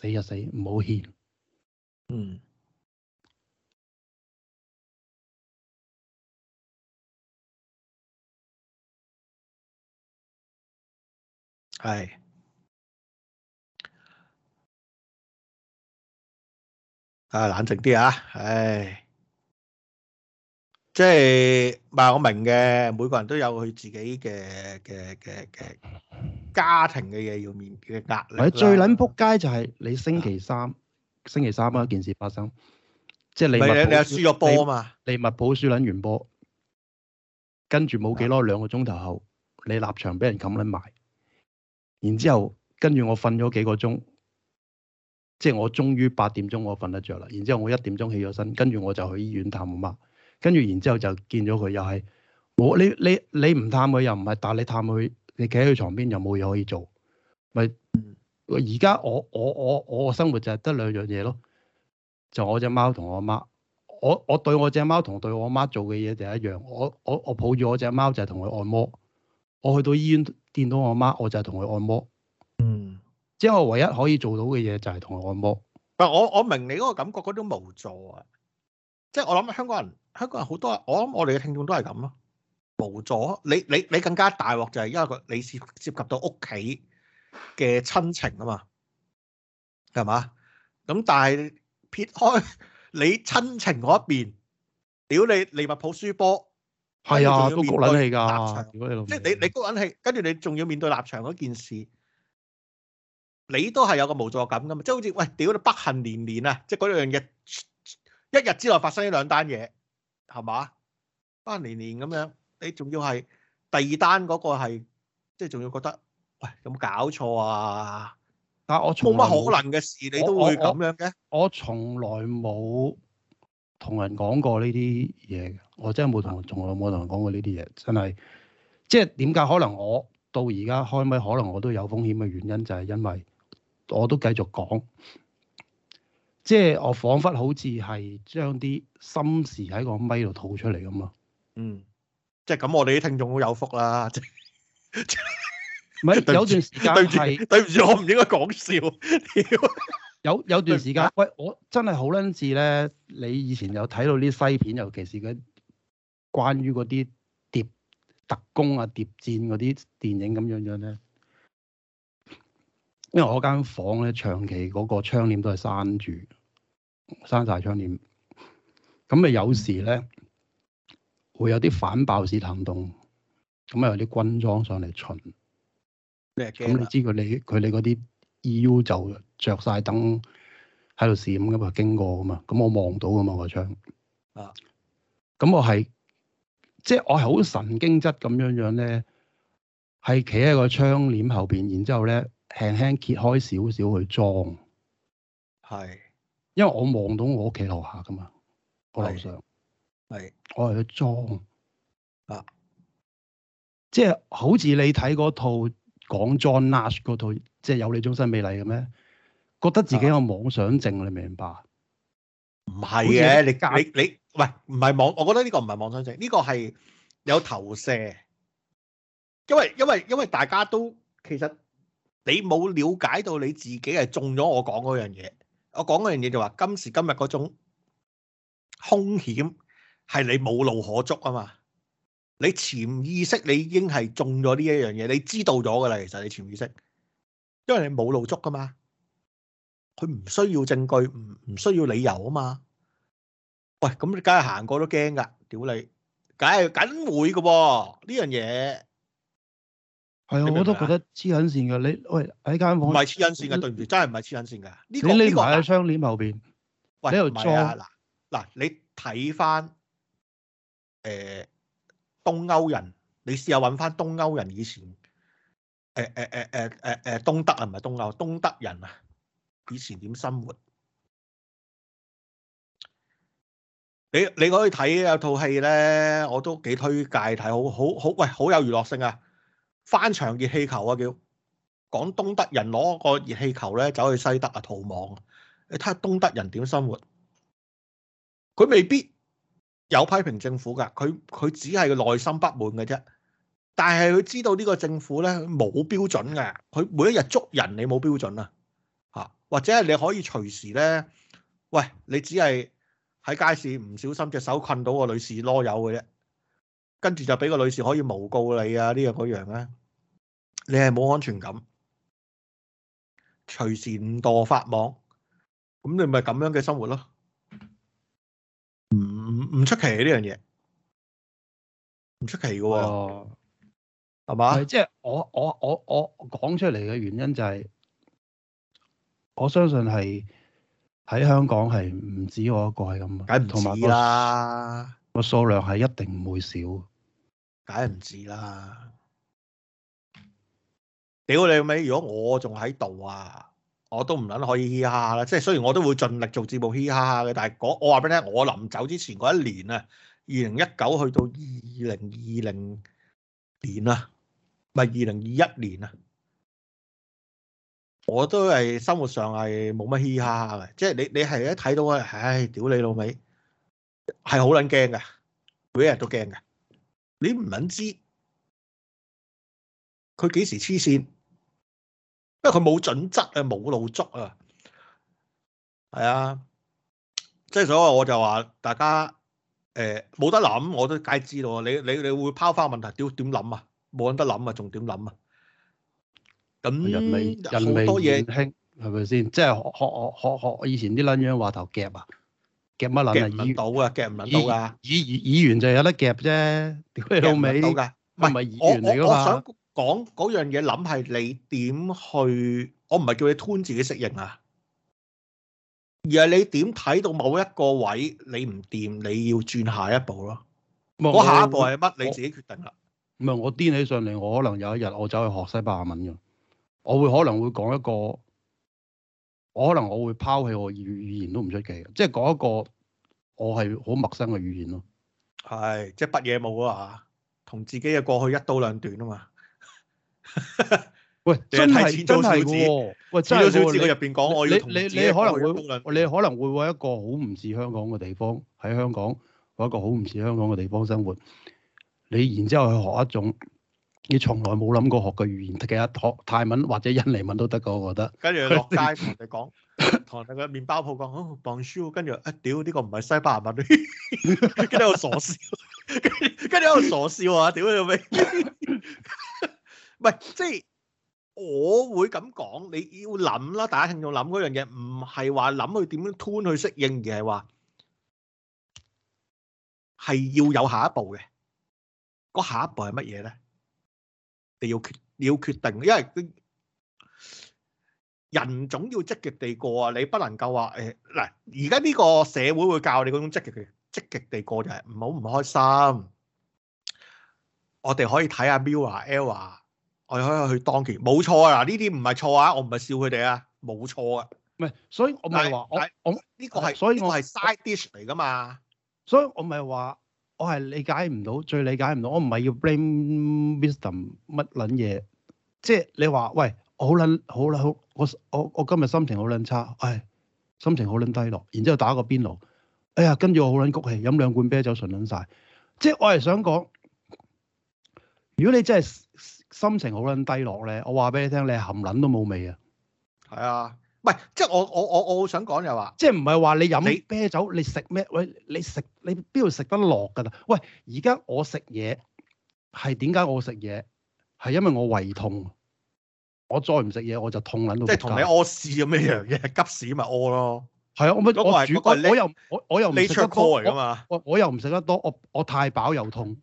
死就死，唔好嫌。嗯，係。 啊，冷靜啲啊，唉。即係唔係？我明嘅，每個人都有佢自己嘅嘅嘅嘅家庭嘅嘢要面嘅壓力。最撚仆街就係你星期三，係。星期三啊一件事發生，係。即係利物浦輸咗波啊嘛！利物浦輸撚完波，跟住冇幾耐兩個鐘頭後，你立場俾人冚撚埋，然之後跟住我瞓咗幾個鐘，即係我終於八點鐘我瞓得着啦。然之後我一點鐘起咗身，跟住我就去醫院探阿媽。跟住，然之後就見咗佢，又係我你你你唔探佢又唔係，但係你探佢，你企喺佢床邊又冇嘢可以做，咪而家我我我我嘅生活就係得兩樣嘢咯，就我隻貓同我媽，我我對我隻貓同對我媽做嘅嘢就係一樣，我我我抱住我隻貓就係同佢按摩，我去到醫院見到我媽我就係同佢按摩，嗯，即係我唯一可以做到嘅嘢就係同佢按摩。但我我明你嗰個感覺嗰種無助啊，即係我諗香港人。香港人好多，我諗我哋嘅聽眾都係咁咯，無助。你你你更加大鑊就係因為佢，你涉涉及到屋企嘅親情啊嘛，係嘛？咁但係撇開你親情嗰一邊，屌你利物浦輸波，係啊，都谷卵氣噶。即係你你谷卵氣，跟住你仲要面對立場嗰、啊、件事，你都係有個無助感噶嘛？即係好似喂，屌你不幸連連啊！即係嗰樣嘢，一日之內發生呢兩單嘢。係嘛？翻年年咁樣，你仲要係第二單嗰個係，即係仲要覺得，喂，有冇搞錯啊？但我冇乜可能嘅事，你都會咁樣嘅。我從來冇同人講過呢啲嘢嘅，我真係冇同，從來冇同人講過呢啲嘢，真係。即係點解可能我到而家開咪，可能我都有風險嘅原因，就係因為我都繼續講。即係我彷彿好似係將啲心事喺個咪度吐出嚟咁啊！嗯，即係咁，我哋啲聽眾都有福啦！唔 係 米有段時間係對唔住，我唔應該講笑。 有有段時間，喂，我真係好撚似咧。你以前有睇到啲西片，尤其是嘅關於嗰啲諜特工啊、諜戰嗰啲電影咁樣影樣咧。因為我間房咧長期嗰個窗簾都係閂住，閂晒窗簾。咁咪有時咧會有啲反爆市行動，咁啊有啲軍裝上嚟巡。咁你，你知佢你佢哋嗰啲 EU 就着晒燈喺度閃咁嘛，經過噶嘛，咁我望到噶嘛個窗。啊！咁我係即係我係好神經質咁樣樣咧，係企喺個窗簾後邊，然之後咧，輕輕揭開少少去裝，係，因為我望到我屋企樓下噶嘛，我樓上，係，我係去裝啊，即係好似你睇嗰套講 John Nash 嗰套，即係有你終身美麗嘅咩？覺得自己有妄想症，你明唔明白？唔係嘅，你介你喂唔係妄，我覺得呢個唔係妄想症，呢個係有投射，因為因為因為大家都其實。你冇了解到你自己係中咗我講嗰樣嘢，我講嗰樣嘢就話今時今日嗰種凶險係你冇路可捉啊嘛！你潛意識你已經係中咗呢一樣嘢，你知道咗㗎啦，其實你潛意識，因為你冇路捉噶嘛，佢唔需要證據，唔唔需要理由啊嘛。喂，咁你梗係行過都驚㗎，屌你，梗係梗會嘅噃呢樣嘢。係，我都覺得黐緊線嘅。你喂喺間房唔係黐緊線嘅，你對唔住，真係唔係黐緊線嘅。呢個、你呢排喺窗簾後邊你又裝、啊？嗱嗱，你睇翻誒東歐人，你試下揾翻東歐人以前誒誒誒誒誒誒東德啊，唔係東歐，東德人啊，以前點生活？你你可以睇有套戲咧，我都幾推介睇，好好好，喂，好有娛樂性啊！翻牆熱氣球啊，叫講東德人攞個熱氣球咧，走去西德啊，逃亡。你睇下東德人點生活，佢未必有批評政府噶，佢佢只係個內心不滿嘅啫。但係佢知道呢個政府咧冇標準嘅，佢每一日捉人你冇標準啊，吓或者係你可以隨時咧，喂，你只係喺街市唔小心隻手困到個女士囉柚嘅啫。跟住就俾個女士可以誣告你啊！樣呢樣嗰樣咧，你係冇安全感，隨時墮法網，咁你咪咁樣嘅生活咯，唔唔出奇呢樣嘢，唔出奇嘅、啊、喎，係嘛、哦？即係吧、就是、我我我我講出嚟嘅原因就係、是，我相信係喺香港係唔止我一個係咁唔同意啦，個數量係一定唔會少。梗係唔知啦！屌你老味！如果我仲喺度啊，我都唔捻可以嘻哈啦。即係，雖然我都會盡力做節目嘻哈哈嘅，但係我話俾你聽，我臨走之前嗰一年啊，二零一九去到二零二零年啊，唔係二零二一年啊，我都係生活上係冇乜嘻哈嘅。即係你你係一睇到啊，唉、哎，屌你老味，係好捻驚㗎，每一日都驚㗎。你唔撚知佢幾時黐線，因為佢冇準則啊，冇路捉啊，係啊，即係所以我就話大家誒冇、欸、得諗，我都梗知道。你你你會拋翻問題點點諗啊？冇得諗啊，仲點諗啊？咁人哋類好多嘢聽係咪先？即係學學學學以前啲撚樣話頭夾啊！夾乜能啊？議員到啊，夾唔輪到噶？議員議員就有得夾啫，屌你老味，唔係議員嚟噶嘛？我我我想講嗰樣嘢，諗係你點去，我唔係叫你吞自己適應啊，而係你點睇到某一個位你唔掂，你要轉下一步咯。我下一步係乜？你自己決定啦。唔係我癲起上嚟，我可能有一日我走去學西班牙文嘅，我會可能會講一個。我可能我會拋棄我語語言都唔出奇，即係講一個我係好陌生嘅語言咯。係，即係乜嘢冇啊？同自己嘅過去一刀兩斷啊嘛。喂，真係真係嘅喎，寫咗少字，入邊講我要同自己。你你，你可能會，你可能會喎一個好唔似香港嘅地方喺香港，或一個好唔似香港嘅地方生活。你然之後去學一種。你從來冇諗過學個語言嘅，學泰文或者印尼文都得嘅，我覺得。跟住落街同你講，同個麵包鋪講，哦，bangsu，跟住誒，屌呢個唔係西班牙文，跟住喺度傻笑，跟住跟住喺度傻笑啊，屌你老味！唔係，即係我會咁講，你要諗啦。大家喺度諗嗰樣嘢，唔係話諗去點樣 turn 去適應，而係話係要有下一步嘅。嗰下一步係乜嘢咧？你要決要決定，因為人總要積極地過啊！你不能夠話誒嗱，而家呢個社會會教你嗰種積極積極地過就係唔好唔開心。我哋可以睇下 Mirror、Error，我哋可以去當其，冇錯啊！呢啲唔係錯啊，我唔係笑佢哋啊，冇錯啊。唔係，所以我咪話是我我呢個係，所以我係 side dish 嚟㗎嘛，所以我咪話。我係理解唔到，最理解唔到。我唔係要 blame wisdom 乜撚嘢，即係你話喂，好撚好撚好，我我我今日心情好撚差，唉，心情好撚低落，然之後打個邊爐，哎呀，跟住我好撚谷氣，飲兩罐啤酒，純撚晒。即係我係想講，如果你真係心情好撚低落咧，我話俾你聽，你係含撚都冇味啊。係啊。唔係，即係我我我我好想講就話，即係唔係話你飲啤酒，你食咩？喂，你食你邊度食得落㗎啦？喂，而家我食嘢係點解我食嘢係因為我胃痛，我再唔食嘢我就痛撚到。即係同你屙屎咁一樣嘢，急屎咪屙咯。係啊，我咪我主，我又我我又唔食得多㗎嘛。我我又唔食得多，我我太飽又痛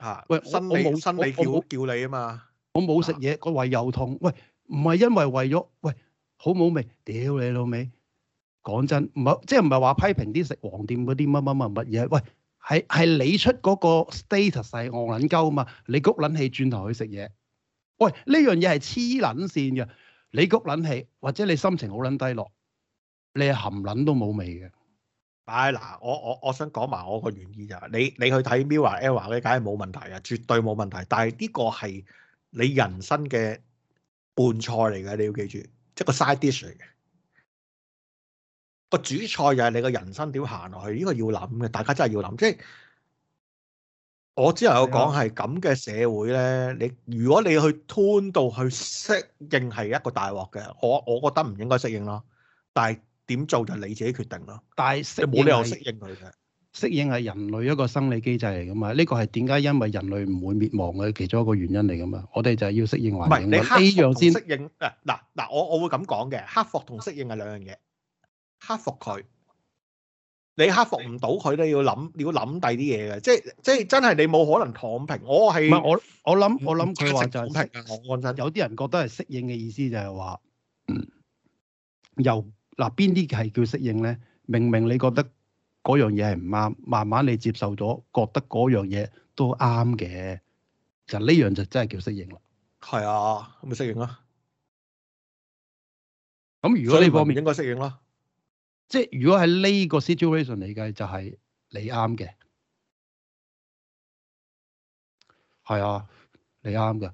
嚇。喂，我冇新你叫叫你啊嘛。我冇食嘢，個胃又痛。喂，唔係因為為咗喂。好冇味，屌你老味！講真，唔係即係唔係話批評啲食黃店嗰啲乜乜乜乜嘢。喂，係係你出嗰個 status 細我撚鳩嘛？你谷撚氣，轉頭去食嘢。喂，呢樣嘢係黐撚線嘅。你谷撚氣，或者你心情好撚低落，你含撚都冇味嘅。唉，嗱，我我我想講埋我個原因就係，你你去睇 Mirror、Error 嗰啲梗係冇問題嘅，絕對冇問題。但係呢個係你人生嘅伴菜嚟嘅，你要記住。即係一個 side dish 嚟嘅，個主菜又係你個人生點行落去，呢個要諗嘅，大家真係要諗。即係我之前有講係咁嘅社會咧，你如果你去吞到去適應係一個大鑊嘅，我我覺得唔應該適應咯。但係點做就你自己決定咯。但係適冇理由適應佢嘅。適應係人類一個生理機制嚟㗎嘛？呢個係點解，因為人類唔會滅亡嘅其中一個原因嚟㗎嘛？我哋就係要適應環境。唔係，你克服同適應，嗱嗱嗱，我我會咁講嘅，克服同適應係兩樣嘢。克服佢，你克服唔到佢都，要諗要諗第啲嘢嘅。即即真係你冇可能躺平。我係唔係我我諗我諗佢話就係躺平。有啲人覺得係適應嘅意思就係話嗯，又嗱，邊啲係叫適應咧？明明你覺得。嗰樣嘢係唔啱，慢慢你接受咗，覺得嗰樣嘢都啱嘅，就呢樣就真係叫適應啦。係啊，咪適應啦。咁、嗯、如果呢方面應該適應啦。即係如果喺呢個 situation 嚟嘅，就係、是、你啱嘅。係啊，你啱嘅。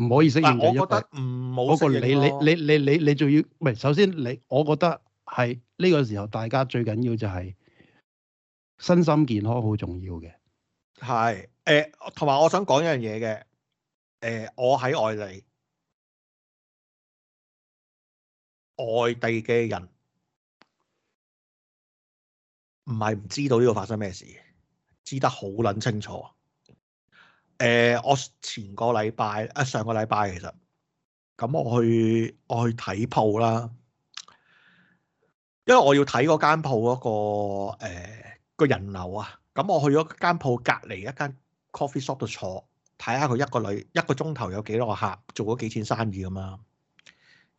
唔可以適應嘅，嗰個你你你你你你仲要？唔係，首先你，我覺得。係呢、呢個時候，大家最緊要就係身心健康好重要嘅。係、呃，誒，同埋我想講一樣嘢嘅，誒、呃，我喺外地，外地嘅人唔係唔知道呢個發生咩事，知得好捻清楚。誒、呃，我前個禮拜啊，上個禮拜其實，咁我去我去睇鋪啦。因為我要睇嗰間鋪嗰、嗰個、欸、人流啊，咁我去咗間鋪隔離一間 coffee shop 度坐，睇下佢一個女一個鐘頭有幾多個客，做咗幾錢生意咁啊。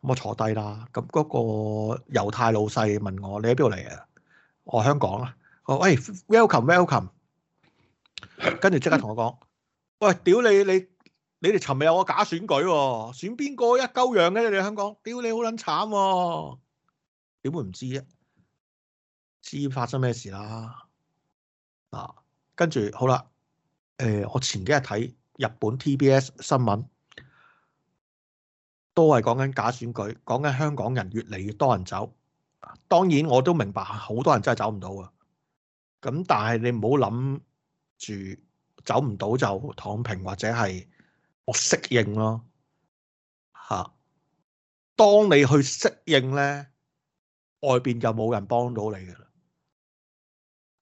咁我坐低啦，咁嗰個猶太老細問我：你喺邊度嚟啊？我香港啊。」我誒 welcome welcome，跟住即刻同我講：嗯、喂，屌你你你哋尋日有個假選舉喎、啊，選邊個一鳩樣嘅你哋香港？屌你好撚慘喎！點會唔知啫？知發生咩事啦！啊，跟住好啦，誒、呃，我前幾日睇日本 TBS 新聞，都係講緊假選舉，講緊香港人越嚟越多人走。當然我都明白，好多人真係走唔到呀。咁但係你唔好諗住走唔到就躺平或者係我適應咯。吓、啊，當你去適應呢。外邊就冇人幫到你噶啦，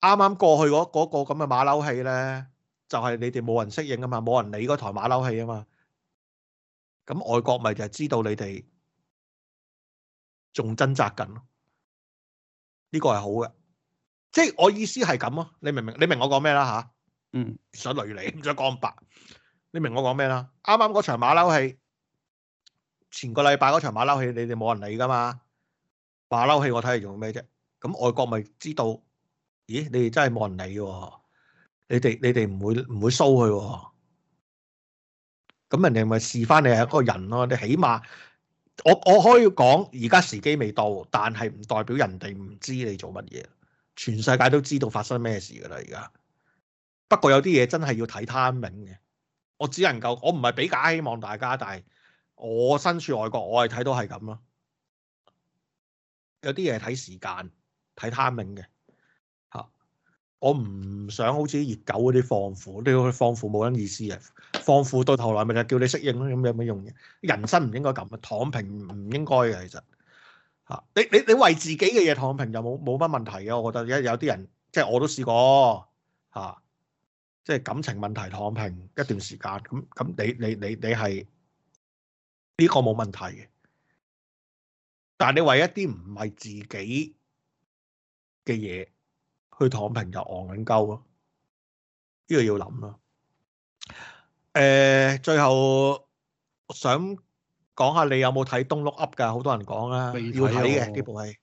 啱啱過去嗰嗰個咁嘅馬騮戲咧，就係你哋冇人適應啊嘛，冇人理嗰台馬騮戲啊嘛，咁外國咪就係知道你哋仲掙扎緊咯，呢個係好嘅，即係我意思係咁咯，你明唔明？你明我講咩啦吓？嗯，想累你唔想講白？你明我講咩啦？啱啱嗰場馬騮戲，前個禮拜嗰場馬騮戲，你哋冇人理噶嘛。馬騮戲我睇，係做咩啫？咁外國咪知道？咦，你哋真係冇人理喎，你哋你哋唔會唔會收佢喎？咁人哋咪視返你，係一個人咯。哦，你起碼我我可以講，而家時機未到，但係唔代表人哋唔知你做乜嘢。全世界都知道發生咩事噶啦，而家。不過有啲嘢真係要睇 timing 嘅。我只能夠，我唔係比較希望大家，但係我身處外國我，我係睇到係咁咯。有啲嘢睇時間，睇 timing 嘅嚇。我唔想好似熱狗嗰啲放負，呢、啊、去放負冇咁意思嘅。放負到頭來咪就叫你適應咯，咁有咩用嘅？人生唔應該咁啊，躺平唔應該嘅。其實嚇，你你你為自己嘅嘢躺平又冇冇乜問題嘅。我覺得而有啲人即係我都試過嚇、啊，即係感情問題躺平一段時間咁咁，你你你你係呢個冇問題嘅。但係你為一啲唔係自己嘅嘢去躺平就戇緊鳩咯，呢個要諗咯。誒、呃，最後想講下你有冇睇《Don't Look Up》噶？好多人講啦，要睇嘅呢部戲、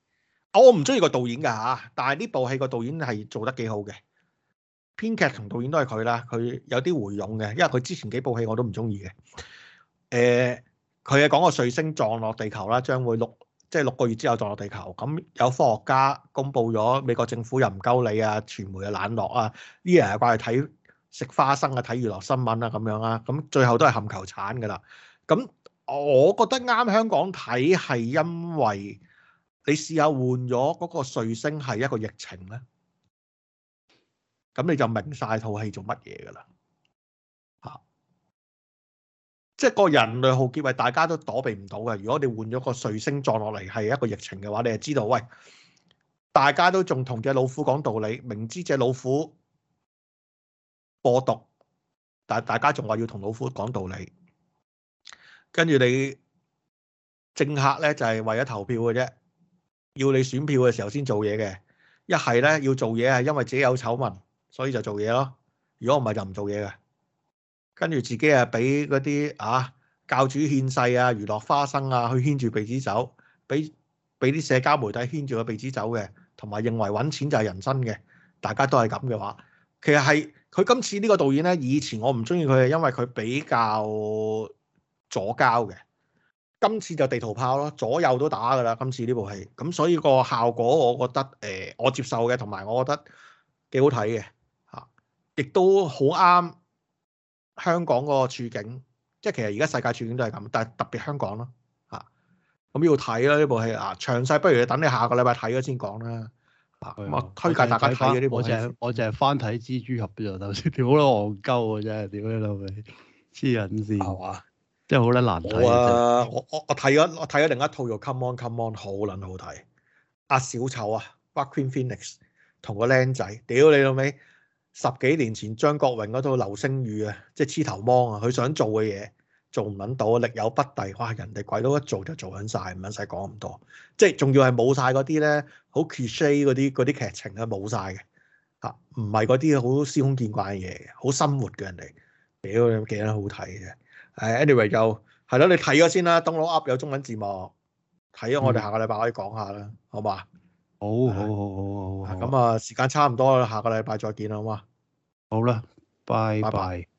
哦。我唔中意個導演噶吓，但係呢部戲個導演係做得幾好嘅，編劇同導演都係佢啦。佢有啲回勇嘅，因為佢之前幾部戲我都唔中意嘅。誒、呃，佢係講個彗星撞落地球啦，將會六。即係六個月之後撞落地球，咁有科學家公布咗，美國政府又唔夠你啊，傳媒又冷落啊，啲人係掛去睇食花生啊，睇娛樂新聞啊咁樣啦，咁最後都係冚球鏟噶啦。咁我覺得啱香港睇係因為你試下換咗嗰個彗星係一個疫情咧，咁你就明晒套戲做乜嘢噶啦。即係個人類浩劫，係大家都躲避唔到嘅。如果你換咗個瑞星撞落嚟，係一個疫情嘅話，你就知道喂，大家都仲同隻老虎講道理，明知隻老虎播毒，但大家仲話要同老虎講道理。跟住你政客咧，就係、是、為咗投票嘅啫，要你選票嘅時候先做嘢嘅。一係咧要做嘢係因為自己有醜聞，所以就做嘢咯。如果唔係就唔做嘢嘅。跟住自己啊，俾嗰啲啊教主獻世啊，娛樂花生啊，去牽住鼻子走，俾俾啲社交媒體牽住個鼻子走嘅。同埋認為揾錢就係人生嘅，大家都係咁嘅話，其實係佢今次呢個導演呢，以前我唔中意佢係因為佢比較左膠嘅，今次就地圖炮咯，左右都打噶啦，今次呢部戲，咁所以個效果我覺得誒、呃，我接受嘅，同埋我覺得幾好睇嘅，嚇、啊，亦都好啱。香港嗰個處境，即係其實而家世界處境都係咁，但係特別香港咯嚇。咁、啊嗯、要睇啦呢部戲啊，詳細不如等你下個禮拜睇咗先講啦。我的推介大家睇嘅呢部我就係我翻睇蜘蛛俠啫。頭先屌你戇鳩啊真係，屌你老味，黐人線係嘛？真係好撚難睇、啊的。我我我睇咗我睇咗另一套又 Come On Come On，好撚好睇。阿、啊、小丑啊，Joaquin Phoenix 同個僆仔，屌你老味。十幾年前張國榮嗰套《流星語》啊，即係黐頭芒啊，佢想做嘅嘢做唔揾到，力有不逮。哇，人哋鬼佬一做就做緊晒，唔使講咁多。即係仲要係冇晒嗰啲咧，好 cliche 嗰啲啲劇情咧，冇晒嘅嚇，唔係嗰啲好司空見慣嘅嘢，好生活嘅人哋。屌幾得好睇嘅？誒，anyway 就係咯，你睇咗先啦，Don't Look Up 有中文字幕，睇咗我哋下個禮拜可以講下啦，嗯、好嘛？好好好好好好，咁 啊，時間差唔多啦，下個禮拜再見啦，好嗎？好啦，拜拜。